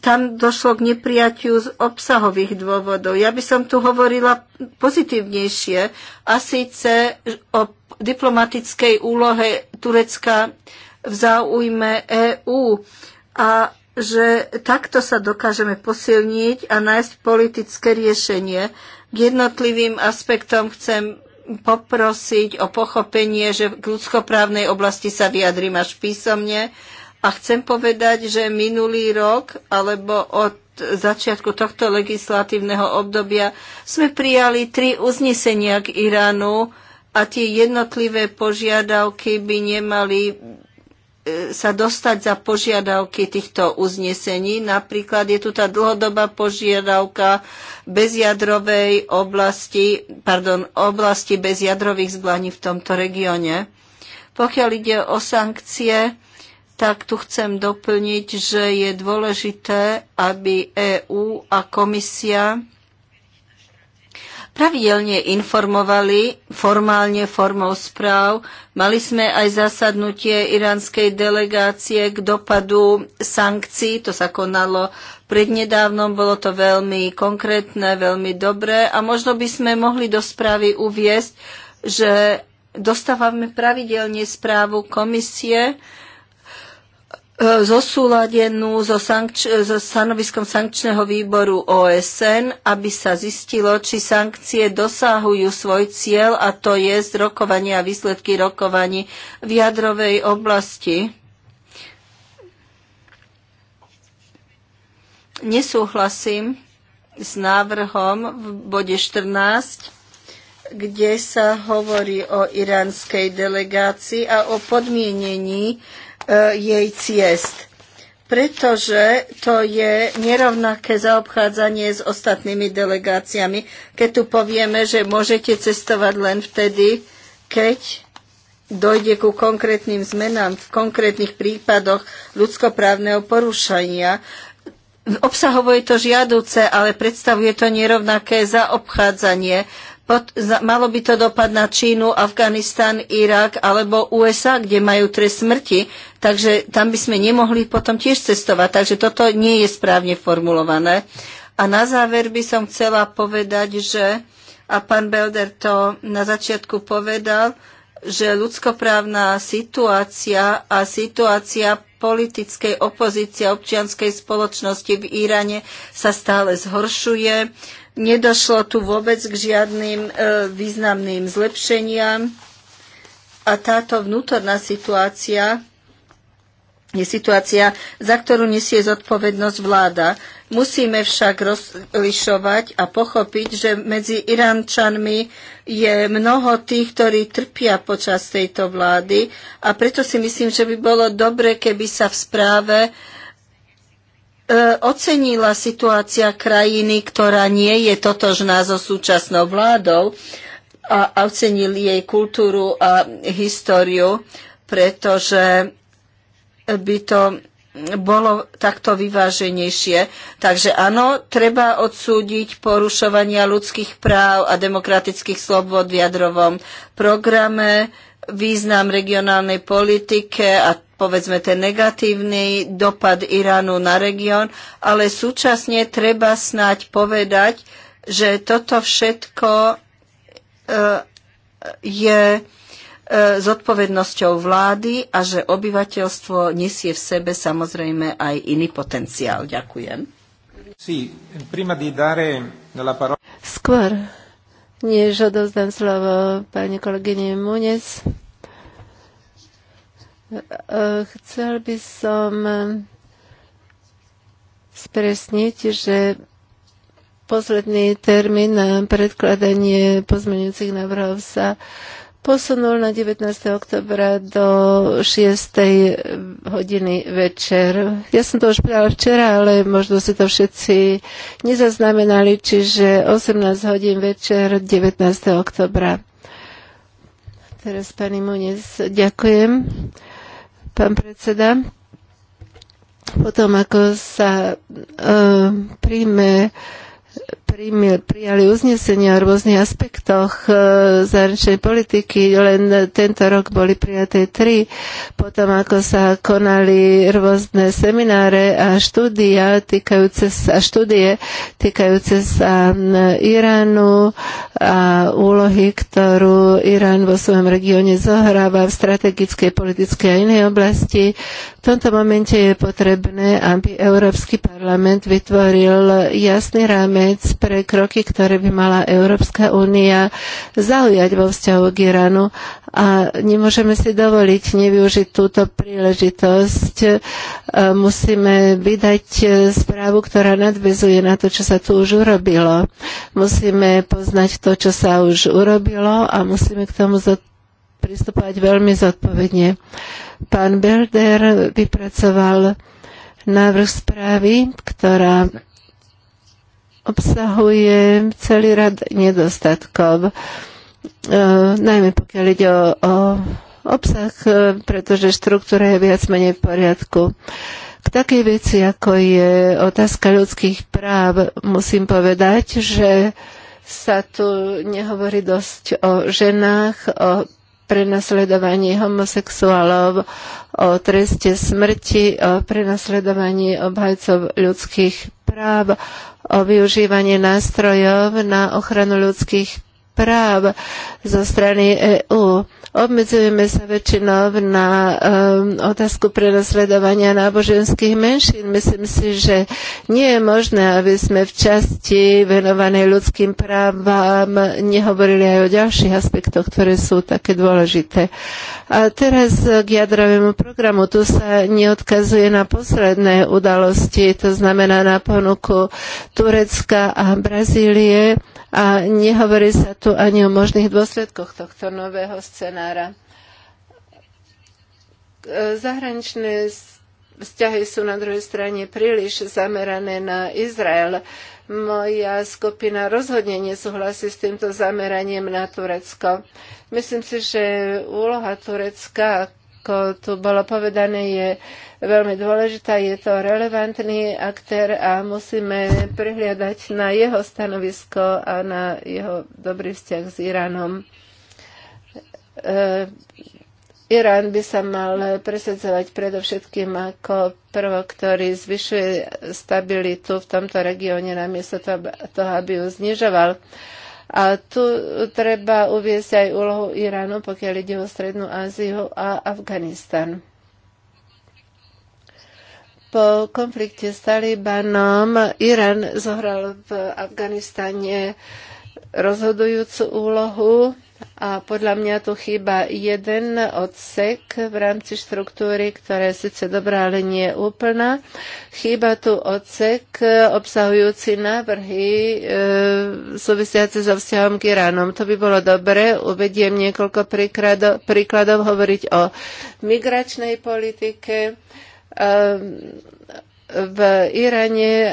Tam došlo k nepriatiu z obsahových dôvodov. Ja by som tu hovorila pozitívnejšie a síce o diplomatickej úlohe Turecka v záujme EÚ a že takto sa dokážeme posilniť a nájsť politické riešenie. K jednotlivým aspektom chcem poprosiť o pochopenie, že k ľudskoprávnej oblasti sa vyjadrím až písomne. A chcem povedať, že minulý rok alebo od začiatku tohto legislatívneho obdobia sme prijali tri uznesenia k Iránu a tie jednotlivé požiadavky by nemali E, sa dostať za požiadavky týchto uznesení. Napríklad je tu tá dlhodobá požiadavka bezjadrovej oblasti, pardon, oblasti bezjadrových zbraní v tomto regióne. Pokiaľ ide o sankcie, tak tu chcem doplniť, že je dôležité, aby EÚ a komisia pravidelne informovali formálne formou správ. Mali sme aj zasadnutie iránskej delegácie k dopadu sankcií, to sa konalo prednedávnom, bolo to veľmi konkrétne, veľmi dobré a možno by sme mohli do správy uviesť, že dostávame pravidelne správu komisie, E, zosúladenú so, sankč- so stanoviskom sankčného výboru OSN, aby sa zistilo, či sankcie dosahujú svoj cieľ, a to je zrokovanie a výsledky rokovaní v jadrovej oblasti. Nesúhlasím s návrhom v bode 14 kde sa hovorí o iránskej delegácii a o podmienení E, jej ciest pretože to je nerovnaké zaobchádzanie s ostatnými delegáciami, keď tu povieme, že môžete cestovať len vtedy, keď dojde ku konkrétnym zmenám v konkrétnych prípadoch ľudskoprávneho porušenia. Obsahovo je to žiaduce, ale predstavuje to nerovnaké zaobchádzanie za, malo by to dopad na Čínu, Afganistan, Irak alebo USA, kde majú trest smrti, takže tam by sme nemohli potom tiež cestovať. Takže toto nie je správne formulované. A na záver by som chcela povedať, že, a pán Belder to na začiatku povedal, že ľudskoprávna situácia a situácia politickej opozície občianskej spoločnosti v Iráne sa stále zhoršuje Nedošlo tu vôbec k žiadnym e, významným zlepšeniam a táto vnútorná situácia je situácia, za ktorú nesie zodpovednosť vláda. Musíme však rozlišovať a pochopiť, že medzi Iránčanmi je mnoho tých, ktorí trpia počas tejto vlády a preto si myslím, že by bolo dobre, keby sa v správe uh, E, ocenila situácia krajiny, ktorá nie je totožná so súčasnou vládou a ocenil jej kultúru a históriu, pretože by to bolo takto vyváženejšie. Takže áno, treba odsúdiť porušovania ľudských práv a demokratických slobod v jadrovom programe, význam regionálnej politike a povedzme ten negatívny dopad Iránu na región, ale súčasne treba snáď povedať, že toto všetko e, je e, zodpovednosťou vlády a že obyvateľstvo nesie v sebe samozrejme aj iný potenciál. Ďakujem. Skôr, než odozdám slovo pani kolegyne Munez, Chcel by som spresniť, že posledný termín na predkladanie pozmeňujúcich návrhov sa posunul na 19. oktobra do 6. hodiny večer. Ja som to už povedala včera, ale možno si to všetci nezaznamenali, čiže 18 hodín večer 19. oktobra. Teraz pani Muniz, ďakujem pán predseda. Potom, ako sa uh, príjme uh, prijali uznesenia o rôznych aspektoch e, zahraničnej politiky. Len tento rok boli prijaté tri. Potom, ako sa konali rôzne semináre a štúdia týkajúce sa, štúdie týkajúce sa Iránu a úlohy, ktorú Irán vo svojom regióne zohráva v strategickej, politickej a inej oblasti. V tomto momente je potrebné, aby Európsky parlament vytvoril jasný rámec rámec pre kroky, ktoré by mala Európska únia zaujať vo vzťahu k Iránu a nemôžeme si dovoliť nevyužiť túto príležitosť. E, musíme vydať e, správu, ktorá nadvezuje na to, čo sa tu už urobilo. Musíme poznať to, čo sa už urobilo a musíme k tomu pristupovať veľmi zodpovedne. Pán Belder vypracoval návrh správy, ktorá obsahuje celý rad nedostatkov, e, najmä pokiaľ ide o, o obsah, e, pretože štruktúra je viac menej v poriadku. K takej veci, ako je otázka ľudských práv, musím povedať, že sa tu nehovorí dosť o ženách, o prenasledovaní homosexuálov, o treste smrti, o prenasledovaní obhajcov ľudských práv, o využívanie nástrojov na ochranu ľudských práv zo strany EÚ. Obmedzujeme sa väčšinou na um, otázku prenasledovania náboženských menšín. Myslím si, že nie je možné, aby sme v časti venovanej ľudským právam nehovorili aj o ďalších aspektoch, ktoré sú také dôležité. A teraz k jadrovému programu. Tu sa neodkazuje na posledné udalosti, to znamená na ponuku Turecka a Brazílie a nehovorí sa tu ani o možných dôsledkoch tohto nového scenára. Zahraničné vzťahy sú na druhej strane príliš zamerané na Izrael. Moja skupina rozhodne nesúhlasí s týmto zameraním na Turecko. Myslím si, že úloha Turecka ako tu bolo povedané, je veľmi dôležitá, je to relevantný aktér a musíme prihliadať na jeho stanovisko a na jeho dobrý vzťah s Iránom. E, Irán by sa mal presedzovať predovšetkým ako prvok, ktorý zvyšuje stabilitu v tomto regióne namiesto toho, aby ju znižoval. Uh, a tu treba uviesť aj úlohu Iránu, pokiaľ ide o Strednú Áziu a Afganistan. Po konflikte s Talibanom Irán zohral v Afganistane rozhodujúcu úlohu a podľa mňa tu chýba jeden odsek v rámci štruktúry, ktorá je síce dobrá, ale nie je úplná. Chýba tu odsek obsahujúci návrhy e, súvisiace so vzťahom k Iránom. To by bolo dobre. Uvediem niekoľko príkladov, príkladov hovoriť o migračnej politike, e, v Iráne, e,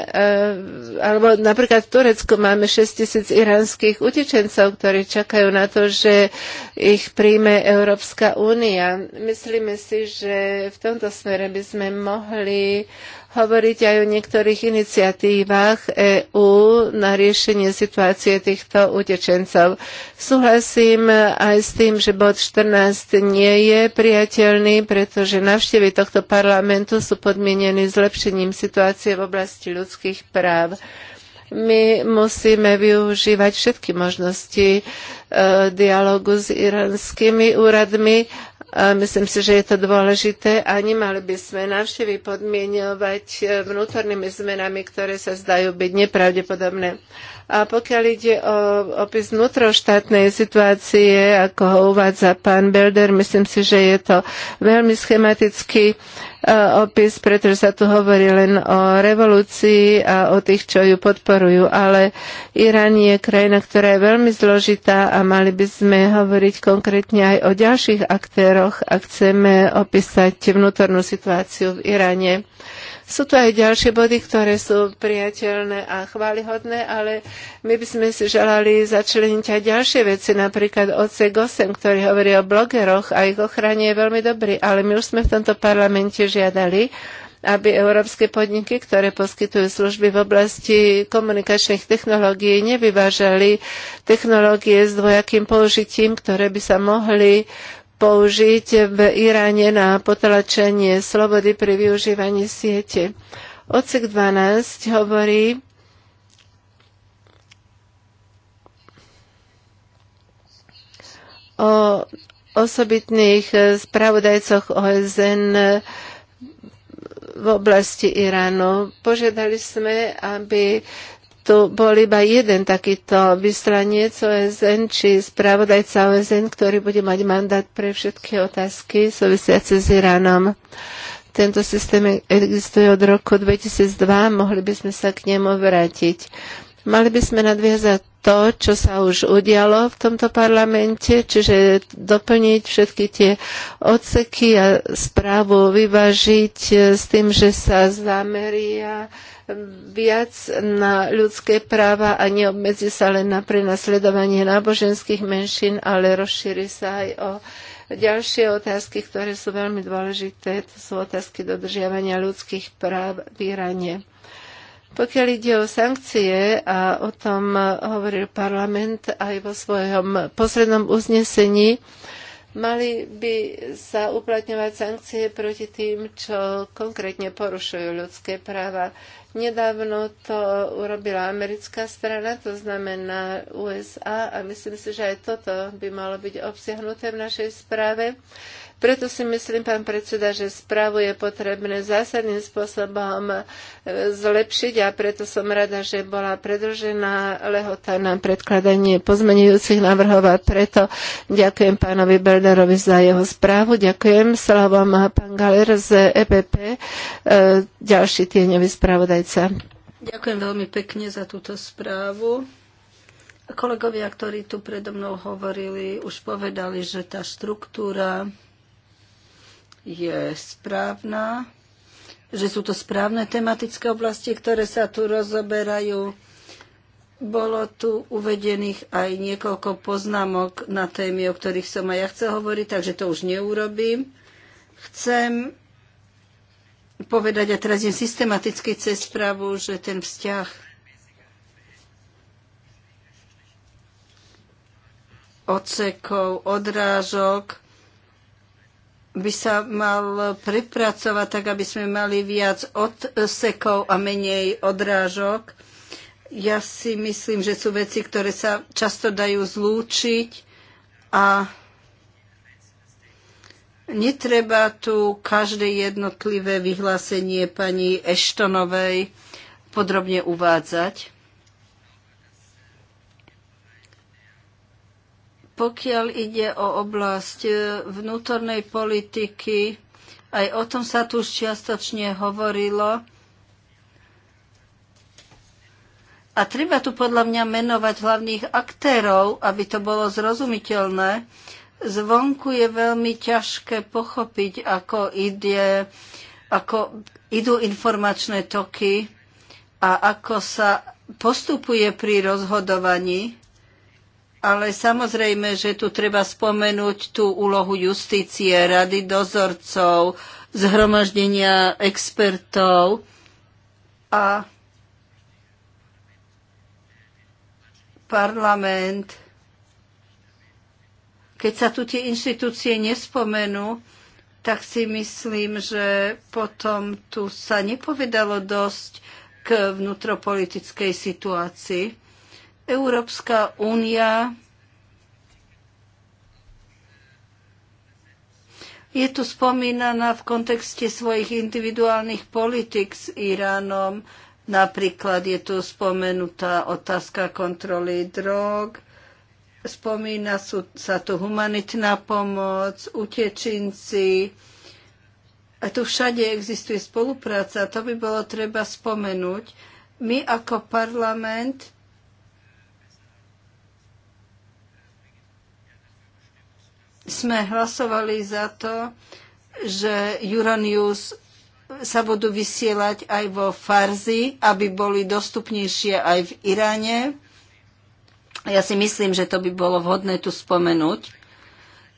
alebo napríklad v Turecku máme 6 tisíc iránskych utečencov, ktorí čakajú na to, že ich príjme Európska únia. Myslíme si, že v tomto smere by sme mohli hovoriť aj o niektorých iniciatívach EÚ na riešenie situácie týchto utečencov. Súhlasím aj s tým, že bod 14 nie je priateľný, pretože navštevy tohto parlamentu sú podmienené zlepšením situácie v oblasti ľudských práv my musíme využívať všetky možnosti e, dialogu s iránskymi úradmi myslím si, že je to dôležité a nemali by sme návštevy podmienovať eh, vnútornými zmenami, ktoré sa zdajú byť nepravdepodobné. A pokiaľ ide o opis vnútroštátnej situácie, ako ho uvádza pán Belder, myslím si, že je to veľmi schematický e, opis, pretože sa tu hovorí len o revolúcii a o tých, čo ju podporujú. Ale Irán je krajina, ktorá je veľmi zložitá a mali by sme hovoriť konkrétne aj o ďalších aktéroch, ak chceme opísať vnútornú situáciu v Iráne. Sú tu aj ďalšie body, ktoré sú priateľné a chválihodné, ale my by sme si želali začleniť aj ďalšie veci, napríklad oc 8, ktorý hovorí o blogeroch a ich ochrane je veľmi dobrý, ale my už sme v tomto parlamente žiadali, aby európske podniky, ktoré poskytujú služby v oblasti komunikačných technológií, nevyvážali technológie s dvojakým použitím, ktoré by sa mohli použiť v Iráne na potlačenie slobody pri využívaní siete. Ocek 12 hovorí, o osobitných spravodajcoch OSN v oblasti Iránu. Požiadali sme, aby tu bol iba jeden takýto vystraniec OSN či spravodajca OSN, ktorý bude mať mandát pre všetky otázky súvisiace s Iránom. Tento systém existuje od roku 2002, mohli by sme sa k nemu vrátiť. Mali by sme nadviazať to, čo sa už udialo v tomto parlamente, čiže doplniť všetky tie odseky a správu vyvážiť s tým, že sa zameria viac na ľudské práva a neobmedzi sa len na prenasledovanie náboženských menšín, ale rozšíri sa aj o ďalšie otázky, ktoré sú veľmi dôležité. To sú otázky dodržiavania ľudských práv v Iráne. Pokiaľ ide o sankcie, a o tom hovoril parlament aj vo svojom poslednom uznesení, mali by sa uplatňovať sankcie proti tým, čo konkrétne porušujú ľudské práva. Nedávno to urobila americká strana, to znamená USA a myslím si, že aj toto by malo byť obsiahnuté v našej správe. Uh, preto si myslím, pán predseda, že správu je potrebné zásadným spôsobom e, zlepšiť a preto som rada, že bola predlžená lehota na predkladanie pozmenujúcich návrhov a preto ďakujem pánovi Bernerovi za jeho správu. Ďakujem. Slavom pán Galer z EPP, e, ďalší tieňový spravodajca. Ďakujem veľmi pekne za túto správu. Kolegovia, ktorí tu predo mnou hovorili, už povedali, že tá štruktúra je správna, že sú to správne tematické oblasti, ktoré sa tu rozoberajú. Bolo tu uvedených aj niekoľko poznámok na témy, o ktorých som aj ja chcel hovoriť, takže to už neurobím. Chcem povedať, a teraz idem systematicky cez správu, že ten vzťah ocekov, odrážok, by sa mal prepracovať tak, aby sme mali viac odsekov a menej odrážok. Ja si myslím, že sú veci, ktoré sa často dajú zlúčiť a netreba tu každé jednotlivé vyhlásenie pani Eštonovej podrobne uvádzať. Pokiaľ ide o oblasť e, vnútornej politiky, aj o tom sa tu už čiastočne hovorilo. A treba tu podľa mňa menovať hlavných aktérov, aby to bolo zrozumiteľné. Zvonku je veľmi ťažké pochopiť, ako, ide, ako idú informačné toky a ako sa postupuje pri rozhodovaní. Ale samozrejme, že tu treba spomenúť tú úlohu justície, rady dozorcov, zhromaždenia expertov a parlament. Keď sa tu tie inštitúcie nespomenú, tak si myslím, že potom tu sa nepovedalo dosť k vnútropolitickej situácii. Európska únia je tu spomínaná v kontexte svojich individuálnych politik s Iránom. Napríklad je tu spomenutá otázka kontroly drog, spomína sa tu humanitná pomoc, utečinci. A tu všade existuje spolupráca, to by bolo treba spomenúť. My ako parlament sme hlasovali za to, že Euronews sa budú vysielať aj vo Farzi, aby boli dostupnejšie aj v Iráne. Ja si myslím, že to by bolo vhodné tu spomenúť.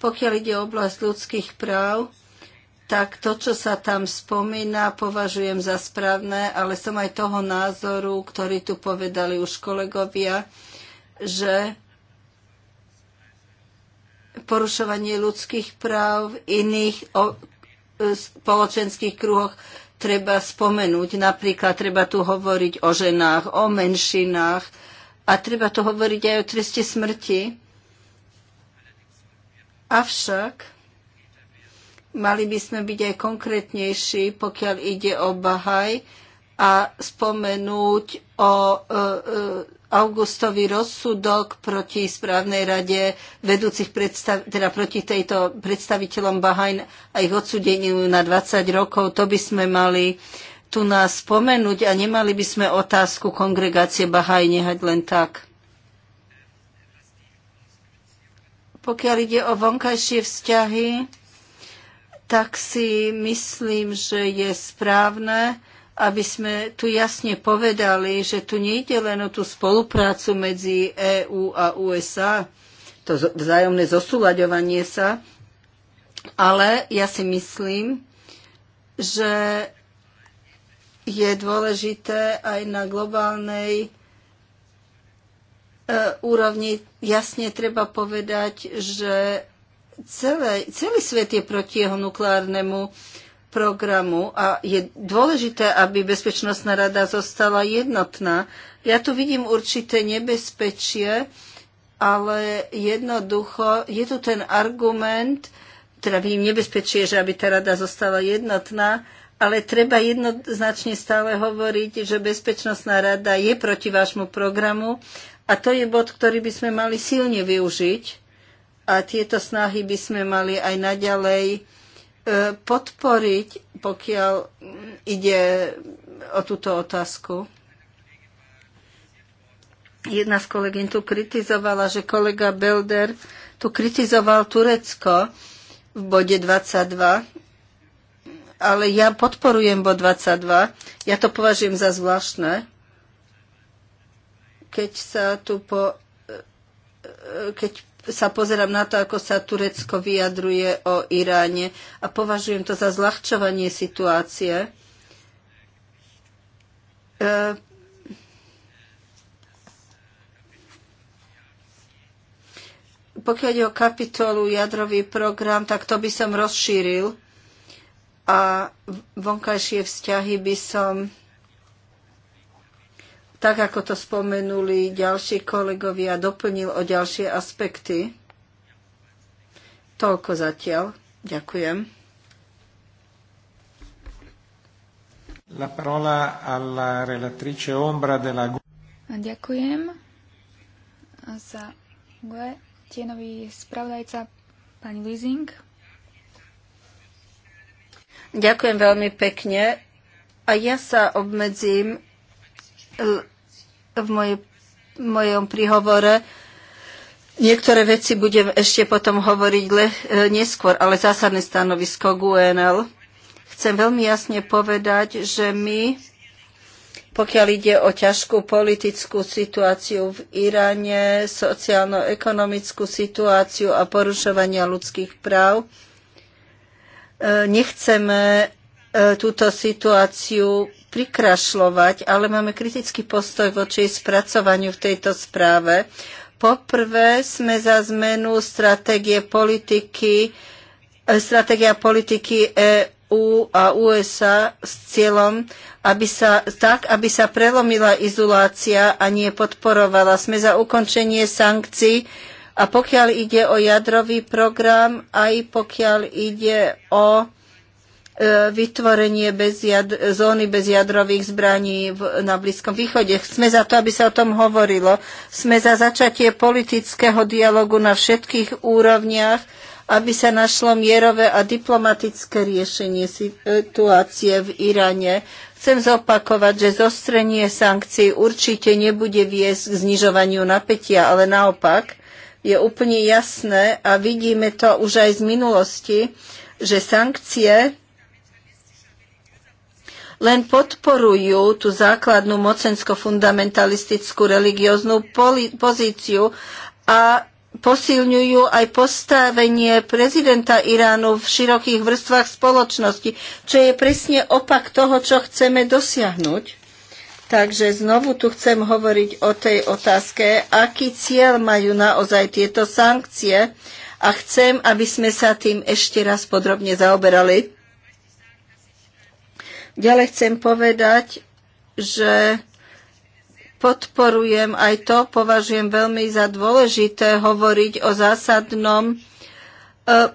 Pokiaľ ide o oblasť ľudských práv, tak to, čo sa tam spomína, považujem za správne, ale som aj toho názoru, ktorý tu povedali už kolegovia, že porušovanie ľudských práv v iných e, spoločenských kruhoch treba spomenúť. Napríklad treba tu hovoriť o ženách, o menšinách a treba tu hovoriť aj o treste smrti. Avšak mali by sme byť aj konkrétnejší, pokiaľ ide o Bahaj, a spomenúť o e, e, augustový rozsudok proti správnej rade vedúcich predstav, teda proti tejto predstaviteľom Bahajn a ich odsudeniu na 20 rokov, to by sme mali tu nás spomenúť a nemali by sme otázku kongregácie Bahaj nehať len tak. Pokiaľ ide o vonkajšie vzťahy, tak si myslím, že je správne, aby sme tu jasne povedali, že tu nejde len o tú spoluprácu medzi EÚ a USA, to vzájomné zosúľaďovanie sa, ale ja si myslím, že je dôležité aj na globálnej e, úrovni jasne treba povedať, že celé, celý svet je proti jeho nukleárnemu programu a je dôležité, aby Bezpečnostná rada zostala jednotná. Ja tu vidím určité nebezpečie, ale jednoducho je tu ten argument, teda vidím nebezpečie, že aby tá rada zostala jednotná, ale treba jednoznačne stále hovoriť, že Bezpečnostná rada je proti vášmu programu a to je bod, ktorý by sme mali silne využiť a tieto snahy by sme mali aj naďalej E, podporiť, pokiaľ ide o túto otázku. Jedna z kolegyň tu kritizovala, že kolega Belder tu kritizoval Turecko v bode 22, ale ja podporujem bod 22. Ja to považujem za zvláštne, keď sa tu po, e, e, keď sa pozerám na to, ako sa Turecko vyjadruje o Iráne a považujem to za zľahčovanie situácie. E, pokiaľ ide o kapitolu jadrový program, tak to by som rozšíril a vonkajšie vzťahy by som tak ako to spomenuli ďalší kolegovia, doplnil o ďalšie aspekty. Toľko zatiaľ. Ďakujem. La parola alla relatrice Ombra della Ďakujem za GUE. Tienový spravodajca pani Lizing. Ďakujem veľmi pekne. A ja sa obmedzím v moje, mojom prihovore. Niektoré veci budem ešte potom hovoriť le, e, neskôr, ale zásadné stanovisko GUNL. Chcem veľmi jasne povedať, že my, pokiaľ ide o ťažkú politickú situáciu v Iráne, sociálno-ekonomickú situáciu a porušovania ľudských práv, e, nechceme e, túto situáciu prikrašľovať, ale máme kritický postoj voči spracovaniu v tejto správe. Poprvé sme za zmenu stratégie politiky, eh, stratégia politiky EU a USA s cieľom, aby sa, tak, aby sa prelomila izolácia a nie podporovala. Sme za ukončenie sankcií a pokiaľ ide o jadrový program, aj pokiaľ ide o E, vytvorenie bez jad- zóny bez jadrových zbraní v, na Blízkom východe. Sme za to, aby sa o tom hovorilo. Sme za začatie politického dialogu na všetkých úrovniach, aby sa našlo mierové a diplomatické riešenie situácie v Iráne. Chcem zopakovať, že zostrenie sankcií určite nebude viesť k znižovaniu napätia, ale naopak je úplne jasné a vidíme to už aj z minulosti, že sankcie len podporujú tú základnú mocensko-fundamentalistickú religióznu pozíciu a posilňujú aj postavenie prezidenta Iránu v širokých vrstvách spoločnosti, čo je presne opak toho, čo chceme dosiahnuť. Takže znovu tu chcem hovoriť o tej otázke, aký cieľ majú naozaj tieto sankcie a chcem, aby sme sa tým ešte raz podrobne zaoberali. Ďalej chcem povedať, že podporujem aj to, považujem veľmi za dôležité hovoriť o zásadnom e,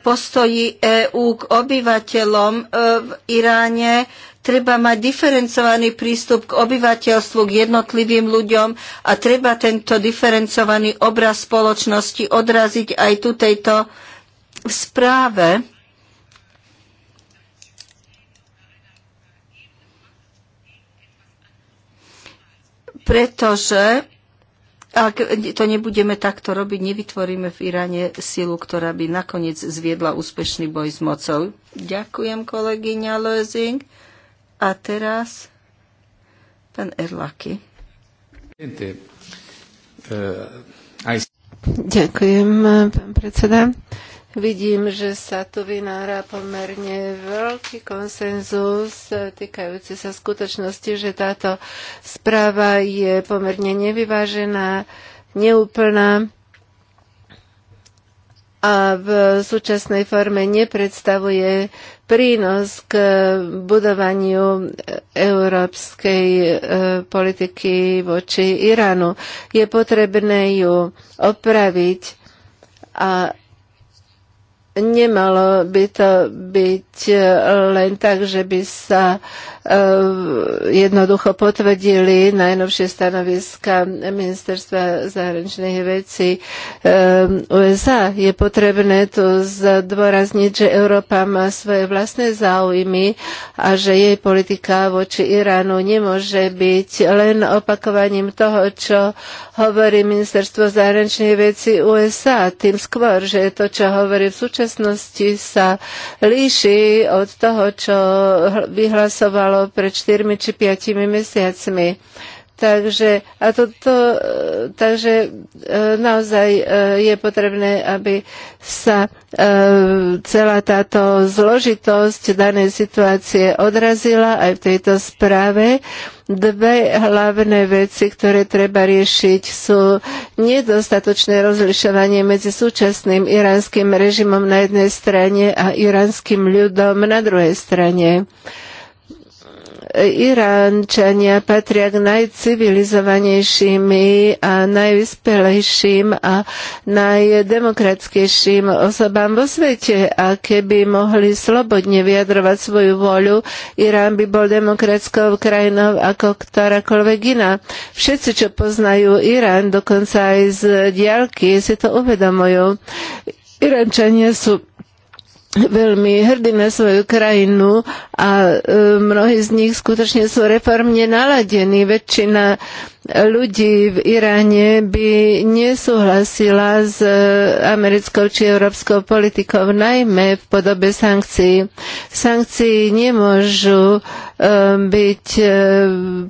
postoji EÚ k obyvateľom e, v Iráne. Treba mať diferencovaný prístup k obyvateľstvu, k jednotlivým ľuďom a treba tento diferencovaný obraz spoločnosti odraziť aj tu tejto správe. pretože ak to nebudeme takto robiť, nevytvoríme v Iráne silu, ktorá by nakoniec zviedla úspešný boj s mocou. Ďakujem, kolegyňa Lozing. A teraz pán Erlaky. Eh, Ďakujem, pán predseda. Vidím, že sa tu vynára pomerne veľký konsenzus e, týkajúci sa skutočnosti, že táto správa je pomerne nevyvážená, neúplná a v súčasnej forme nepredstavuje prínos k budovaniu európskej e, politiky voči Iránu. Je potrebné ju opraviť a Nemalo by to byť len tak, že by sa e, jednoducho potvrdili najnovšie stanoviska Ministerstva zahraničných vecí e, USA. Je potrebné tu zdôrazniť, že Európa má svoje vlastné záujmy a že jej politika voči Iránu nemôže byť len opakovaním toho, čo hovorí Ministerstvo zahraničných vecí USA. Tým skôr, že to, čo hovorí v súčasnosti, súčasnosti sa líši od toho, čo vyhlasovalo pred 4 či 5 mesiacmi. Takže, a to, to, e, takže e, naozaj e, je potrebné, aby sa celá táto zložitosť danej situácie odrazila aj v tejto správe. Dve hlavné veci, ktoré treba riešiť, sú nedostatočné rozlišovanie medzi súčasným iránskym režimom na jednej strane a iránskym ľudom na druhej strane. Uh, Iránčania patria k najcivilizovanejším a najvyspelejším a najdemokratickejším osobám vo svete a keby mohli slobodne vyjadrovať svoju voľu, Irán by bol demokratickou krajinou ako ktorákoľvek iná. Všetci, čo poznajú Irán, dokonca aj z diálky, si to uvedomujú. Iránčania sú veľmi hrdí na svoju krajinu a e, mnohí z nich skutočne sú reformne naladení. Väčšina ľudí v Iráne by nesúhlasila s e, americkou či európskou politikou, najmä v podobe sankcií. Sankcií nemôžu e, byť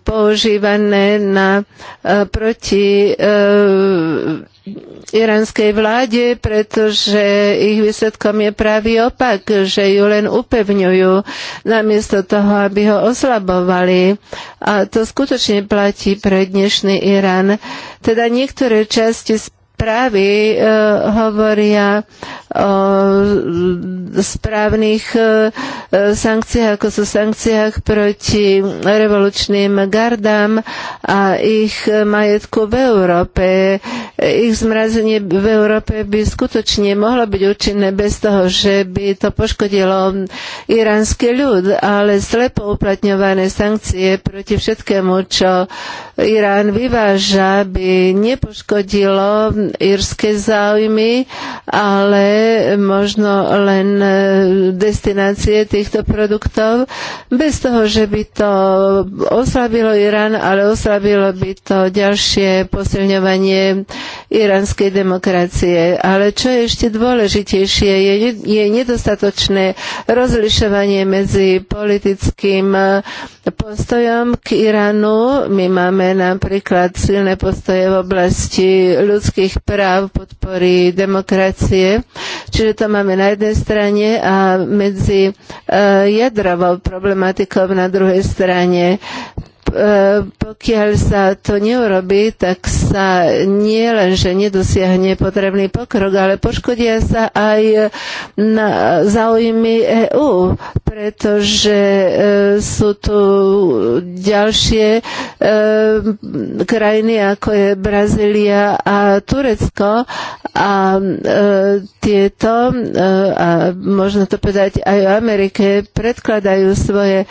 používané na proti iránskej vláde, pretože ich výsledkom je pravý opak, že ju len upevňujú namiesto toho, aby ho oslabovali. A to skutočne platí pre dnešný Irán. Teda niektoré časti správy e, hovoria E, správnych e, e, sankciách, ako sú sankciách proti revolučným gardám a ich majetku v Európe. Ich zmrazenie v Európe by skutočne mohlo byť účinné bez toho, že by to poškodilo iránsky ľud, ale slepo uplatňované sankcie proti všetkému, čo Irán vyváža, by nepoškodilo írske záujmy, ale možno len e, destinácie týchto produktov, bez toho, že by to oslabilo Irán, ale oslabilo by to ďalšie posilňovanie iránskej demokracie. Ale čo je ešte dôležitejšie, je, je nedostatočné rozlišovanie medzi politickým e, postojom k Iránu. My máme napríklad silné postoje v oblasti ľudských práv, podpory demokracie. Čiže to máme na jednej strane a medzi e, jadrovou problematikou na druhej strane. E, pokiaľ sa to neurobi, tak sa nie len, že nedosiahne potrebný pokrok, ale poškodia sa aj na záujmy EÚ, pretože e, sú tu ďalšie e, krajiny, ako je Brazília a Turecko a tieto, a možno to povedať aj o Amerike, predkladajú svoje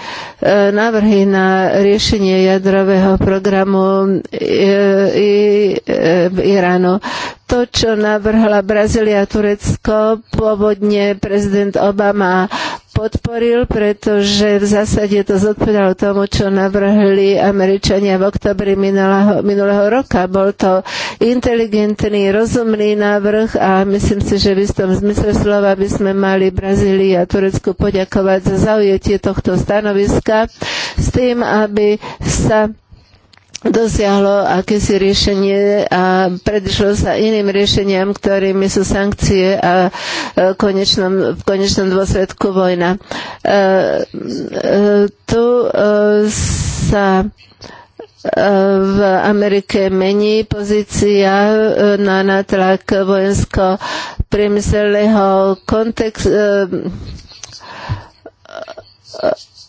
návrhy na riešenie ukončenie jadrového programu v e, e, Iránu. To, čo navrhla Brazília a Turecko, pôvodne prezident Obama podporil, pretože v zásade to zodpovedalo tomu, čo navrhli Američania v oktobri minulého, minulého roka. Bol to inteligentný, rozumný návrh a myslím si, že v istom zmysle slova by sme mali Brazílii a Turecku poďakovať za zaujetie tohto stanoviska s tým, aby sa dosiahlo akési riešenie a predišlo sa iným riešeniam, ktorými sú sankcie a e, v konečnom, v konečnom dôsledku vojna. E, e, tu e, sa e, v Amerike mení pozícia e, na natlak vojensko-priemyselného kontextu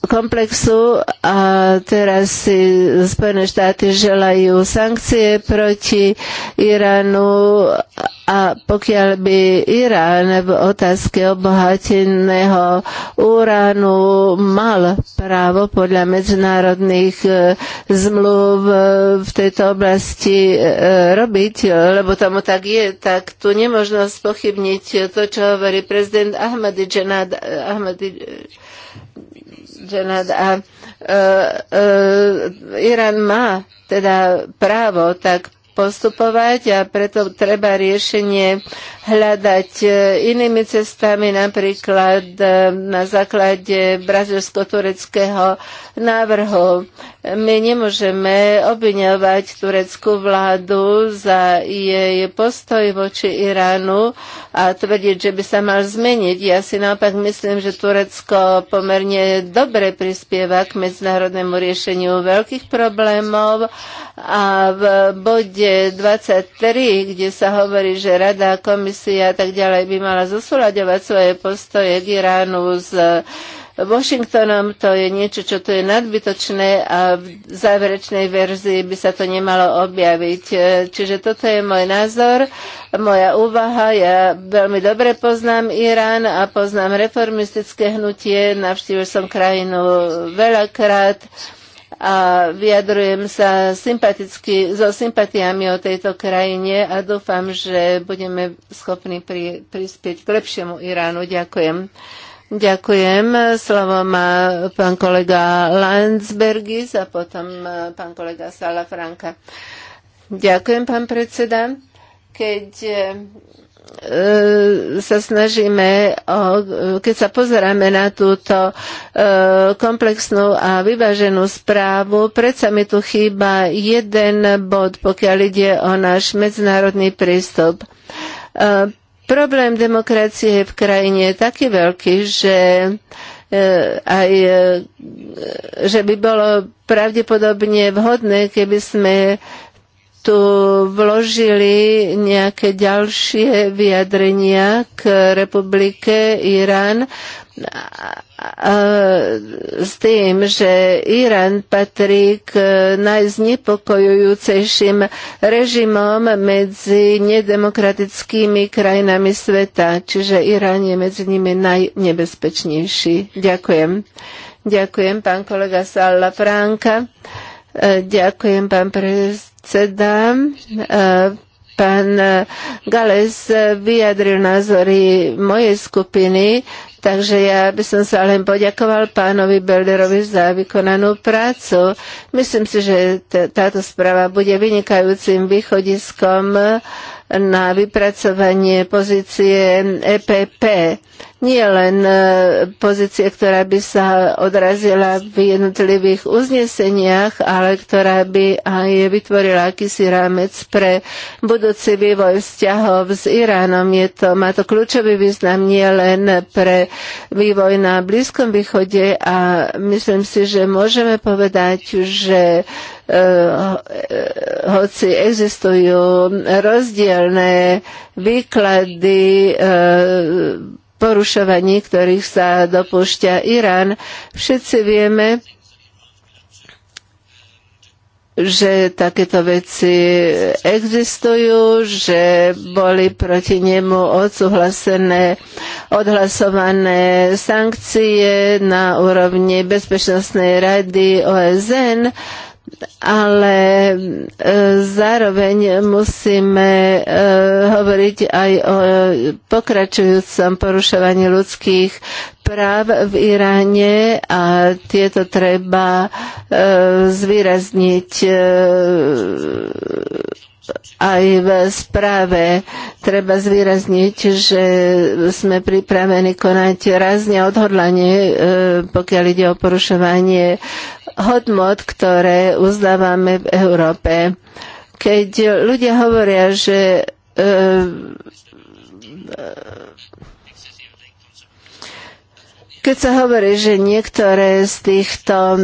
komplexu a teraz si Spojené štáty želajú sankcie proti Iránu a pokiaľ by Irán v otázke obohateného uránu mal právo podľa medzinárodných e, zmluv e, v tejto oblasti e, robiť, lebo tomu tak je, tak tu nemôžno spochybniť to, čo hovorí prezident Ahmadinejad, Ahmadinejad Dženad. A uh, uh, Irán má teda právo tak postupovať a preto treba riešenie hľadať e, inými cestami, napríklad na základe brazilsko-tureckého návrhu. My nemôžeme obviňovať tureckú vládu za jej postoj voči Iránu a tvrdiť, že by sa mal zmeniť. Ja si naopak myslím, že Turecko pomerne dobre prispieva k medzinárodnému riešeniu veľkých problémov a v bode 23, kde sa hovorí, že rada, komisia a tak ďalej by mala zosúľaďovať svoje postoje k Iránu z Washingtonom, to je niečo, čo tu je nadbytočné a v záverečnej verzii by sa to nemalo objaviť. Čiže toto je môj názor, moja úvaha. Ja veľmi dobre poznám Irán a poznám reformistické hnutie. Navštívil som krajinu veľakrát a vyjadrujem sa sympaticky, so sympatiami o tejto krajine a dúfam, že budeme schopní pri, prispieť k lepšiemu Iránu. Ďakujem. Ďakujem. Slovo má pán kolega Landsbergis a potom e, pán kolega Salafranka. Ďakujem, pán predseda. Keď e, e, sa snažíme, o, keď sa pozeráme na túto komplexnú a vyváženú správu, predsa mi tu chýba jeden bod, pokiaľ ide o náš medzinárodný prístup Problém demokracie v krajine je taký veľký, že e, aj, e, že by bolo pravdepodobne vhodné, keby sme tu vložili nejaké ďalšie vyjadrenia k republike Irán, s tým, že Irán patrí k najznepokojujúcejším režimom medzi nedemokratickými krajinami sveta, čiže Irán je medzi nimi najnebezpečnejší. Ďakujem. Ďakujem, pán kolega Salla Franka. E, ďakujem, pán predseda e, pán Gales vyjadril názory mojej skupiny Takže ja by som sa len poďakoval pánovi Belderovi za vykonanú prácu. Myslím si, že táto správa bude vynikajúcim východiskom na vypracovanie pozície EPP nie len e, pozície, ktorá by sa odrazila v jednotlivých uzneseniach, ale ktorá by aj vytvorila akýsi rámec pre budúci vývoj vzťahov s Iránom. Je to, má to kľúčový význam nie len pre vývoj na Blízkom východe a myslím si, že môžeme povedať, že e, e, hoci existujú rozdielne výklady porušovaní, ktorých sa dopúšťa Irán. Všetci vieme, že takéto veci existujú, že boli proti nemu odsúhlasené, odhlasované sankcie na úrovni Bezpečnostnej rady OSN ale e, zároveň musíme e, hovoriť aj o e, pokračujúcom porušovaní ľudských práv v Iráne a tieto treba zvýrazniť aj v správe treba zvýrazniť, že sme pripravení konať razne odhodlanie, pokiaľ ide o porušovanie hodnot, ktoré uznávame v Európe. Keď ľudia hovoria, že e, keď sa hovorí, že niektoré z týchto e,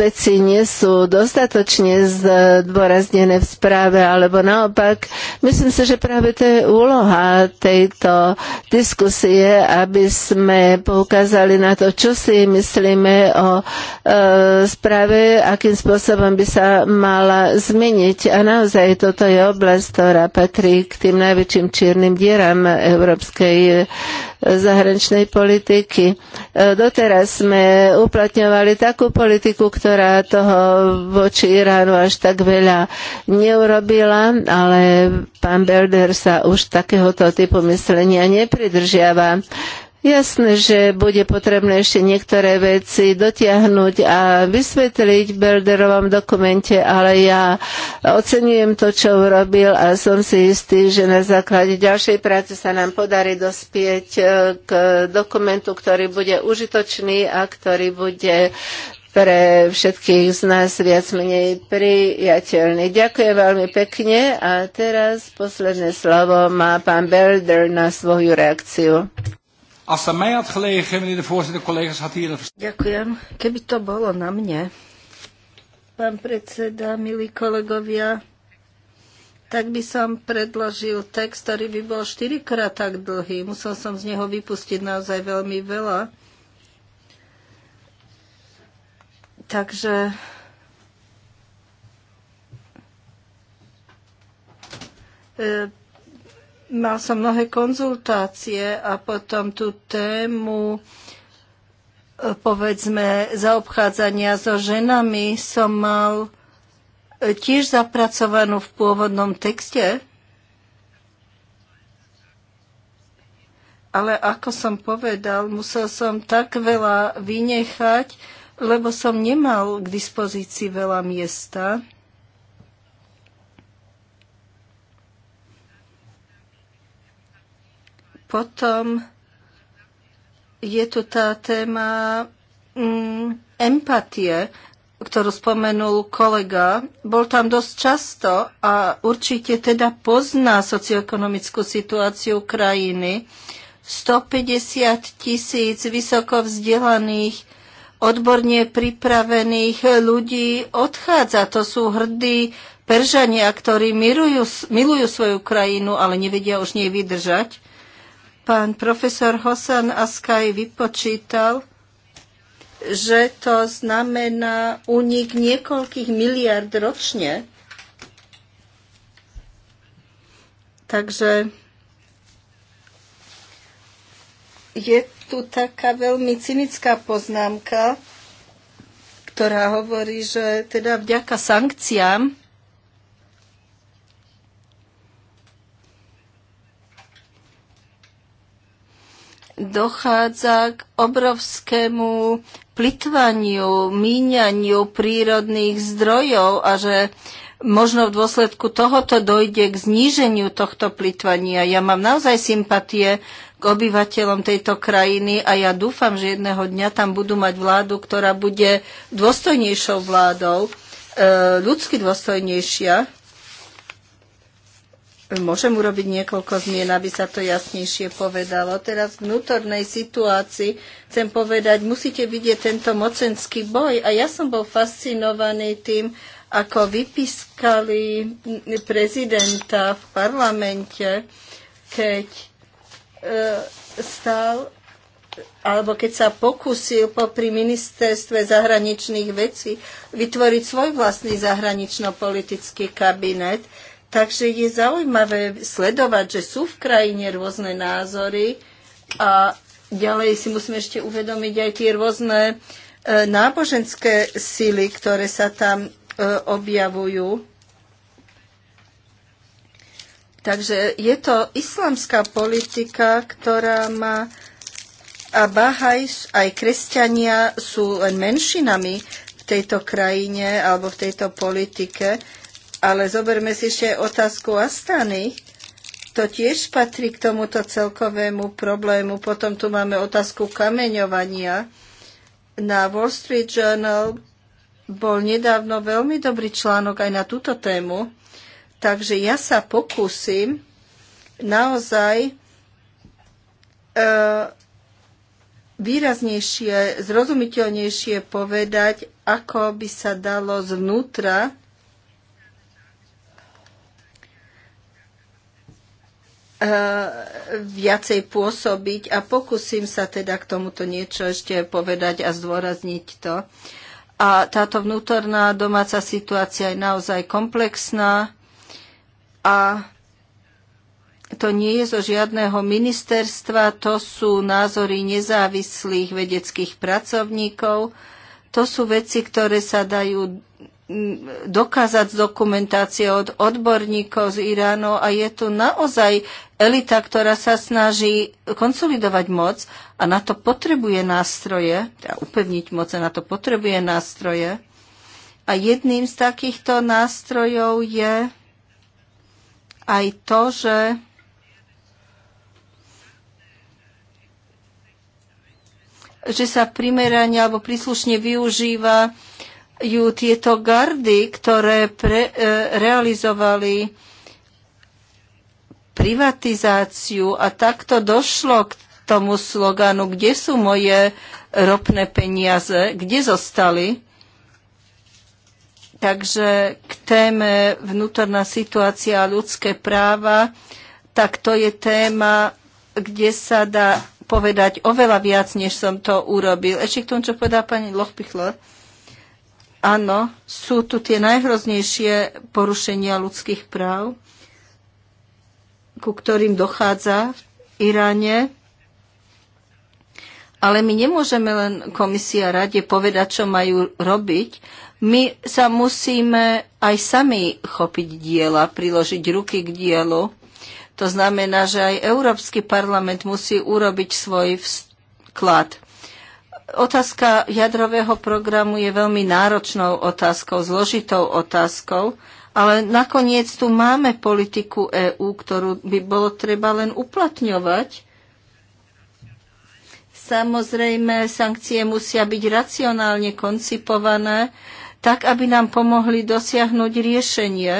vecí nie sú dostatočne zdôraznené v správe, alebo naopak, myslím si, že práve to je úloha tejto diskusie, aby sme poukázali na to, čo si myslíme o e, správe, akým spôsobom by sa mala zmeniť. A naozaj toto je oblasť, ktorá patrí k tým najväčším čiernym dieram európskej zahraničnej politiky. E, doteraz sme uplatňovali takú politiku, ktorá toho voči Iránu až tak veľa neurobila, ale pán Belder sa už takéhoto typu myslenia nepridržiava. Jasné, že bude potrebné ešte niektoré veci dotiahnuť a vysvetliť v Belderovom dokumente, ale ja oceňujem to, čo urobil a som si istý, že na základe ďalšej práce sa nám podarí dospieť e, k dokumentu, ktorý bude užitočný a ktorý bude pre všetkých z nás viac menej priateľný. Ďakujem veľmi pekne a teraz posledné slovo má pán Belder na svoju reakciu. Ďakujem. Keby to bolo na mne, pán predseda, milí kolegovia, tak by som predložil text, ktorý by bol štyrikrát tak dlhý. Musel som z neho vypustiť naozaj veľmi veľa. Takže e, Mal som mnohé konzultácie a potom tú tému e, povedzme zaobchádzania so ženami som mal e, tiež zapracovanú v pôvodnom texte. Ale ako som povedal, musel som tak veľa vynechať, lebo som nemal k dispozícii veľa miesta. Potom je tu tá téma mm, empatie, ktorú spomenul kolega. Bol tam dosť často a určite teda pozná socioekonomickú situáciu krajiny. 150 tisíc vysoko vzdelaných, odborne pripravených ľudí odchádza. To sú hrdí Peržania, ktorí milujú, milujú svoju krajinu, ale nevedia už nej vydržať. Pán profesor Hosan Askaj vypočítal, že to znamená únik niekoľkých miliard ročne. Takže je tu taká veľmi cynická poznámka, ktorá hovorí, že teda vďaka sankciám dochádza k obrovskému plitvaniu, míňaniu prírodných zdrojov a že možno v dôsledku tohoto dojde k zníženiu tohto plitvania. Ja mám naozaj sympatie k obyvateľom tejto krajiny a ja dúfam, že jedného dňa tam budú mať vládu, ktorá bude dôstojnejšou vládou, e, ľudsky dôstojnejšia. Môžem urobiť niekoľko zmien, aby sa to jasnejšie povedalo. Teraz v vnútornej situácii chcem povedať, musíte vidieť tento mocenský boj. A ja som bol fascinovaný tým, ako vypískali prezidenta v parlamente, keď e, stál alebo keď sa pokusil popri ministerstve zahraničných vecí vytvoriť svoj vlastný zahranično-politický kabinet, Takže je zaujímavé sledovať, že sú v krajine rôzne názory a ďalej si musíme ešte uvedomiť aj tie rôzne e, náboženské sily, ktoré sa tam e, objavujú. Takže je to islamská politika, ktorá má a Bahaj aj kresťania sú len menšinami v tejto krajine alebo v tejto politike. Ale zoberme si ešte otázku Astany. To tiež patrí k tomuto celkovému problému. Potom tu máme otázku kameňovania. Na Wall Street Journal bol nedávno veľmi dobrý článok aj na túto tému. Takže ja sa pokúsim naozaj e, výraznejšie, zrozumiteľnejšie povedať, ako by sa dalo zvnútra E, viacej pôsobiť a pokúsim sa teda k tomuto niečo ešte povedať a zdôrazniť to. A táto vnútorná domáca situácia je naozaj komplexná a to nie je zo žiadného ministerstva, to sú názory nezávislých vedeckých pracovníkov, to sú veci, ktoré sa dajú dokázať z dokumentácie od odborníkov z Iránu a je tu naozaj elita, ktorá sa snaží konsolidovať moc a na to potrebuje nástroje, teda upevniť moc a na to potrebuje nástroje. A jedným z takýchto nástrojov je aj to, že že sa primerane alebo príslušne využíva ju tieto gardy, ktoré pre, e, realizovali privatizáciu a takto došlo k tomu sloganu, kde sú moje ropné peniaze, kde zostali. Takže k téme vnútorná situácia a ľudské práva, tak to je téma, kde sa dá povedať oveľa viac, než som to urobil. Ešte k tomu, čo povedá pani Lochpichler. Áno, sú tu tie najhroznejšie porušenia ľudských práv, ku ktorým dochádza v Iráne. Ale my nemôžeme len komisia rade povedať, čo majú robiť. My sa musíme aj sami chopiť diela, priložiť ruky k dielu. To znamená, že aj Európsky parlament musí urobiť svoj vklad otázka jadrového programu je veľmi náročnou otázkou, zložitou otázkou, ale nakoniec tu máme politiku EÚ, ktorú by bolo treba len uplatňovať. Samozrejme, sankcie musia byť racionálne koncipované, tak aby nám pomohli dosiahnuť riešenie.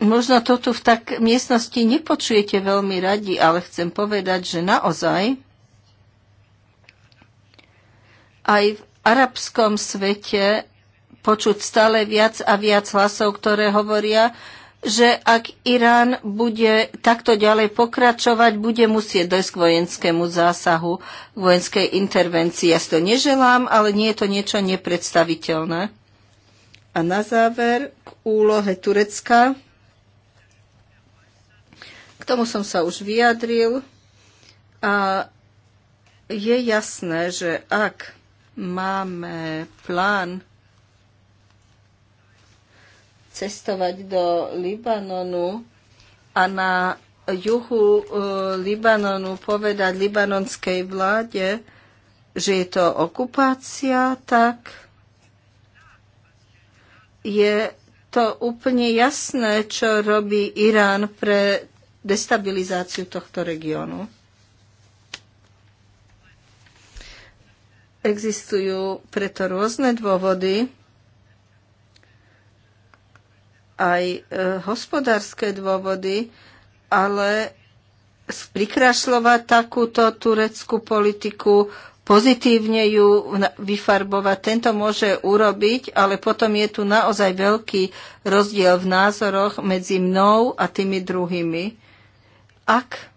Možno to tu v tak miestnosti nepočujete veľmi radi, ale chcem povedať, že naozaj aj v arabskom svete počuť stále viac a viac hlasov, ktoré hovoria, že ak Irán bude takto ďalej pokračovať, bude musieť dojsť k vojenskému zásahu, k vojenskej intervencii. Ja si to neželám, ale nie je to niečo nepredstaviteľné. A na záver k úlohe Turecka. K tomu som sa už vyjadril. A je jasné, že ak máme plán cestovať do Libanonu a na juhu eh, Libanonu povedať libanonskej vláde, že je to okupácia, tak je to úplne jasné, čo robí Irán pre destabilizáciu tohto regiónu. Existujú preto rôzne dôvody, aj e, hospodárske dôvody, ale prikrašľovať takúto tureckú politiku, pozitívne ju vyfarbovať, tento môže urobiť, ale potom je tu naozaj veľký rozdiel v názoroch medzi mnou a tými druhými. Ak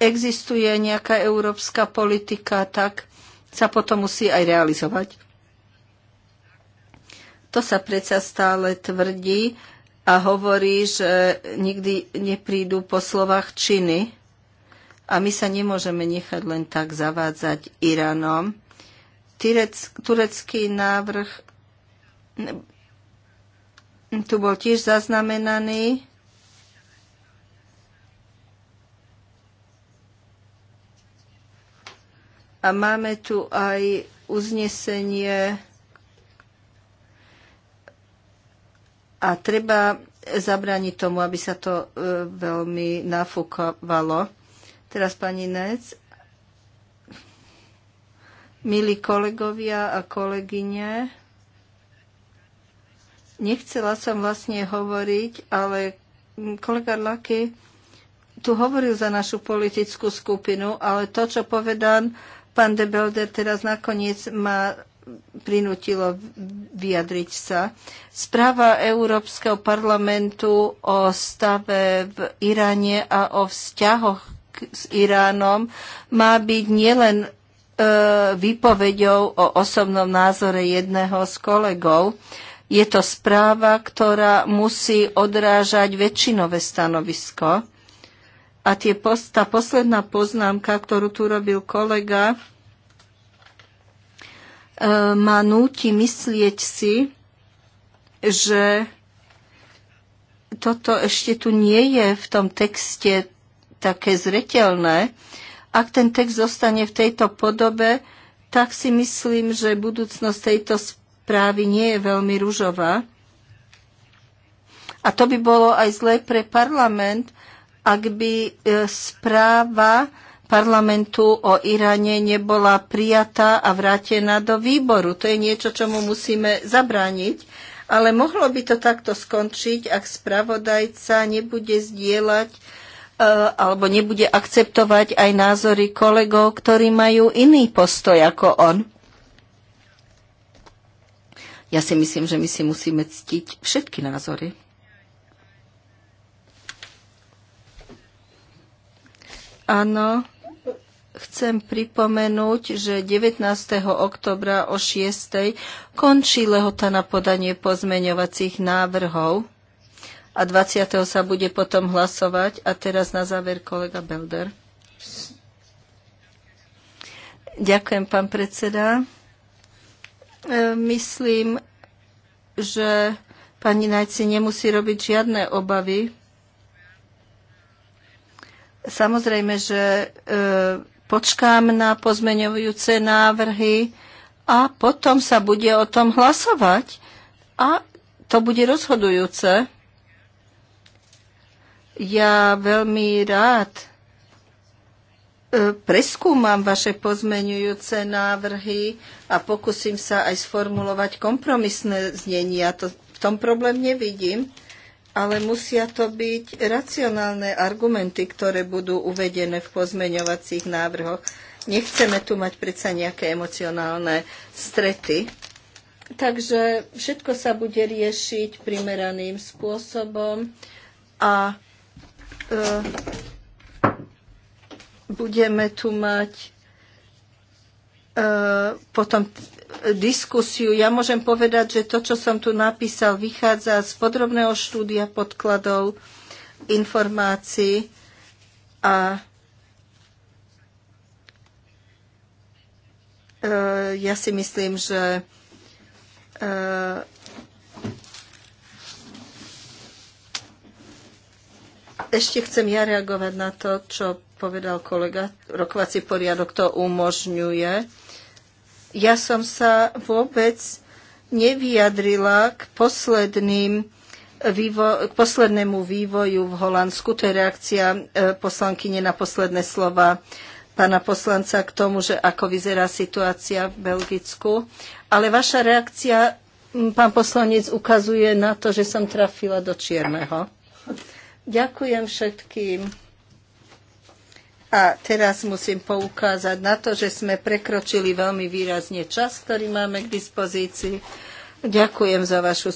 existuje nejaká európska politika, tak sa potom musí aj realizovať. To sa predsa stále tvrdí a hovorí, že nikdy neprídu po slovách činy. A my sa nemôžeme nechať len tak zavádzať Iránom. Turecký návrh tu bol tiež zaznamenaný A máme tu aj uznesenie a treba zabrániť tomu, aby sa to e, veľmi nafúkovalo. Teraz pani Nec. Milí kolegovia a kolegyne, nechcela som vlastne hovoriť, ale kolega Laky tu hovoril za našu politickú skupinu, ale to, čo povedal, Pán de Belder teraz nakoniec ma prinútilo vyjadriť sa. Správa Európskeho parlamentu o stave v Iráne a o vzťahoch s Iránom má byť nielen e, výpovedou o osobnom názore jedného z kolegov. Je to správa, ktorá musí odrážať väčšinové stanovisko a tie, tá posledná poznámka, ktorú tu robil kolega, e, ma núti myslieť si, že toto ešte tu nie je v tom texte také zretelné. Ak ten text zostane v tejto podobe, tak si myslím, že budúcnosť tejto správy nie je veľmi ružová. A to by bolo aj zlé pre parlament, ak by e, správa parlamentu o Iráne nebola prijatá a vrátená do výboru. To je niečo, čomu musíme zabrániť. Ale mohlo by to takto skončiť, ak spravodajca nebude zdieľať e, alebo nebude akceptovať aj názory kolegov, ktorí majú iný postoj ako on. Ja si myslím, že my si musíme ctiť všetky názory. Áno, chcem pripomenúť, že 19. oktobra o 6. končí lehota na podanie pozmeňovacích návrhov a 20. sa bude potom hlasovať. A teraz na záver kolega Belder. Ďakujem, pán predseda. E, myslím, že pani Najci nemusí robiť žiadne obavy, Samozrejme, že e, počkám na pozmeňujúce návrhy a potom sa bude o tom hlasovať a to bude rozhodujúce. Ja veľmi rád e, preskúmam vaše pozmeňujúce návrhy a pokúsim sa aj sformulovať kompromisné znenia. To, v tom problém nevidím ale musia to byť racionálne argumenty, ktoré budú uvedené v pozmeňovacích návrhoch. Nechceme tu mať predsa nejaké emocionálne strety. Takže všetko sa bude riešiť primeraným spôsobom a e, budeme tu mať e, potom diskusiu. Ja môžem povedať, že to, čo som tu napísal, vychádza z podrobného štúdia podkladov, informácií a e, ja si myslím, že e, ešte chcem ja reagovať na to, čo povedal kolega. Rokovací poriadok to umožňuje ja som sa vôbec nevyjadrila k posledným vývo- k poslednému vývoju v Holandsku. To je reakcia e, poslankyne na posledné slova pána poslanca k tomu, že ako vyzerá situácia v Belgicku. Ale vaša reakcia, pán poslanec, ukazuje na to, že som trafila do čierneho. Ďakujem všetkým. A teraz musím poukázať na to, že sme prekročili veľmi výrazne čas, ktorý máme k dispozícii. Ďakujem za vašu